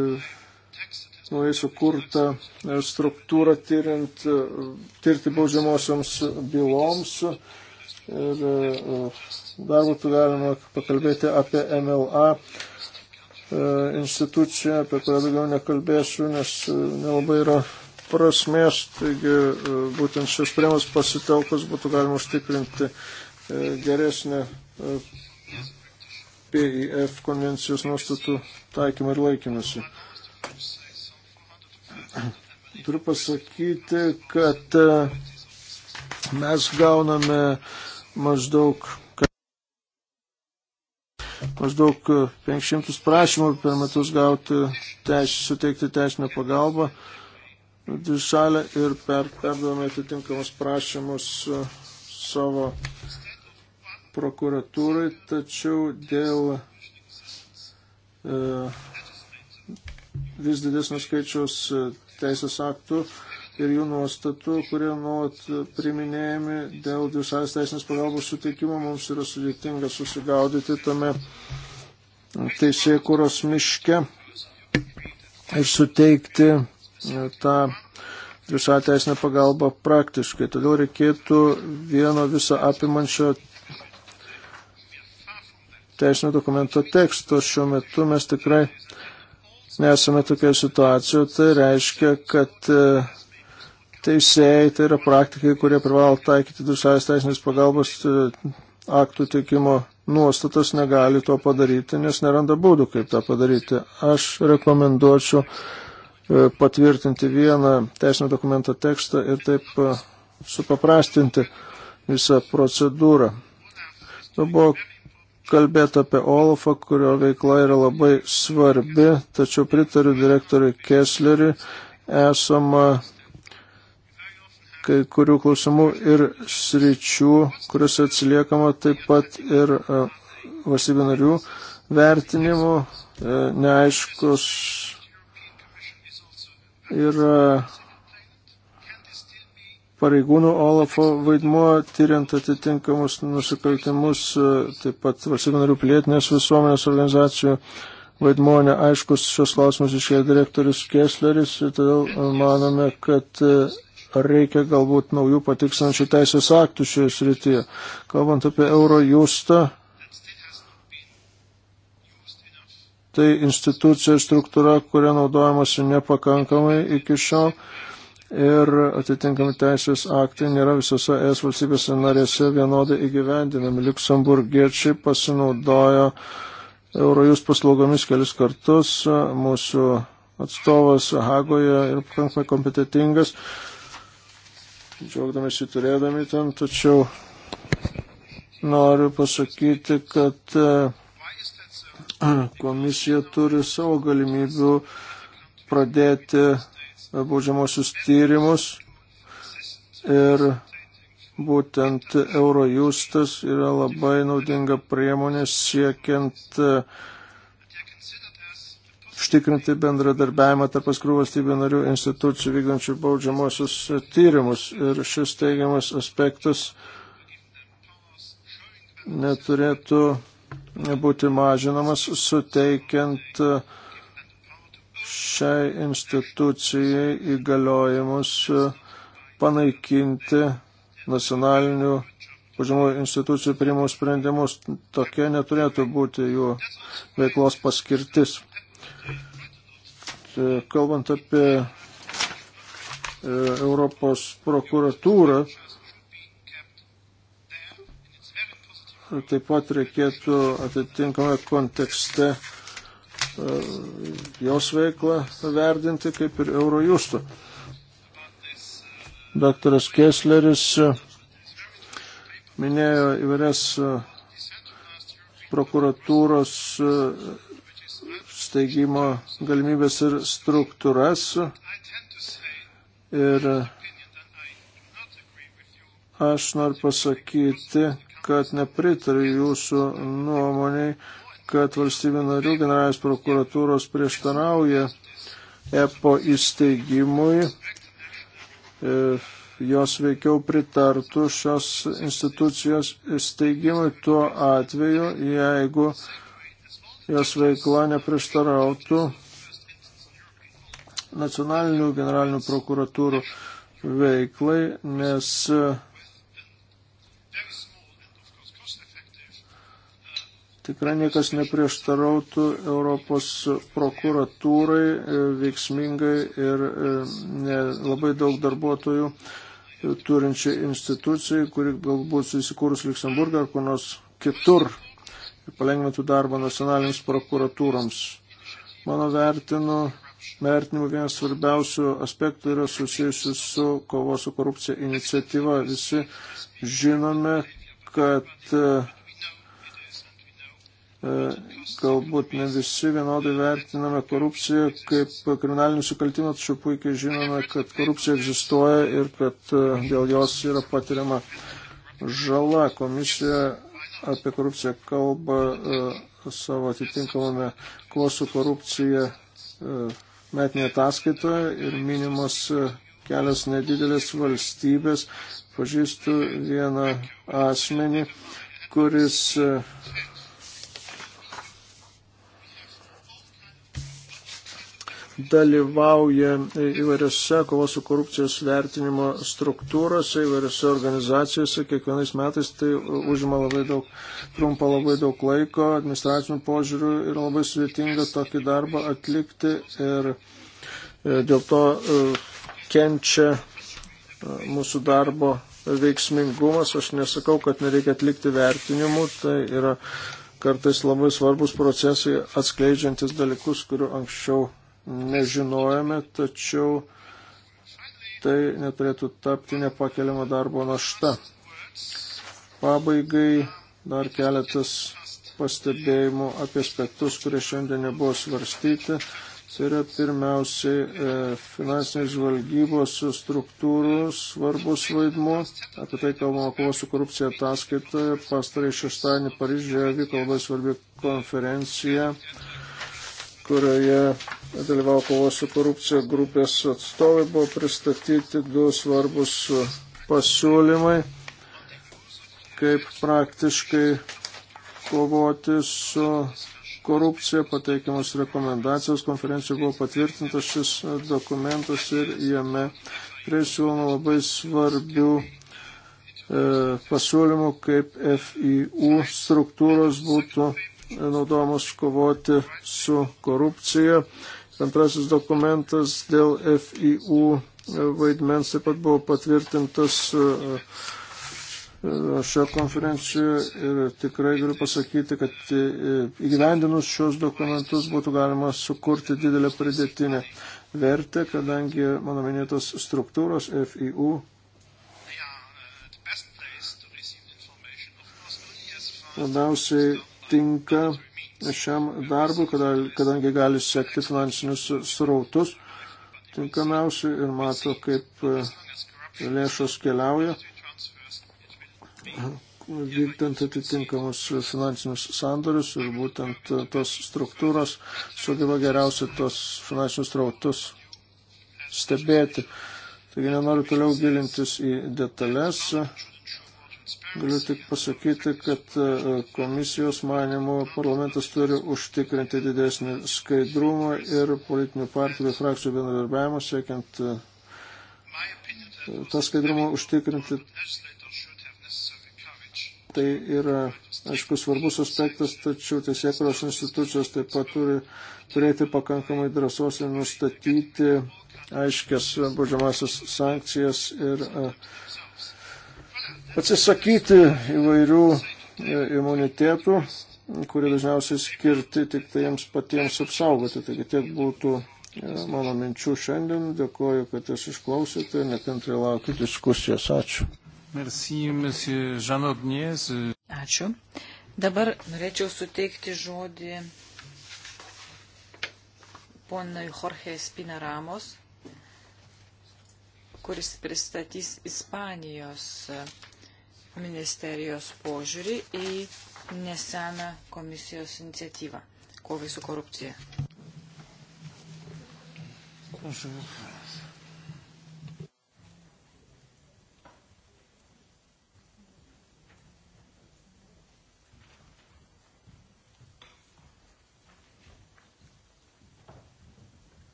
naujai sukurtą e, struktūrą tyrint, e, tirti baudžiamosioms byloms. Ir e, dar būtų galima pakalbėti apie MLA instituciją, apie kurią daugiau nekalbėsiu, nes nelabai yra prasmės, taigi būtent šios priemas pasitelkus būtų galima užtikrinti geresnę PIF konvencijos nuostatų taikymą ir laikymasi. Turiu pasakyti, kad e, mes gauname maždaug maždaug 500 prašymų per metus gauti teisę, suteikti teisinę pagalbą dvi šalę ir per, perduome atitinkamus prašymus e, savo prokuratūrai, tačiau dėl e, vis didesnio skaičiaus e, teisės aktų ir jų nuostatų, kurie nuolat priminėjami dėl dvišalės teisinės pagalbos suteikimo, mums yra sudėtinga susigaudyti tame teisėkuros miške ir suteikti e, tą dvišalę teisinę pagalbą praktiškai. Todėl reikėtų vieno visą apimančio teisinio dokumento teksto. Šiuo metu mes tikrai nesame tokia situacija, tai reiškia, kad e, teisėjai, tai yra praktikai, kurie privalo taikyti dušalės teisinės pagalbos e, aktų teikimo nuostatas, negali to padaryti, nes neranda būdų, kaip tą padaryti. Aš rekomenduočiau e, patvirtinti vieną teisinio dokumento tekstą ir taip supaprastinti visą procedūrą. Tai buvo kalbėti apie Olafą, kurio veikla yra labai svarbi, tačiau pritariu direktoriui Kessleriui, esama kai kurių klausimų ir sričių, kuriuose atsiliekama taip pat ir e, valstybių narių vertinimų, e, neaiškus yra pareigūnų Olafo vaidmuo tyriant atitinkamus nusikaltimus, e, taip pat valstybių narių pilietinės visuomenės organizacijų vaidmuo neaiškus šios klausimus išėjo direktorius Kessleris ir todėl e, manome, kad e, reikia galbūt naujų patiksančių teisės aktų šioje srityje. Kalbant apie Eurojustą, tai institucija struktūra, kuria naudojamasi nepakankamai iki šiol ir atitinkami teisės aktai nėra visose ES valstybėse narėse vienodai įgyvendinami. Luksemburgiečiai pasinaudojo Eurojus paslaugomis kelis kartus, mūsų atstovas Hagoje ir pakankamai kompetitingas, džiaugdamėsi turėdami ten, tačiau noriu pasakyti, kad e, komisija turi savo galimybių pradėti baudžiamosius tyrimus ir būtent Eurojustas yra labai naudinga priemonė siekiant e, užtikrinti bendradarbiavimą tarp paskirų valstybių narių institucijų vykdančių baudžiamosius tyrimus. Ir šis teigiamas aspektas neturėtų būti mažinamas, suteikiant uh, šiai institucijai įgaliojimus e, panaikinti nacionalinių užimų institucijų priimų sprendimus. Tokia neturėtų būti jų veiklos paskirtis. E, kalbant apie e, Europos prokuratūrą, taip pat reikėtų atitinkamą kontekste E, jos veiklą verdinti kaip ir Eurojustų. Daktaras Kessleris e, minėjo įvairias e, prokuratūros steigimo galimybės ir struktūras. Ir aš noriu pasakyti, kad nepritariu jūsų nuomoniai kad valstybių narių generalinės prokuratūros prieštarauja EPO įsteigimui. E, jos veikiau pritartų šios institucijos įsteigimui tuo atveju, jeigu jos veikla neprieštarautų nacionalinių generalinių prokuratūrų veiklai, nes Tikrai niekas neprieštarautų Europos prokuratūrai e, veiksmingai ir e, ne, labai daug darbuotojų e, turinčiai institucijai, kuri galbūt susikūrus Luxemburgą ar kur nors kitur palengvintų darbą nacionalinėms prokuratūroms. Mano vertinu, vertinimu vienas svarbiausių aspektų yra susijusi su kovos su korupcija iniciatyva. Visi žinome, kad uh, E, galbūt ne visi vienodai vertiname korupciją kaip kriminalinį nusikaltimą, tačiau puikiai žinome, kad korupcija egzistuoja ir kad e, dėl jos yra patiriama žala. Komisija apie korupciją kalba e, savo atitinkamame kovos su korupcija metinėje ataskaitoje ir minimos kelios nedidelės valstybės. Pažįstu vieną asmenį, kuris dalyvauja įvairiose kovos su korupcijos vertinimo struktūrose, įvairiose organizacijose. Kiekvienais metais tai užima labai daug, trumpa labai daug laiko, administracinių požiūrių ir labai sudėtinga tokį darbą atlikti ir e, dėl to e, kenčia e, mūsų darbo veiksmingumas. Aš nesakau, kad nereikia atlikti vertinimų, tai yra kartais labai svarbus procesai atskleidžiantis dalykus, kurių anksčiau nežinojame, tačiau tai neturėtų tapti nepakeliama darbo našta. Pabaigai dar keletas pastebėjimų apie aspektus, kurie šiandien nebuvo svarstyti. Tai yra pirmiausiai e, finansinės žvalgybos struktūrų svarbus vaidmuo. Apie tai kalbama kovo su korupcija ataskaitoje. Pastarai šeštadienį Paryžėje vyko labai svarbi konferencija kurioje dalyvavo kovos su korupcija grupės atstovai, buvo pristatyti du svarbus pasiūlymai, kaip praktiškai kovoti su korupcija, pateikiamos rekomendacijos, konferencijoje buvo patvirtintas šis dokumentas ir jame prisiūloma labai svarbių e, pasiūlymų, kaip FIU struktūros būtų naudojamos kovoti su korupcija. Antrasis dokumentas dėl FIU vaidmens taip pat buvo patvirtintas e, e, šio konferencijoje ir tikrai galiu pasakyti, kad e, įgyvendinus šios dokumentus būtų galima sukurti didelę pridėtinę vertę, kadangi mano minėtos struktūros FIU labiausiai tinka šiam darbui, kadangi gali sekti finansinius srautus tinkamiausių ir mato, kaip e, lėšos keliauja, vykdant atitinkamus finansinius sandorius ir būtent tos struktūros sugeba geriausiai tos finansinius trautus stebėti. Taigi nenoriu toliau gilintis į detalės, Galiu tik pasakyti, kad e, komisijos manimo parlamentas turi užtikrinti didesnį skaidrumą ir politinių partijų bei frakcijų bendradarbiavimą, siekiant e, tą skaidrumą užtikrinti. Tai yra, aišku, svarbus aspektas, tačiau teisėkros institucijos taip pat turi turėti pakankamai drąsos ir nustatyti aiškias baudžiamasias sankcijas ir uh, atsisakyti įvairių e, imunitetų, kurie dažniausiai skirti tik tai jiems patiems apsaugoti. Taigi tiek būtų e, mano minčių šiandien. Dėkuoju, kad jūs išklausėte ir nekantriai laukiu diskusijos. Ačiū. Merci, monsieur Žanodnies. Ačiū. Dabar norėčiau suteikti žodį ponui Jorge Spinaramos, kuris pristatys Ispanijos ministerijos požiūrį į neseną komisijos iniciatyvą kovai su korupcija. Prašau.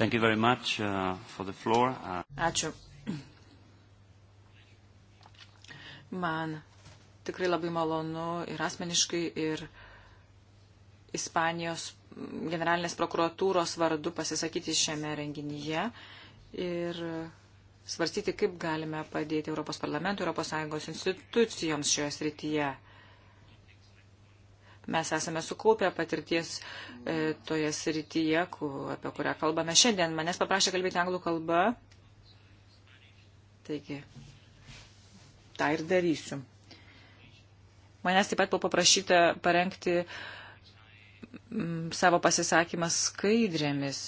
Thank you very much uh, for the floor. Uh... Ačiū Man tikrai labai malonu ir asmeniškai, ir Ispanijos generalinės prokuratūros vardu pasisakyti šiame renginyje ir svarstyti, kaip galime padėti Europos parlamentui, Europos Sąjungos institucijoms šioje srityje. Mes esame sukaupę patirties e, toje srityje, ku, apie kurią kalbame šiandien. Manęs paprašė kalbėti anglų kalbą. Taigi, tą ir darysiu. Manęs taip pat buvo paprašyta parengti mm, savo pasisakymą skaidrėmis.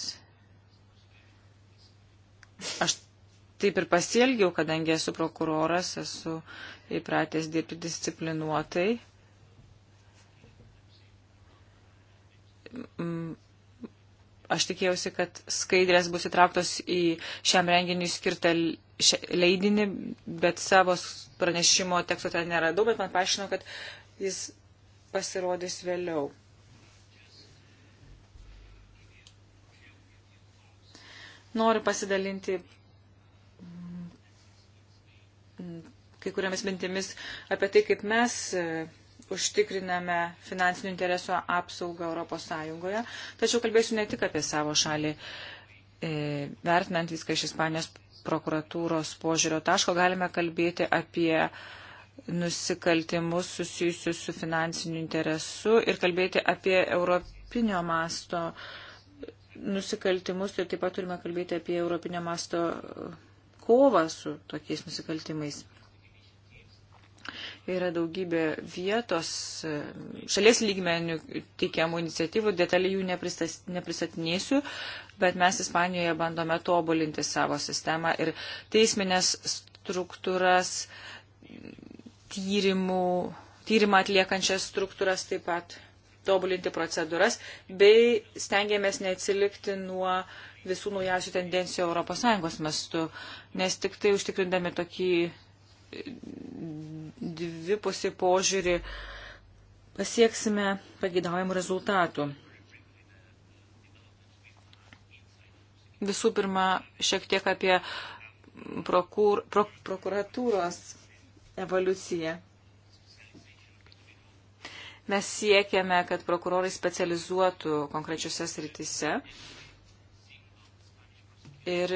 Aš taip ir pasielgiau, kadangi esu prokuroras, esu įpratęs dirbti disciplinuotai. Mm, aš tikėjausi, kad skaidrės bus įtrauktos į šiam renginiui skirtą leidinį, bet savo pranešimo teksto ten neradau, bet man paaiškino, kad jis pasirodys vėliau. Noriu pasidalinti kai kuriamis mintimis apie tai, kaip mes e, užtikriname finansinių interesų apsaugą Europos Sąjungoje. Tačiau kalbėsiu ne tik apie savo šalį, e, vertinant viską iš Ispanijos prokuratūros požiūrio taško galime kalbėti apie nusikaltimus susijusius su finansiniu interesu ir kalbėti apie europinio masto nusikaltimus ir taip pat turime kalbėti apie europinio masto kovą su tokiais nusikaltimais. Yra daugybė vietos e, šalies lygmenių teikiamų iniciatyvų, detaliai jų nepristatinėsiu, bet mes Ispanijoje bandome tobulinti savo sistemą ir teisminės struktūras, tyrimų, tyrimą atliekančias struktūras taip pat tobulinti procedūras, bei stengiamės neatsilikti nuo visų naujausių tendencijų ES mastu, nes tik tai užtikrindami tokį dvipusį požiūrį pasieksime pagidaujamų rezultatų. Visų pirma, šiek tiek apie prokur, pro, prokuratūros evoliuciją. Mes siekiame, kad prokurorai specializuotų konkrečiose srityse ir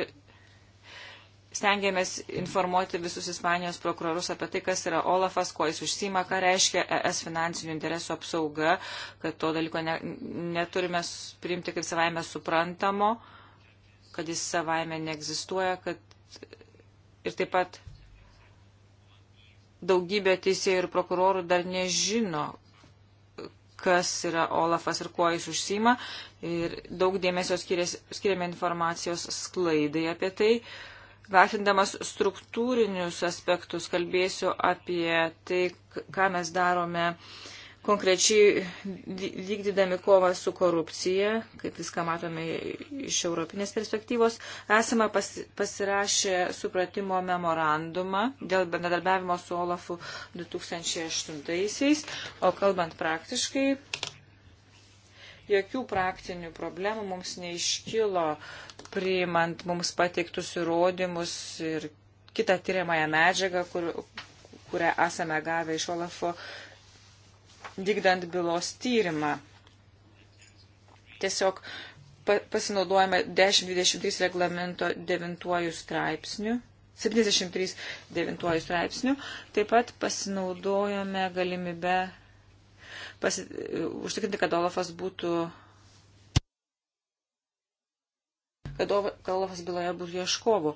stengiamės informuoti visus Ispanijos prokurorus apie tai, kas yra Olafas, kuo jis užsima, ką reiškia ES finansinių interesų apsauga, kad to dalyko ne, neturime priimti kaip savaime suprantamo, kad jis savaime neegzistuoja, kad ir taip pat daugybė teisėjų ir prokurorų dar nežino, kas yra Olafas ir kuo jis užsima. Ir daug dėmesio skiriame informacijos sklaidai apie tai. Uh, Vertindamas struktūrinius aspektus kalbėsiu apie tai, ką mes darome konkrečiai vykdydami kovą su korupcija, kaip viską matome iš europinės perspektyvos. Esame pas, pasirašę supratimo memorandumą dėl bendradarbiavimo su Olafu 2008-aisiais, o kalbant praktiškai, jokių praktinių problemų mums neiškilo priimant mums pateiktus įrodymus ir kitą tyriamąją medžiagą, kur, kurią esame gavę iš Olafo vykdant bylos tyrimą. Tiesiog pasinaudojame 1023 reglamento 9 straipsnių. 73 9 straipsnių. Taip pat pasinaudojame galimybę pasi, užtikrinti, kad Olafas būtų kad Olafas byloje būtų ieškovų.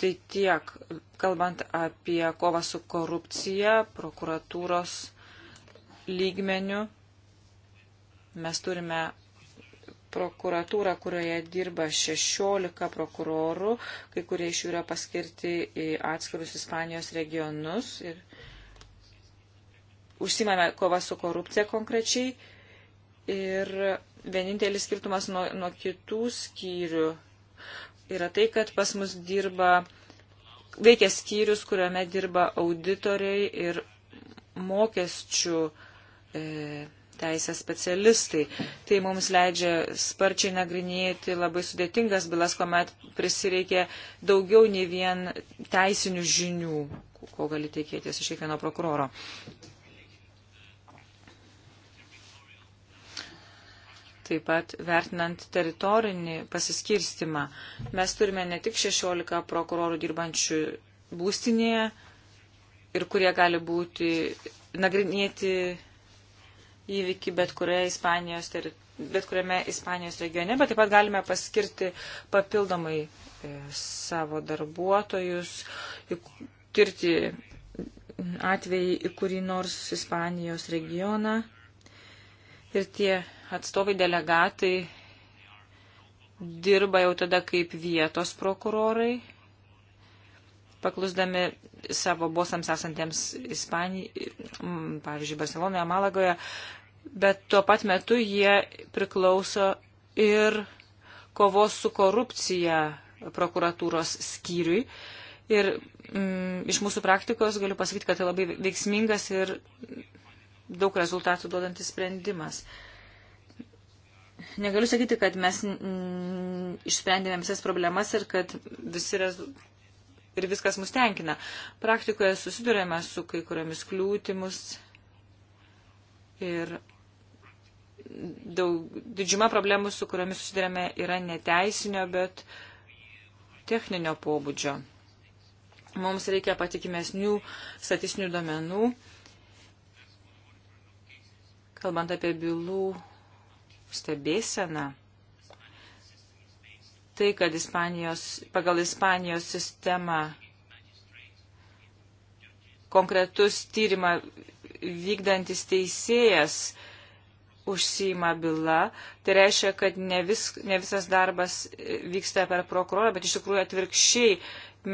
Tai tiek, kalbant apie kovą su korupcija, prokuratūros lygmenių, mes turime prokuratūrą, kurioje dirba 16 prokurorų, kai kurie iš jų yra paskirti į atskirus Ispanijos regionus ir užsimame kova su korupcija konkrečiai ir vienintelis skirtumas nuo, nuo kitų skyrių yra tai, kad pas mus dirba, veikia skyrius, kuriame dirba auditoriai ir mokesčių e, teisės specialistai. Tai mums leidžia sparčiai nagrinėti labai sudėtingas bylas, kuomet prisireikia daugiau nei vien teisinių žinių, ko gali tikėtis iš kiekvieno prokuroro. taip pat vertinant teritorinį pasiskirstimą. Mes turime ne tik 16 prokurorų dirbančių būstinėje ir kurie gali būti nagrinėti įvykį bet, Ispanijos, bet kuriame Ispanijos regione, bet taip pat galime paskirti papildomai e, savo darbuotojus, tirti atvejį į kurį nors Ispanijos regioną. Ir tie atstovai delegatai dirba jau tada kaip vietos prokurorai, paklusdami savo bosams esantiems Ispanijai, pavyzdžiui, Barcelonoje, Malagoje, bet tuo pat metu jie priklauso ir kovos su korupcija prokuratūros skyriui. Ir mm, iš mūsų praktikos galiu pasakyti, kad tai labai veiksmingas ir daug rezultatų duodantis sprendimas. Uh, negaliu sakyti, kad mes išsprendėme visas problemas ir kad visi rezu... ir viskas mus tenkina. Praktikoje susidurėme su kai kuriomis kliūtimus ir daug, didžiuma problemų, su kuriomis susidurėme, yra neteisinio, bet techninio pobūdžio. Mums reikia patikimesnių statistinių domenų, kalbant apie bylų stebėsena. Tai, kad Ispanijos, pagal Ispanijos sistemą konkretus tyrimą vykdantis teisėjas užsima byla, tai reiškia, kad ne, vis, ne visas darbas e, vyksta per prokurorą, bet iš tikrųjų atvirkščiai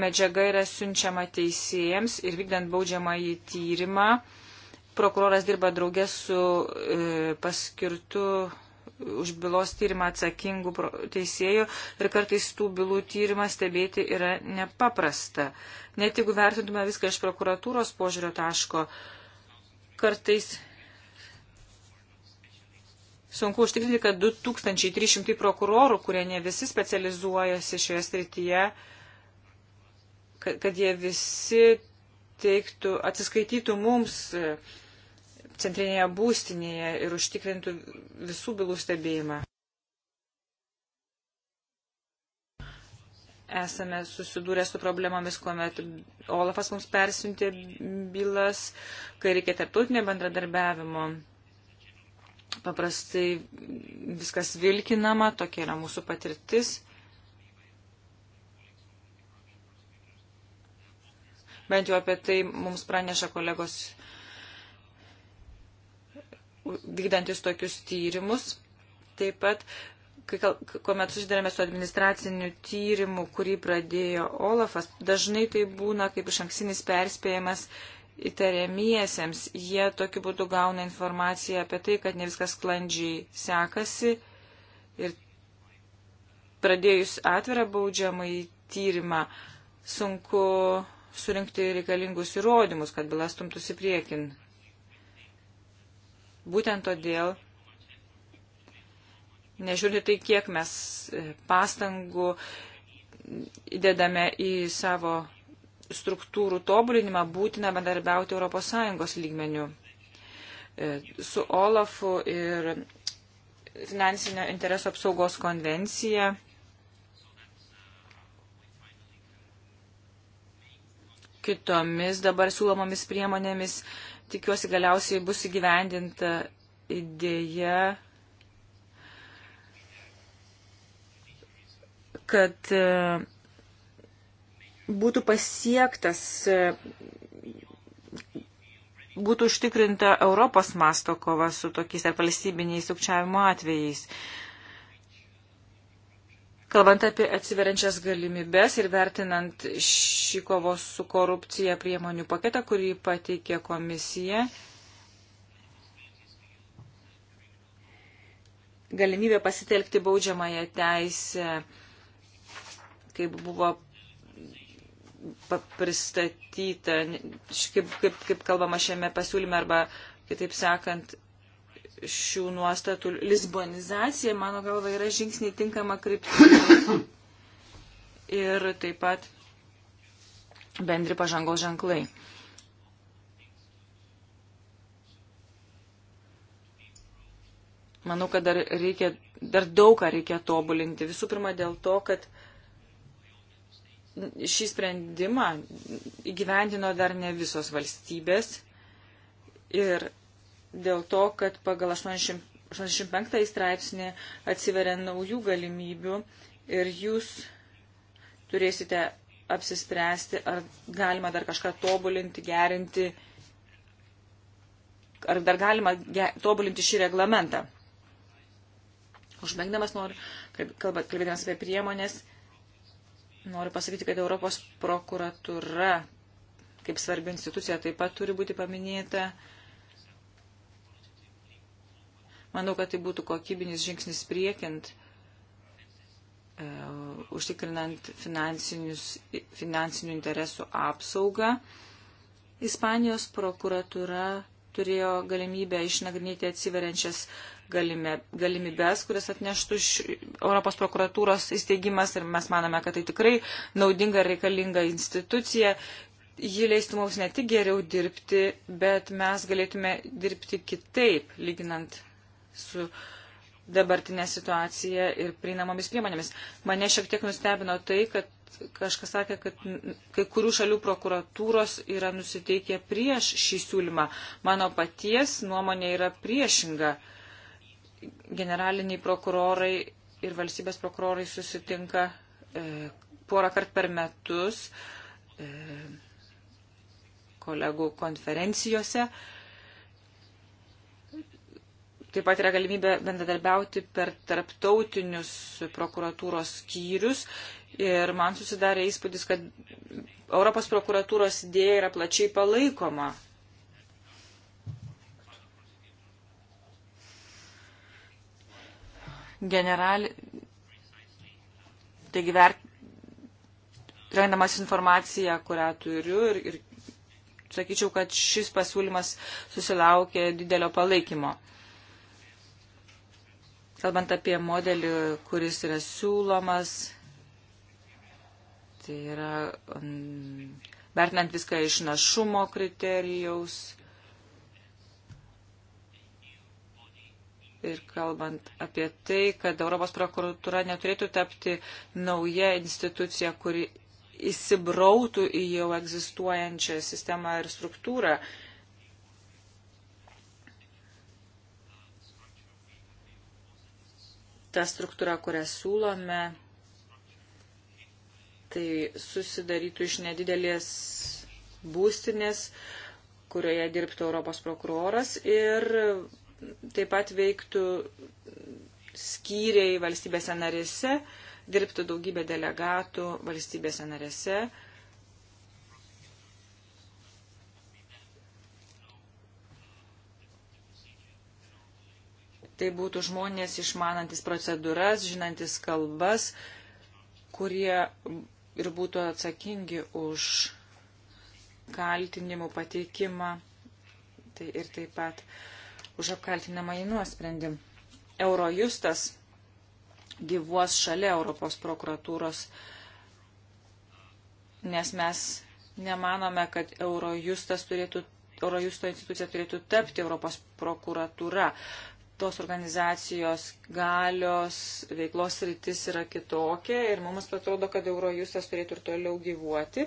medžiaga yra siunčiama teisėjams ir vykdant baudžiamąjį tyrimą prokuroras dirba draugės su e, paskirtu už bylos tyrimą atsakingų teisėjų ir kartais tų bylų tyrimą stebėti yra nepaprasta. Net jeigu vertintume viską iš prokuratūros požiūrio taško, kartais sunku užtikrinti, kad 2300 prokurorų, kurie ne visi specializuojasi šioje srityje, kad, kad jie visi teiktų, atsiskaitytų mums centrinėje būstinėje ir užtikrintų visų bylų stebėjimą. Esame susidūrę su problemomis, kuomet Olafas mums persiuntė bylas, kai reikia tarptautinio bendradarbiavimo. Paprastai viskas vilkinama, tokia yra mūsų patirtis. Bent jau apie tai mums praneša kolegos vykdantis tokius tyrimus. Taip pat, kai, kuomet susidarėme su administraciniu tyrimu, kurį pradėjo Olafas, dažnai tai būna kaip iš anksinis perspėjimas įtariamiesiems. Jie tokiu būdu gauna informaciją apie tai, kad ne viskas sklandžiai sekasi. Ir pradėjus atvirą baudžiamąjį tyrimą, sunku surinkti reikalingus įrodymus, kad bylas stumtųsi priekin. Būtent todėl, nežiūrint tai, kiek mes e, pastangų įdedame į savo struktūrų tobulinimą, būtina bendarbiauti ES lygmenių. E, su OLAFu ir finansinio interesų apsaugos konvencija kitomis dabar siūlomomis priemonėmis tikiuosi galiausiai bus įgyvendinta idėja, kad e, būtų pasiektas, e, būtų užtikrinta Europos masto kova su tokiais ar valstybiniais sukčiavimo atvejais. Kalbant apie atsiveriančias galimybės ir vertinant šį kovos su korupcija priemonių paketą, kurį pateikė komisija, galimybė pasitelkti baudžiamąją teisę, kaip buvo pristatyta, kaip, kaip, kaip kalbama šiame pasiūlyme arba, kitaip sakant, šių nuostatų lisbonizacija, mano galva, yra žingsniai tinkama kryptimi. Ir taip pat bendri pažangos ženklai. Manau, kad dar, reikia, dar daug ką reikia tobulinti. Visų pirma, dėl to, kad šį sprendimą įgyvendino dar ne visos valstybės ir dėl to, kad pagal 80, 85 straipsnį atsiveria naujų galimybių ir jūs turėsite apsispręsti, ar galima dar kažką tobulinti, gerinti, ar dar galima ge, tobulinti šį reglamentą. Užbengdamas noriu, kalbėdamas apie priemonės, noriu pasakyti, kad Europos prokuratura kaip svarbi institucija taip pat turi būti paminėta. Manau, kad tai būtų kokybinis žingsnis priekint, e, užtikrinant finansinių interesų apsaugą. Ispanijos prokuratura turėjo galimybę išnagrinėti atsiveriančias galime, galimybės, kurias atneštų iš Europos prokuratūros įsteigimas ir mes manome, kad tai tikrai naudinga ir reikalinga institucija. Ji leistų mums ne tik geriau dirbti, bet mes galėtume dirbti kitaip, lyginant su dabartinė situacija ir prieinamomis priemonėmis. Mane šiek tiek nustebino tai, kad kažkas sakė, kad kai kurių šalių prokuratūros yra nusiteikę prieš šį siūlymą. Mano paties nuomonė yra priešinga. Generaliniai prokurorai ir valstybės prokurorai susitinka e, porą kart per metus e, kolegų konferencijose. E, Taip pat yra galimybė bendradarbiauti per tarptautinius prokuratūros skyrius. Ir man susidarė įspūdis, kad Europos prokuratūros idėja yra plačiai palaikoma. General... Taigi, vert... rengdamas informaciją, kurią turiu ir, ir sakyčiau, kad šis pasiūlymas susilaukė didelio palaikymo. Kalbant apie modelį, kuris yra siūlomas, tai yra um, vertinant viską iš našumo kriterijaus ir kalbant apie tai, kad Europos prokuratūra neturėtų tapti nauja institucija, kuri įsibrautų į jau egzistuojančią sistemą ir struktūrą. ta struktūra, kurią siūlome, tai susidarytų iš nedidelės būstinės, kurioje dirbtų Europos prokuroras ir taip pat veiktų skyriai valstybėse narėse, dirbtų daugybė delegatų valstybėse narėse tai būtų žmonės išmanantis procedūras, žinantis kalbas, kurie ir būtų atsakingi už kaltinimų pateikimą tai ir taip pat už apkaltinamą į nuosprendį. Eurojustas gyvuos šalia Europos prokuratūros, nes mes nemanome, kad Eurojustas turėtų Eurojusto institucija turėtų tapti Europos prokuratūra tos organizacijos galios veiklos rytis yra kitokia ir mums patrodo, kad Eurojustas turėtų ir toliau gyvuoti.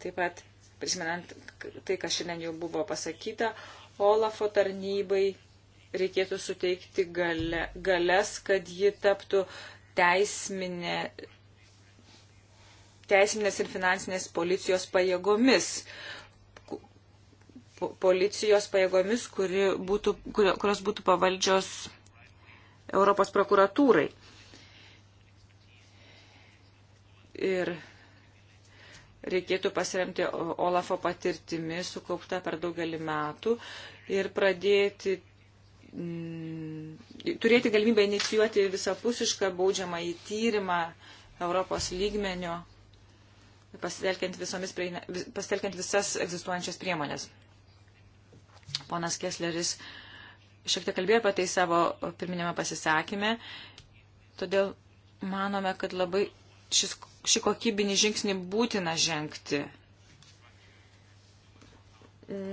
Taip pat, prisimenant tai, kas šiandien jau buvo pasakyta, Olafo tarnybai reikėtų suteikti gale, galės, kad ji taptų teisminė, teisminės ir finansinės policijos pajėgomis. Uh, policijos pajėgomis, kuri būtų, kurios būtų pavaldžios Europos prokuratūrai. Ir reikėtų pasiremti Olafo patirtimi, sukaupta per daugelį metų ir pradėti mm, turėti galimybę inicijuoti visapusišką baudžiamą į tyrimą Europos lygmenio, pasitelkiant, visomis, pasitelkiant visas egzistuojančias priemonės. Ponas Kessleris šiek tiek kalbėjo apie tai savo pirminėme pasisakymė, todėl manome, kad labai šis, šį kokybinį žingsnį būtina žengti.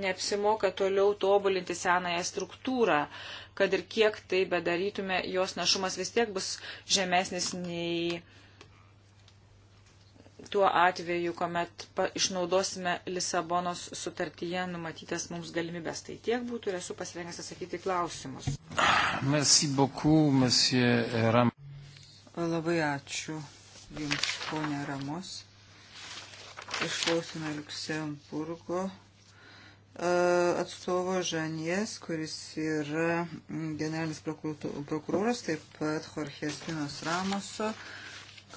Neapsimoka toliau tobulinti senąją struktūrą, kad ir kiek tai bedarytume, jos našumas vis tiek bus žemesnis nei tuo atveju, kuomet išnaudosime Lisabonos sutartyje numatytas mums galimybės. Tai tiek būtų ir esu pasirengęs atsakyti klausimus. Merci beaucoup, monsieur eh, Ram. Labai ačiū Jums, ponė Ramos. Išklausime Luksemburgo e, atstovo Žanies, kuris yra generalinis prokuroras, taip pat Jorge Spinos Ramoso.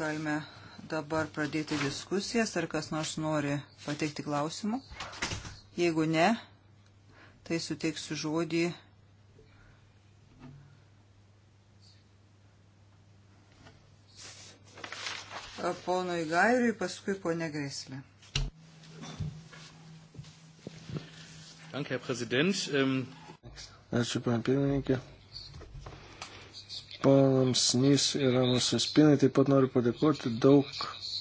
Galime dabar pradėti diskusijas, ar kas nors nori pateikti klausimų. Jeigu ne, tai suteiksiu žodį. Ponui Gairiui, paskui ponė Greslė. Danke, Herr Präsident. Ähm, Ačiū, pan pirmininkė panams Nys ir Amasaspinai. Taip pat noriu padėkoti, daug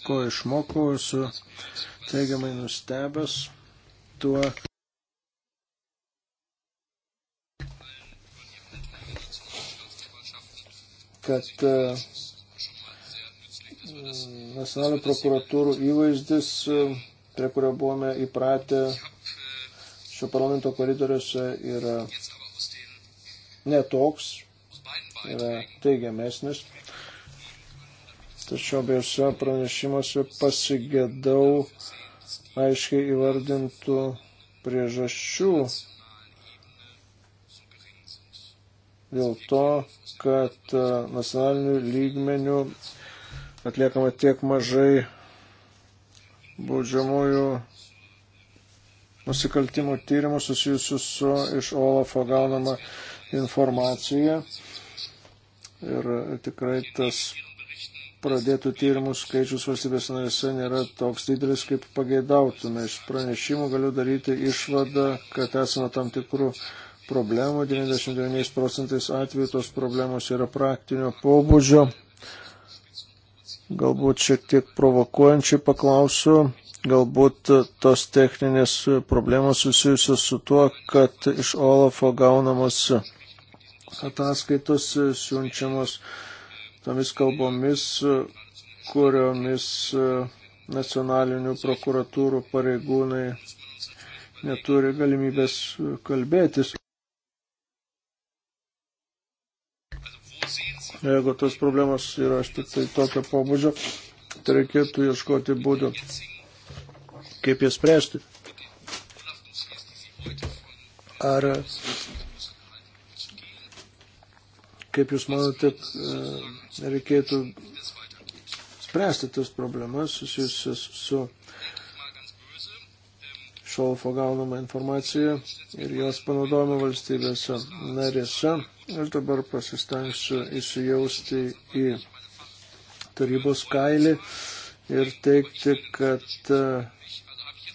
ko išmokau, esu teigiamai nustebęs tuo. kad e, nacionalinių prokuratūrų įvaizdis, e, prie kurio buvome įpratę šio parlamento koridoriuose, yra netoks, yra teigiamesnis. Tačiau abiejose pranešimuose pasigėdau aiškiai įvardintų priežasčių dėl to, kad e, nacionalinių lygmenių atliekama tiek mažai baudžiamųjų nusikaltimų tyrimų susijusių su iš Olafo gaunama informacija Ir tikrai tas pradėtų tyrimų skaičius valstybės narėse nėra toks didelis, kaip pageidautume. Iš pranešimų galiu daryti išvadą, kad esame tam tikrų problemų. 99 procentais atveju tos problemos yra praktinio pobūdžio. Galbūt šiek tiek provokuojančiai paklausiu, galbūt tos techninės problemos susijusios su tuo, kad iš Olafo gaunamos ataskaitos siunčiamos tomis kalbomis, kuriomis e, nacionalinių prokuratūrų pareigūnai neturi galimybės kalbėtis. Jeigu tos problemos yra tik tai tokio pobūdžio, tai reikėtų ieškoti būdų, kaip jas spręsti. Ar Kaip Jūs manote, e, reikėtų spręsti tas problemas susijusias su šolfo gaunama informacija ir jos panaudojama valstybėse narėse. Aš dabar pasistengsiu įsijausti į tarybos kailį ir teikti, kad e,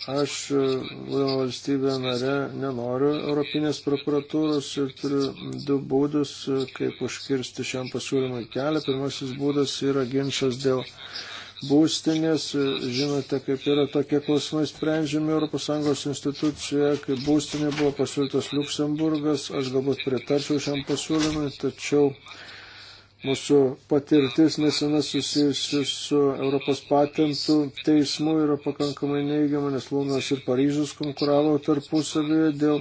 Aš, e, būdama valstybė nare, nenoriu Europinės prokuratūros ir turiu du būdus, e, kaip užkirsti šiam pasiūlymui kelią. Pirmasis būdas yra ginčas dėl būstinės. E, žinote, kaip yra tokie klausimai sprendžiami ES institucijoje, kai būstinė buvo pasiūlytas Luksemburgas. Aš galbūt pritarčiau šiam pasiūlymui, tačiau Mūsų patirtis nesena susijusi su Europos patentų teismu yra pakankamai neigiama, nes Lūnas ir Paryžius konkuravo tarpusavėje dėl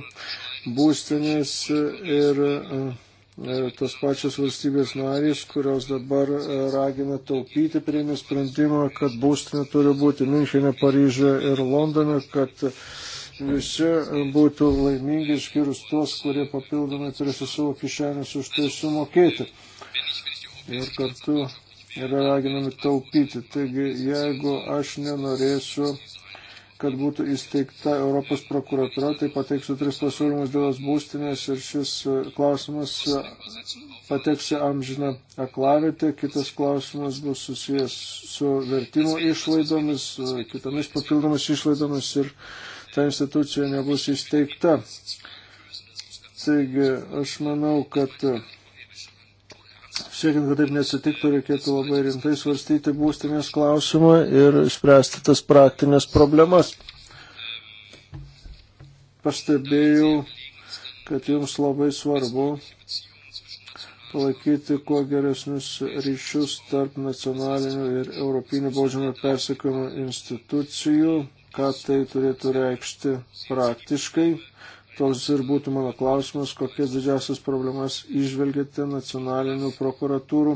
būstinės ir e, e, tos pačios valstybės narys, kurios dabar e, ragina taupyti, priėmė sprendimą, kad būstinė turi būti Münchenė, Paryžė ir Londone, kad visi būtų laimingi, išskyrus tuos, kurie papildomai turės savo kišenės už tai sumokėti ir kartu yra raginami taupyti. Taigi, jeigu aš nenorėsiu, kad būtų įsteigta Europos prokuratura, tai pateiksiu tris pasiūlymus dėl būstinės ir šis e, klausimas e, pateksi amžiną aklavietę. Kitas klausimas bus susijęs su vertimo išlaidomis, e, kitomis papildomis išlaidomis ir ta institucija nebus įsteigta. Taigi, aš manau, kad Siekiant, kad taip nesitiktų, reikėtų labai rimtai svarstyti būstinės klausimą ir spręsti tas praktinės problemas. Pastebėjau, kad jums labai svarbu palaikyti kuo geresnius ryšius tarp nacionalinių ir europinių baudžiamų persekiojimo institucijų, ką tai turėtų reikšti praktiškai. Toks ir būtų mano klausimas, kokias didžiausias problemas išvelgėte nacionalinių prokuratūrų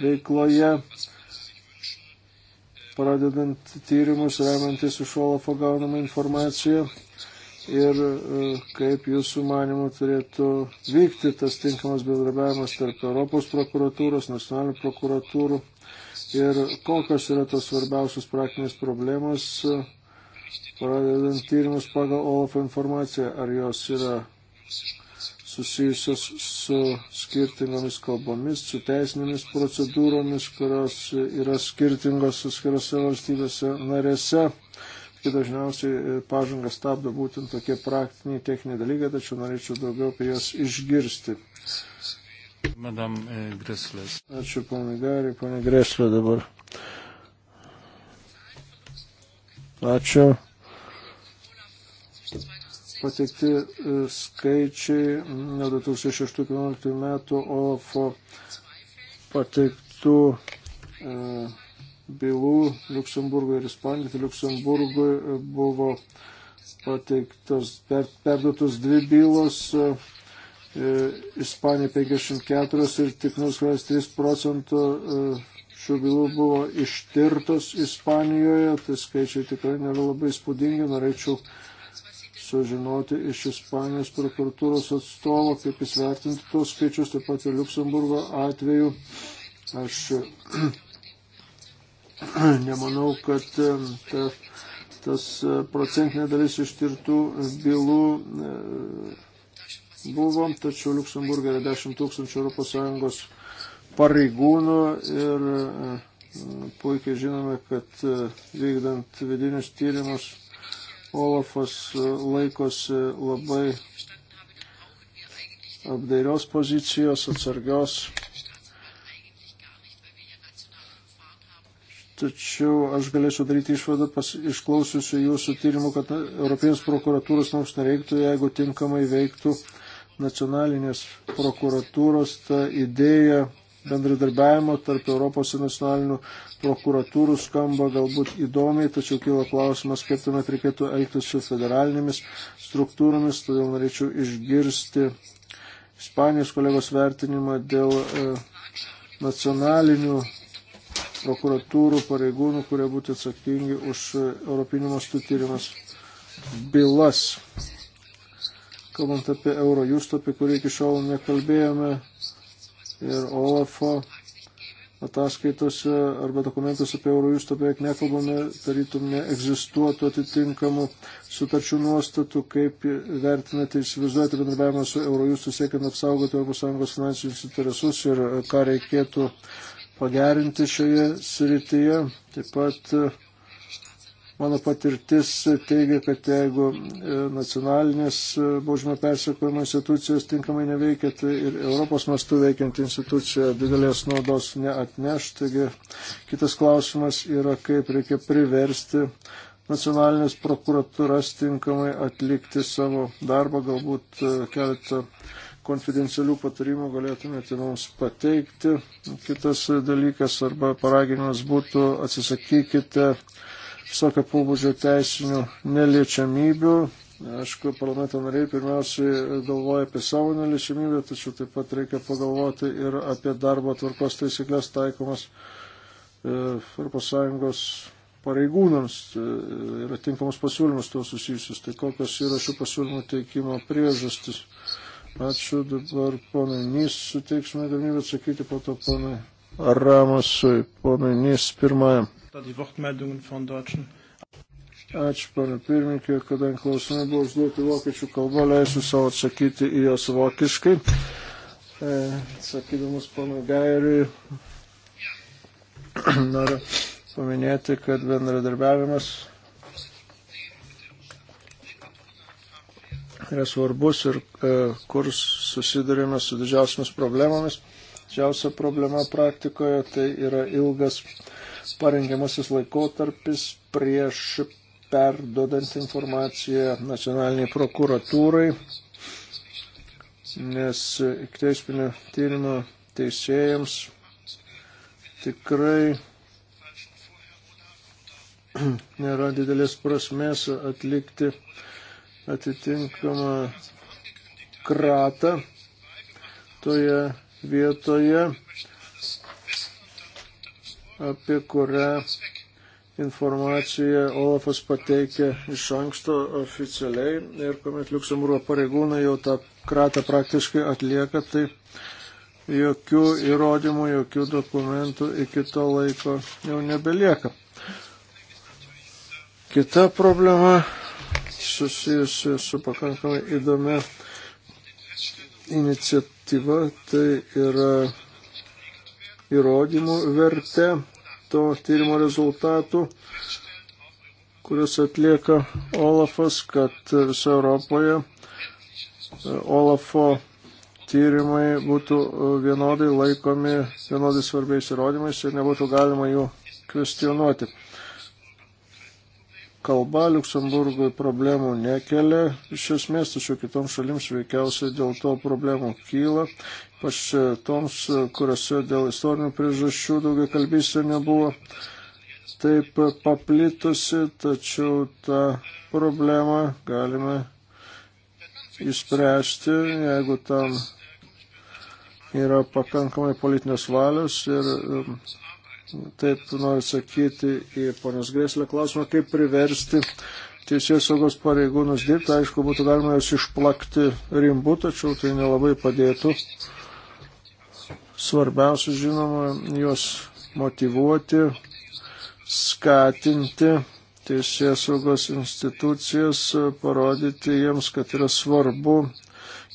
veikloje, pradedant tyrimus, remantis iš Olafo gaunamą informaciją ir e, kaip jūsų manimų turėtų vykti tas tinkamas bendrabiavimas tarp Europos prokuratūros, nacionalinių prokuratūrų ir kokios yra tos svarbiausios praktinės problemos pradedant tyrimus pagal OLAF informaciją, ar jos yra susijusios su skirtingomis kalbomis, su teisinėmis procedūromis, kurios yra skirtingos atskirose valstybėse narėse. Tai dažniausiai e, pažangą stabdo būtent tokie praktiniai techniniai dalykai, tačiau norėčiau daugiau apie jas išgirsti. Madam e, Greslės. Ačiū, ponai Gariai, ponai Greslė dabar. Ačiū. Pateikti e, skaičiai nuo 2016 metų OFO pateiktų e, bylų Luksemburgo ir Ispanijai. Tai Luksemburgui e, buvo pateiktos, per, perduotos dvi bylos, Ispanija 54 ir tik 0,3 procentų šių bylų buvo ištirtos Ispanijoje, tai skaičiai tikrai nėra labai spūdingi, norėčiau sužinoti iš Ispanijos prokuratūros atstovo, kaip jis vertinti tos skaičius, taip pat ir Luxemburgo atveju. Aš nemanau, kad ta, tas e, procentinė dalis ištirtų bylų e, buvo, tačiau Luxemburgė yra 10 tūkstančių ES pareigūnų ir e, puikiai žinome, kad e, vykdant vidinius tyrimus Olafas e, laikosi labai apdairios pozicijos, atsargios. Tačiau aš galėčiau daryti išvadą, pas, išklausiusiu jūsų tyrimų, kad Europinės prokuratūros mums nereiktų, jeigu tinkamai veiktų nacionalinės prokuratūros ta idėja bendradarbiavimo tarp Europos ir nacionalinių prokuratūrų skamba galbūt įdomiai, tačiau kyla klausimas, kaip tuomet reikėtų elgtis su federalinėmis struktūromis, todėl norėčiau išgirsti Ispanijos kolegos vertinimą dėl e, nacionalinių prokuratūrų pareigūnų, kurie būtų atsakingi už e, Europinių mastų tyrimas bylas. Kalbant apie Eurojusto, apie kurį iki šiol nekalbėjome, ir Olafo ataskaitose arba dokumentuose apie Eurojusto beveik nekalbame, tarytum neegzistuotų atitinkamų sutarčių nuostatų, kaip vertinate įsivaizduoti bendradarbiavimą su Eurojustu siekiant apsaugoti ES finansinius interesus ir ką reikėtų pagerinti šioje srityje. Taip pat Mano patirtis teigia, kad jeigu e, nacionalinės e, baudžiamo persikojimo institucijos tinkamai neveikia, tai ir Europos mastu veikianti institucija didelės naudos neatneš. Taigi kitas klausimas yra, kaip reikia priversti nacionalinės prokuratūras tinkamai atlikti savo darbą, galbūt e, keletą konfidencialių patarimų galėtumėte mums pateikti. Kitas dalykas arba paraginimas būtų atsisakykite visokio pobūdžio teisinių neliečiamybių. Aišku, parlamento nariai pirmiausiai galvoja apie savo neliečiamybę, tačiau taip pat reikia pagalvoti ir apie darbo tvarkos taisyklės taikomas ES pareigūnams yra e, tinkamas pasiūlymas tuo susijusius. Tai kokios yra šių pasiūlymų teikimo priežastis. Ačiū dabar ponai Nys, suteiksime galimybę atsakyti po to ponai Ramasui, ponai Nys pirmajam. Ačiū, pana pirmininkė, kadangi klausimai buvo užduoti vokiečių kalba, leisiu savo atsakyti į juos vokiškai. E, sakydamas pana Gairiui, noriu paminėti, kad bendradarbiavimas yra svarbus ir e, kur susidurime su didžiausiamis problemomis. Didžiausia problema praktikoje tai yra ilgas parengiamasis laikotarpis prieš perdodant informaciją nacionaliniai prokuratūrai, nes ikiteisminio tyrimo teisėjams tikrai nėra didelės prasmės atlikti atitinkamą kratą toje vietoje, apie kurią informaciją Olafas pateikė iš anksto oficialiai ir kuomet Luxemburgo pareigūnai jau tą kratą praktiškai atlieka, tai jokių įrodymų, jokių dokumentų iki to laiko jau nebelieka. Kita problema susijusi su pakankamai įdomia iniciatyva, tai yra įrodymų verte to tyrimo rezultatų, kuris atlieka Olafas, kad visoje Europoje e, Olafo tyrimai būtų e, vienodai laikomi vienodai svarbiais įrodymais ir nebūtų galima jų kvestionuoti kalba Luksemburgui problemų nekelia, iš esmės, tačiau kitoms šalims veikiausiai dėl to problemų kyla, ypač e, toms, e, kuriuose dėl istorinių priežasčių daugia kalbystė nebuvo taip paplitusi, tačiau tą problemą galime įspręsti, jeigu tam yra pakankamai politinės valios ir e, Taip noriu sakyti į ponios Greslio klausimą, kaip priversti teisės saugos pareigūnus dirbti. Aišku, būtų galima juos išplakti rimbu, tačiau tai nelabai padėtų. Svarbiausia, žinoma, juos motivuoti, skatinti teisės saugos institucijas, parodyti jiems, kad yra svarbu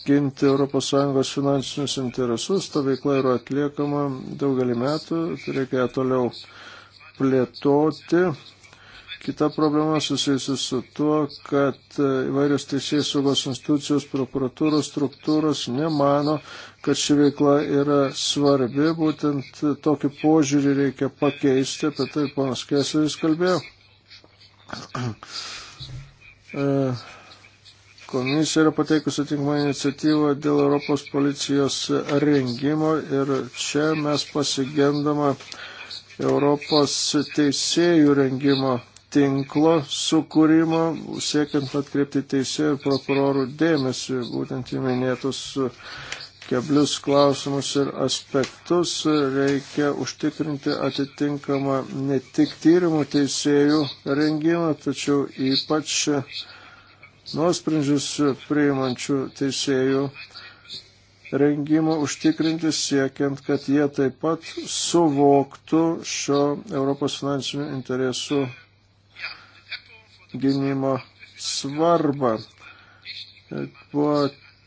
ginti ES finansinius interesus. Ta veikla yra atliekama daugelį metų, reikia ją toliau plėtoti. Kita problema susijusi su tuo, kad įvairios teisėjų saugos institucijos, prokuratūros struktūros nemano, kad ši veikla yra svarbi. Būtent tokį požiūrį reikia pakeisti, apie tai ponas Kesleris kalbėjo. E, Komisija yra pateikusi atitinkamą iniciatyvą dėl Europos policijos rengimo ir čia mes pasigendama Europos teisėjų rengimo tinklo sukūrimo, siekiant atkreipti teisėjų ir prokurorų dėmesį būtent į minėtus keblius klausimus ir aspektus, reikia užtikrinti atitinkamą ne tik tyrimų teisėjų rengimą, tačiau ypač nuosprendžius priimančių teisėjų rengimo užtikrinti siekiant, kad jie taip pat suvoktų šio Europos finansinių interesų gynimo svarbą. Buvo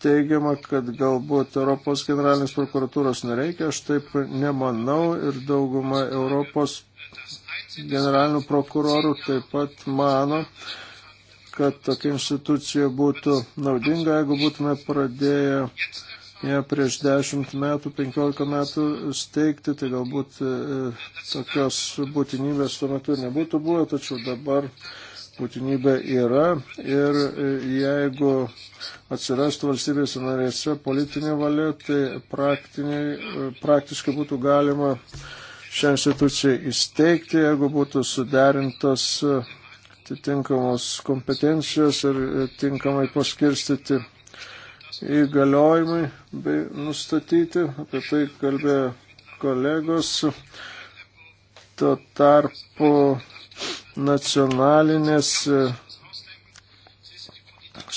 teigiama, kad galbūt Europos generalinės prokuratūros nereikia, aš taip nemanau ir dauguma Europos generalinių prokurorų taip pat mano, kad tokia institucija būtų naudinga, jeigu būtume pradėję ją prieš 10 metų, 15 metų steigti, tai galbūt e, tokios būtinybės tuo metu nebūtų buvę, tačiau dabar būtinybė yra ir e, jeigu atsirastų valstybės narėse politinė valia, tai e, praktiškai būtų galima šią instituciją įsteigti, jeigu būtų suderintos atitinkamos kompetencijos ir tinkamai paskirstyti įgaliojimai bei nustatyti. Apie tai kalbėjo kolegos. Tuo tarpu nacionalinės e,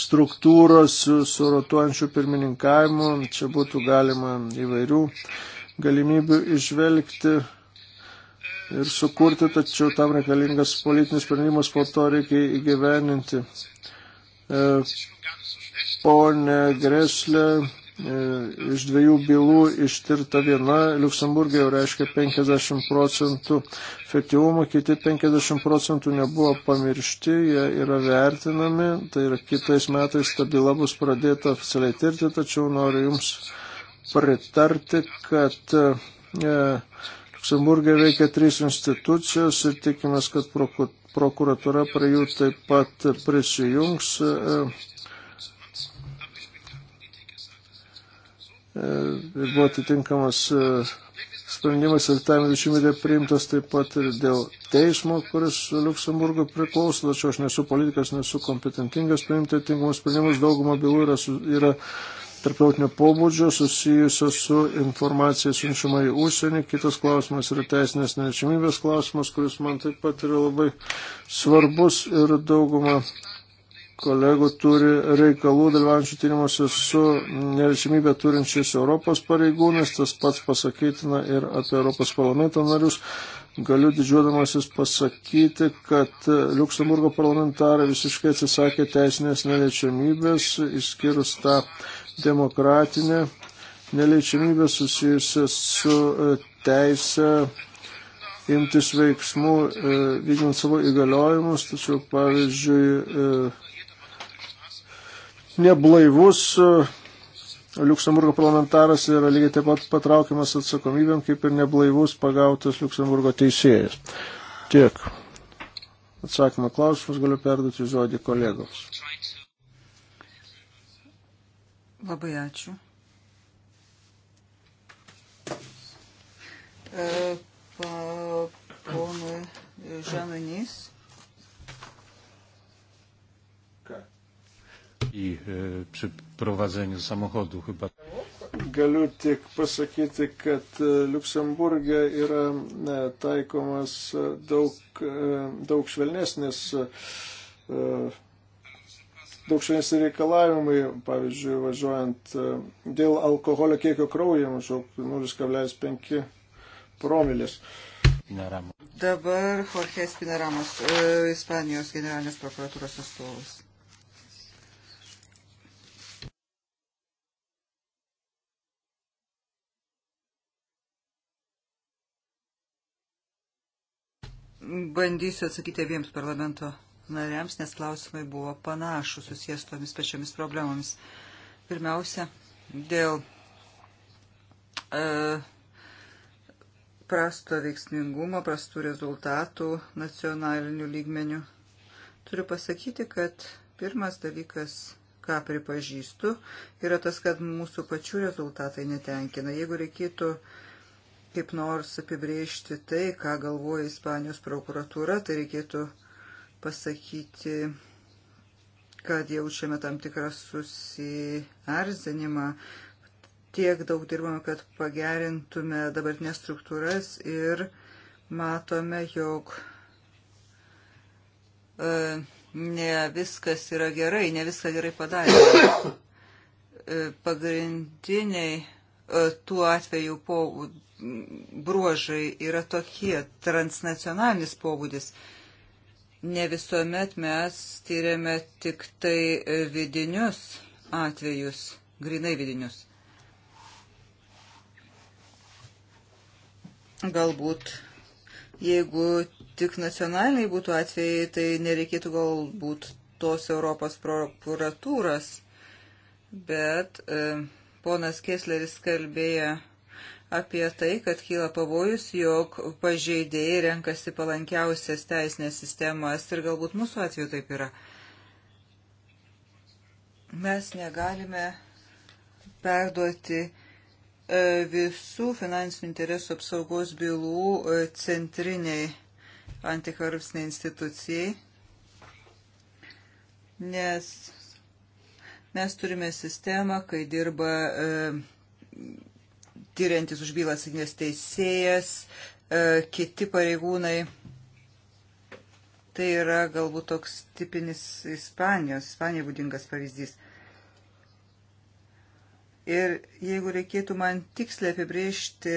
struktūros su, su rotuojančiu pirmininkavimu. Čia būtų galima įvairių galimybių išvelgti ir sukurti, tačiau tam reikalingas politinis sprendimas po to reikia įgyveninti. E, Pone Greslė, e, iš dviejų bylų ištirta viena, Luksemburgė jau reiškia 50 procentų efektyvumo, kiti 50 procentų nebuvo pamiršti, jie yra vertinami, tai yra kitais metais ta byla bus pradėta oficialiai tirti, tačiau noriu Jums pritarti, kad e, Luksemburgė veikia trys institucijos ir tikimės, kad prokuratura prie jų taip pat prisijungs. E, e, ir buvo atitinkamas e, sprendimas ir tam dešimtmetį priimtas taip pat ir dėl teismo, kuris Luksemburgo priklauso, tačiau aš nesu politikas, nesu kompetentingas priimti atitinkamus sprendimus, dauguma bylų yra, yra tarptautinio pobūdžio susijusio su informacija siunčiama į užsienį. Kitas klausimas yra teisinės neliečiamybės klausimas, kuris man taip pat yra labai svarbus ir dauguma kolegų turi reikalų dalyvaujančių tyrimuose su neliečiamybė turinčiais Europos pareigūnais, tas pats pasakytina ir apie Europos parlamento narius. Galiu didžiuodamasis pasakyti, kad Luksemburgo parlamentarai visiškai atsisakė teisinės neliečiamybės, išskyrus tą demokratinę neliečiamybę susijusią su e, teisę imtis veiksmų, e, vykdant savo įgaliojimus, tačiau pavyzdžiui, e, neblaivus Luksemburgo parlamentaras yra lygiai taip pat patraukiamas atsakomybėm, kaip ir neblaivus pagautas Luksemburgo teisėjas. Tiek. Atsakymą klausimus galiu perduoti žodį kolegoms. Labai ačiū. E, Ponui Žananys. Į e, przy prowadzeniu samochodu chyba. Galiu tik pasakyti, kad e, Luksemburgė yra ne, taikomas e, daug, e, daug švelnesnis e, daug švelnesni reikalavimai, pavyzdžiui, važiuojant e, dėl alkoholio kiekio kraujyje maždaug 0,5 promilės. Pinaramo. Dabar Jorge Spinaramos, e, Ispanijos generalinės prokuratūros atstovas. Bandysiu atsakyti abiems parlamento nariams, nes klausimai buvo panašus susijęs tomis pačiomis problemomis. Pirmiausia, dėl e, prasto veiksmingumo, prastų rezultatų nacionalinių lygmenių. Turiu pasakyti, kad pirmas dalykas ką pripažįstu, yra tas, kad mūsų pačių rezultatai netenkina. Jeigu reikėtų kaip nors apibriežti tai, ką galvoja Ispanijos prokuratūra, tai reikėtų uh, pasakyti, kad jaučiame tam tikrą susierzinimą. Tiek daug dirbame, kad pagerintume dabartinės struktūras ir matome, jog e, ne viskas yra gerai, ne viską gerai padarė. E, pagrindiniai e, tuo atveju po bruožai yra tokie transnacionalinis pobūdis. E, ne visuomet mes tyriame tik tai vidinius atvejus, grinai vidinius. Galbūt, jeigu tik nacionaliniai būtų atvejai, tai nereikėtų galbūt tos Europos prokuratūros, bet e, ponas Kesleris kalbėjo apie tai, kad kyla pavojus, jog pažeidėjai renkasi palankiausias teisinės sistemas ir galbūt mūsų atveju taip yra. Mes negalime perduoti e, visų finansinių interesų apsaugos bylų e, centriniai antikorupsiniai institucijai, nes mes turime sistemą, kai dirba e, tyriantis už bylą atsakingas teisėjas, e, kiti pareigūnai. Tai yra galbūt toks tipinis Ispanijos, Ispanijai būdingas pavyzdys. Ir jeigu reikėtų man tiksliai apibriežti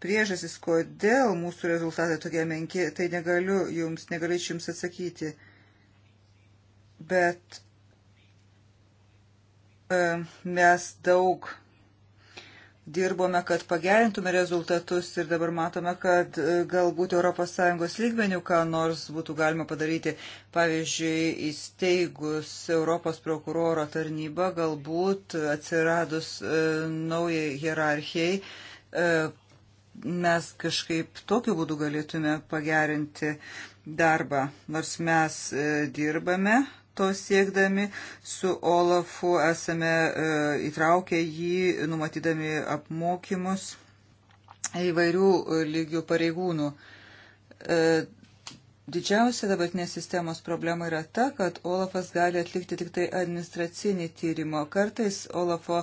priežasis, kodėl mūsų rezultatai tokie menki, tai negaliu jums, negalėčiau jums atsakyti. Bet e, mes daug dirbome, kad pagerintume rezultatus ir dabar matome, kad e, galbūt ES lygmenių ką nors būtų galima padaryti. Pavyzdžiui, įsteigus Europos prokuroro tarnybą, galbūt atsiradus e, naujai hierarchijai, e, mes kažkaip tokiu būdu galėtume pagerinti darbą. Nors mes dirbame, to siekdami. Su Olafu esame e, įtraukę jį, numatydami apmokymus įvairių e, lygių pareigūnų. E, didžiausia dabartinės sistemos problema yra ta, kad Olafas gali atlikti tik tai administracinį tyrimą. Kartais Olafo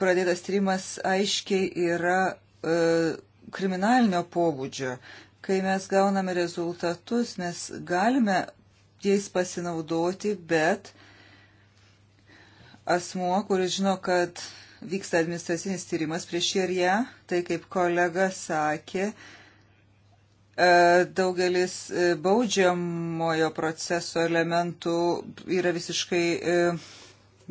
pradėtas tyrimas aiškiai yra kriminalinio pobūdžio. Kai mes gauname rezultatus, mes galime jais pasinaudoti, bet asmuo, kuris žino, kad vyksta administracinis tyrimas prieš jį ir ją, tai kaip kolega sakė, e, daugelis e, baudžiamojo proceso elementų yra visiškai e,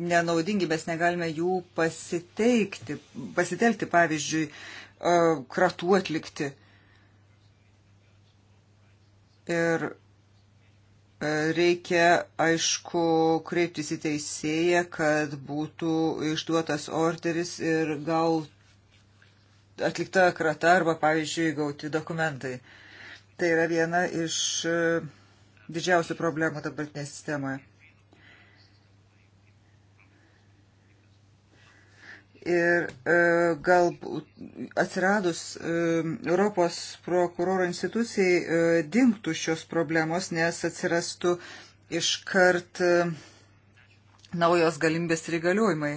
nenaudingi, mes negalime jų pasiteikti, pasitelkti, pavyzdžiui, kratų atlikti. Ir Reikia, aišku, kreiptis į teisėją, kad būtų išduotas orderis ir gal atlikta krata arba, pavyzdžiui, gauti dokumentai. Tai yra viena iš e, didžiausių problemų dabartinėje sistemoje. Ir e, galbūt atsiradus e, Europos prokuroro institucijai e, dinktų šios problemos, nes atsirastų iškart e, naujos galimbės ir įgaliojimai.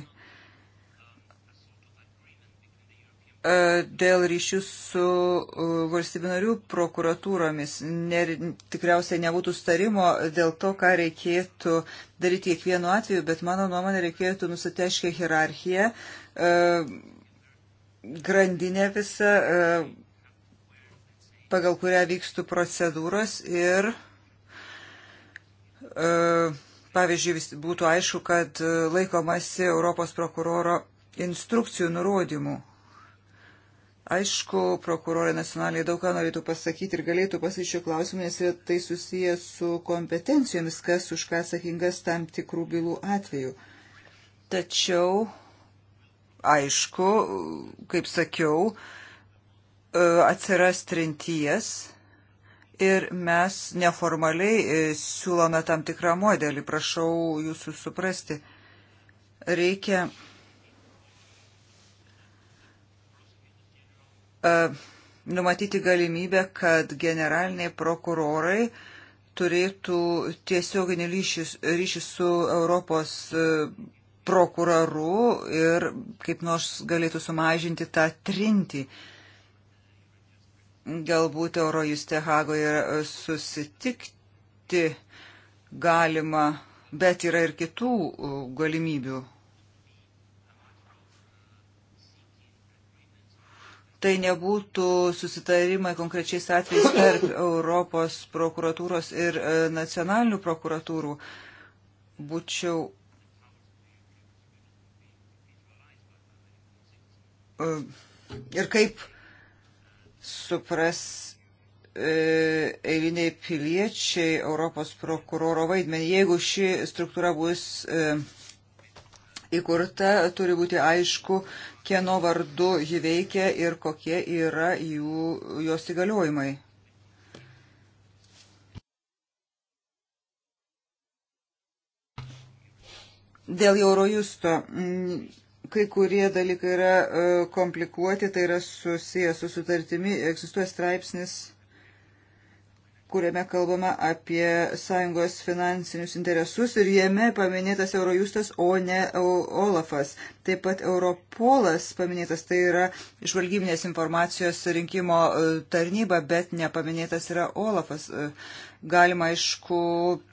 E, dėl ryšių su e, valstybių narių prokuratūromis. Ne, tikriausiai nebūtų starimo dėl to, ką reikėtų daryti kiekvienu atveju, bet mano nuomonė reikėtų nusiteškę hierarchiją, e, grandinę visą, pagal kurią vykstų procedūros ir, pavyzdžiui, būtų aišku, kad laikomasi Europos prokuroro instrukcijų nurodymų Aišku, prokurorai nacionaliai daug ką norėtų pasakyti ir galėtų pasakyti šio klausimu, nes tai susijęs su kompetencijomis, kas už ką atsakingas tam tikrų bylų atveju. Tačiau, aišku, kaip sakiau, e, atsiras trinties ir mes neformaliai e, siūlome tam tikrą modelį, prašau jūsų suprasti. Reikia E, numatyti galimybę, kad generaliniai prokurorai turėtų tiesioginį ryšį, ryšį su Europos e, prokuroru ir kaip nors galėtų sumažinti tą trintį. Galbūt Eurojuste Hagoje susitikti galima, bet yra ir kitų e, galimybių tai nebūtų susitarimai konkrečiais atvejais tarp Europos prokuratūros ir e, nacionalinių prokuratūrų. Būčiau e, ir kaip supras e, eiliniai piliečiai Europos prokuroro vaidmenį. Jeigu ši struktūra bus įkurta, turi būti aišku, kieno vardu ji veikia ir kokie yra jų, jos įgaliojimai. Dėl Eurojusto mm, kai kurie dalykai yra e, komplikuoti, tai yra susijęs su sutartimi, egzistuoja straipsnis kuriame kalbama apie sąjungos finansinius interesus ir jame paminėtas Eurojustas, o ne Olafas. Taip pat Europolas paminėtas, tai yra žvalgybinės informacijos rinkimo e, tarnyba, bet nepaminėtas yra Olafas. E, galima, aišku,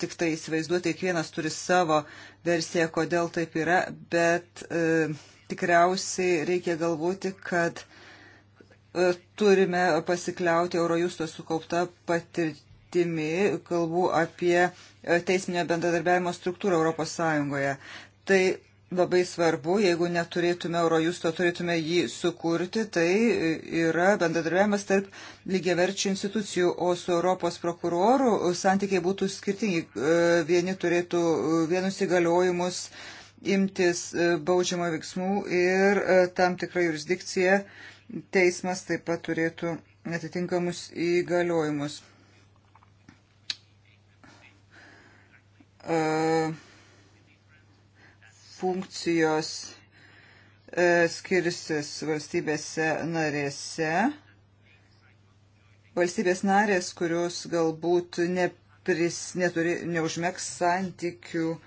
tik tai įsivaizduoti, kiekvienas turi savo versiją, kodėl taip yra, bet e, tikriausiai reikia galvoti, kad e, E, turime pasikliauti Eurojusto sukaupta patirtimi, kalbu apie e, teisminio bendradarbiavimo struktūrą Europos Sąjungoje. Tai labai svarbu, jeigu neturėtume Eurojusto, turėtume jį sukurti, tai e, yra bendradarbiavimas tarp lygiaverčių institucijų, o su Europos prokuroru santykiai būtų skirtingi. Vieni turėtų vienus įgaliojimus imtis baudžiamo veiksmų ir tam tikrą jurisdikciją teismas taip pat turėtų atitinkamus įgaliojimus. E, funkcijos e, skirsis valstybėse narėse. Valstybės narės, kurios galbūt nepris, neturi, neužmėgs santykių uh,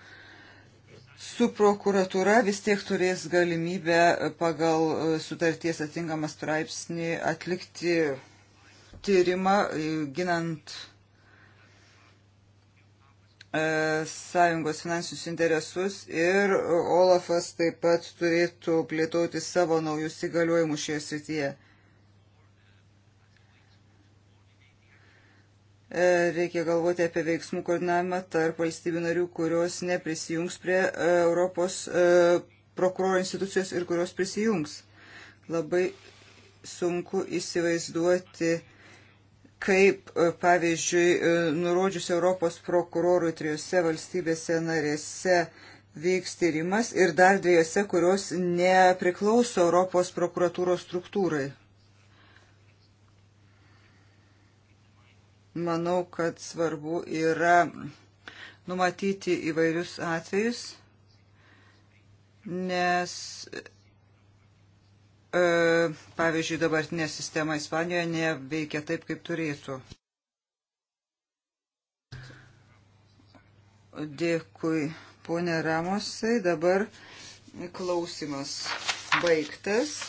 su prokuratūra vis tiek turės galimybę pagal e, sutarties atingamą straipsnį atlikti tyrimą e, ginant e, sąjungos finansinius interesus ir Olafas taip pat turėtų plėtoti savo naujus įgaliojimus šioje srityje. E, reikia galvoti apie veiksmų koordinavimą tarp valstybių narių, kurios neprisijungs prie e, Europos e, prokuroro institucijos ir kurios prisijungs. Labai sunku įsivaizduoti, kaip, pavyzdžiui, nurodžius Europos prokurorui trijose valstybėse narėse vyks tyrimas ir dar dviejose, kurios nepriklauso Europos prokuratūros struktūrai. Manau, kad svarbu yra numatyti įvairius atvejus, nes, e, pavyzdžiui, dabartinė sistema Ispanijoje neveikia taip, kaip turėtų. Dėkui, ponė Ramosai. Dabar klausimas baigtas.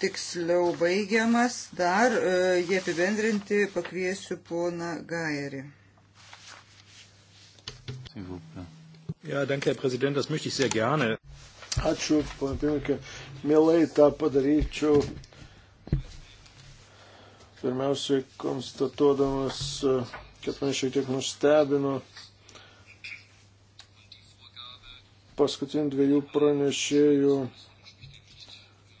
tiksliau baigiamas. Dar jie apibendrinti pakviesiu poną Gairį. Ja, danke, Herr Präsident, das möchte ich sehr gerne. Ačiū, pana Pirmininkė. Mielai tą padaryčiau. Pirmiausiai konstatuodamas, e, kad mane šiek tiek nustebino paskutinių dviejų pranešėjų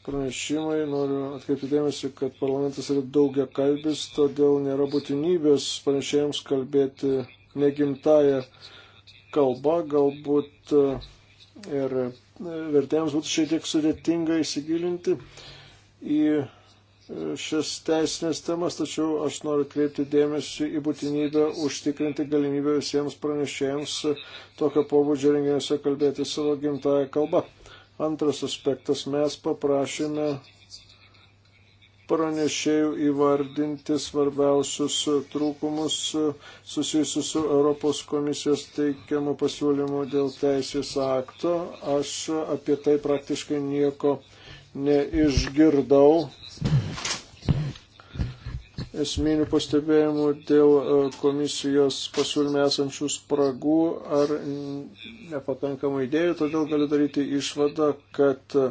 pranešimai, noriu atkreipti dėmesį, kad parlamentas yra daugia kalbis, todėl nėra būtinybės pranešėjams kalbėti negimtają kalbą, galbūt e, ir e, vertėjams būtų šiek tiek sudėtinga įsigilinti į e, šias teisinės temas, tačiau aš noriu kreipti dėmesį į būtinybę užtikrinti galimybę visiems pranešėjams tokio pobūdžio renginiuose kalbėti savo gimtają kalbą. Antras aspektas, mes paprašėme pranešėjų įvardinti svarbiausius trūkumus susijusius su Europos komisijos teikiamu pasiūlymu dėl teisės akto. Aš apie tai praktiškai nieko neišgirdau esminių pastebėjimų dėl e, komisijos pasiūlymę esančių spragų ar nepakankamų idėjų, todėl galiu daryti išvadą, kad e,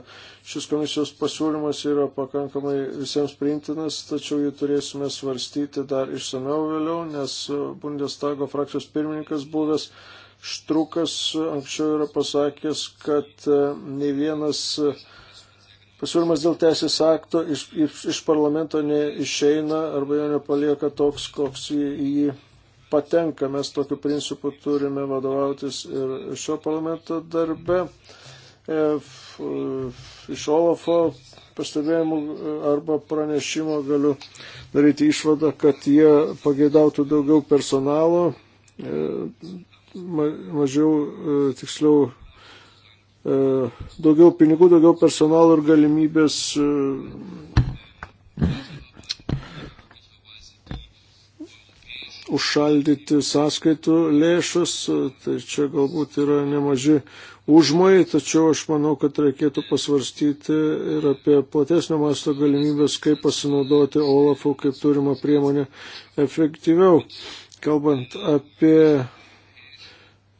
šis komisijos pasiūlymas yra pakankamai visiems priimtinas, tačiau jį turėsime svarstyti dar išsameu vėliau, nes e, Bundestago frakcijos pirmininkas buvęs Štrukas anksčiau yra pasakęs, kad ne vienas pasiūlymas dėl teisės akto iš, iš, iš parlamento neišeina arba jo nepalieka toks, koks į, į jį patenka. Mes tokiu principu turime vadovautis ir šio parlamento darbe. E, f, iš Olafo pastebėjimų e, arba pranešimo galiu daryti išvadą, kad jie pageidautų daugiau personalo, e, ma, mažiau, e, tiksliau, E, daugiau pinigų, daugiau personalo ir galimybės e, užšaldyti sąskaitų lėšus, e, tai čia galbūt yra nemaži užmai, tačiau aš manau, kad reikėtų pasvarstyti ir apie platesnio masto galimybės, kaip pasinaudoti Olafu kaip turimą priemonę efektyviau. Kalbant apie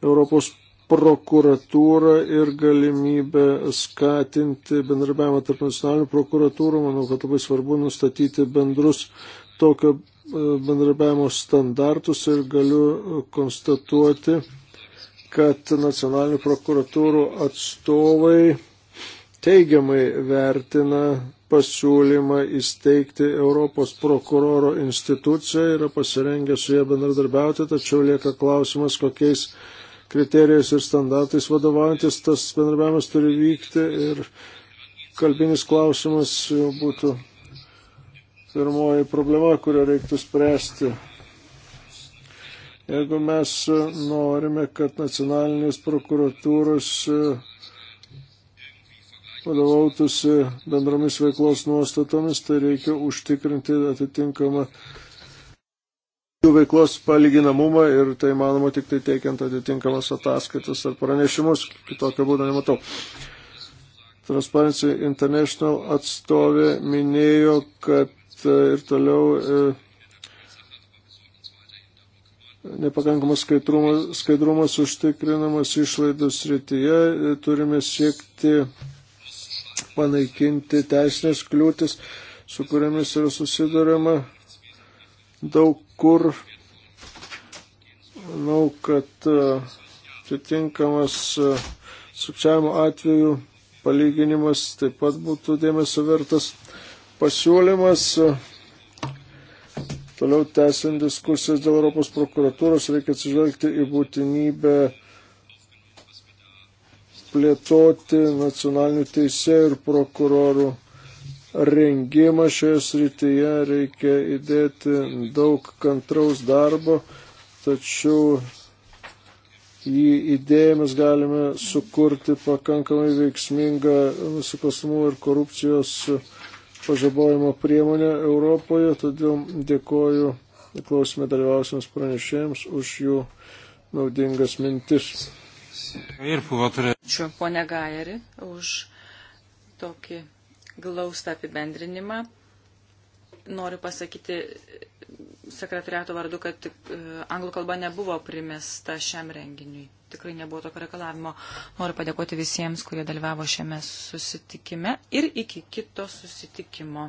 Europos prokuratūrą ir galimybę skatinti bendrabiavimą tarp nacionalinių prokuratūrų. Manau, kad labai svarbu nustatyti bendrus tokio e, bendrabiavimo standartus ir galiu konstatuoti, kad nacionalinių prokuratūrų atstovai teigiamai vertina pasiūlymą įsteigti Europos prokuroro instituciją, yra pasirengę su jie bendradarbiauti, tačiau lieka klausimas, kokiais kriterijais ir standartais vadovaujantis tas bendravimas turi vykti ir kalbinis klausimas jau būtų pirmoji problema, kurią reiktų spręsti. Jeigu mes norime, kad nacionalinės prokuratūros vadovautųsi bendromis veiklos nuostatomis, tai reikia užtikrinti atitinkamą jų veiklos palyginamumą ir tai manoma tik tai teikiant atitinkamas ataskaitas ar pranešimus, kitokio būdo nematau. Transparency International atstovė minėjo, kad e, ir toliau e, nepakankamas skaidrumas, skaidrumas užtikrinamas išlaidų srityje, e, turime siekti panaikinti teisinės kliūtis, su kuriamis yra susidurima daug kur. Manau, kad e, atitinkamas e, sukčiavimo atveju palyginimas taip pat būtų dėmesio vertas pasiūlymas. Toliau tęsiant diskusijas dėl Europos prokuratūros, reikia atsižvelgti į būtinybę plėtoti nacionalinių teisėjų ir prokurorų rengimą šioje srityje reikia įdėti daug kantraus darbo, tačiau į įdėjimus galime sukurti pakankamai veiksmingą nusikalstamų ir korupcijos pažabojimo priemonę Europoje, todėl dėkoju klausime dalyvausiams pranešėjams už jų naudingas mintis. Ačiū, ponia Gairi, už tokį glaustą apibendrinimą. Noriu pasakyti sekretariato vardu, kad e, anglų kalba nebuvo primesta šiam renginiui. Tikrai nebuvo tokio reikalavimo. Noriu padėkoti visiems, kurie dalyvavo šiame susitikime ir iki kito susitikimo.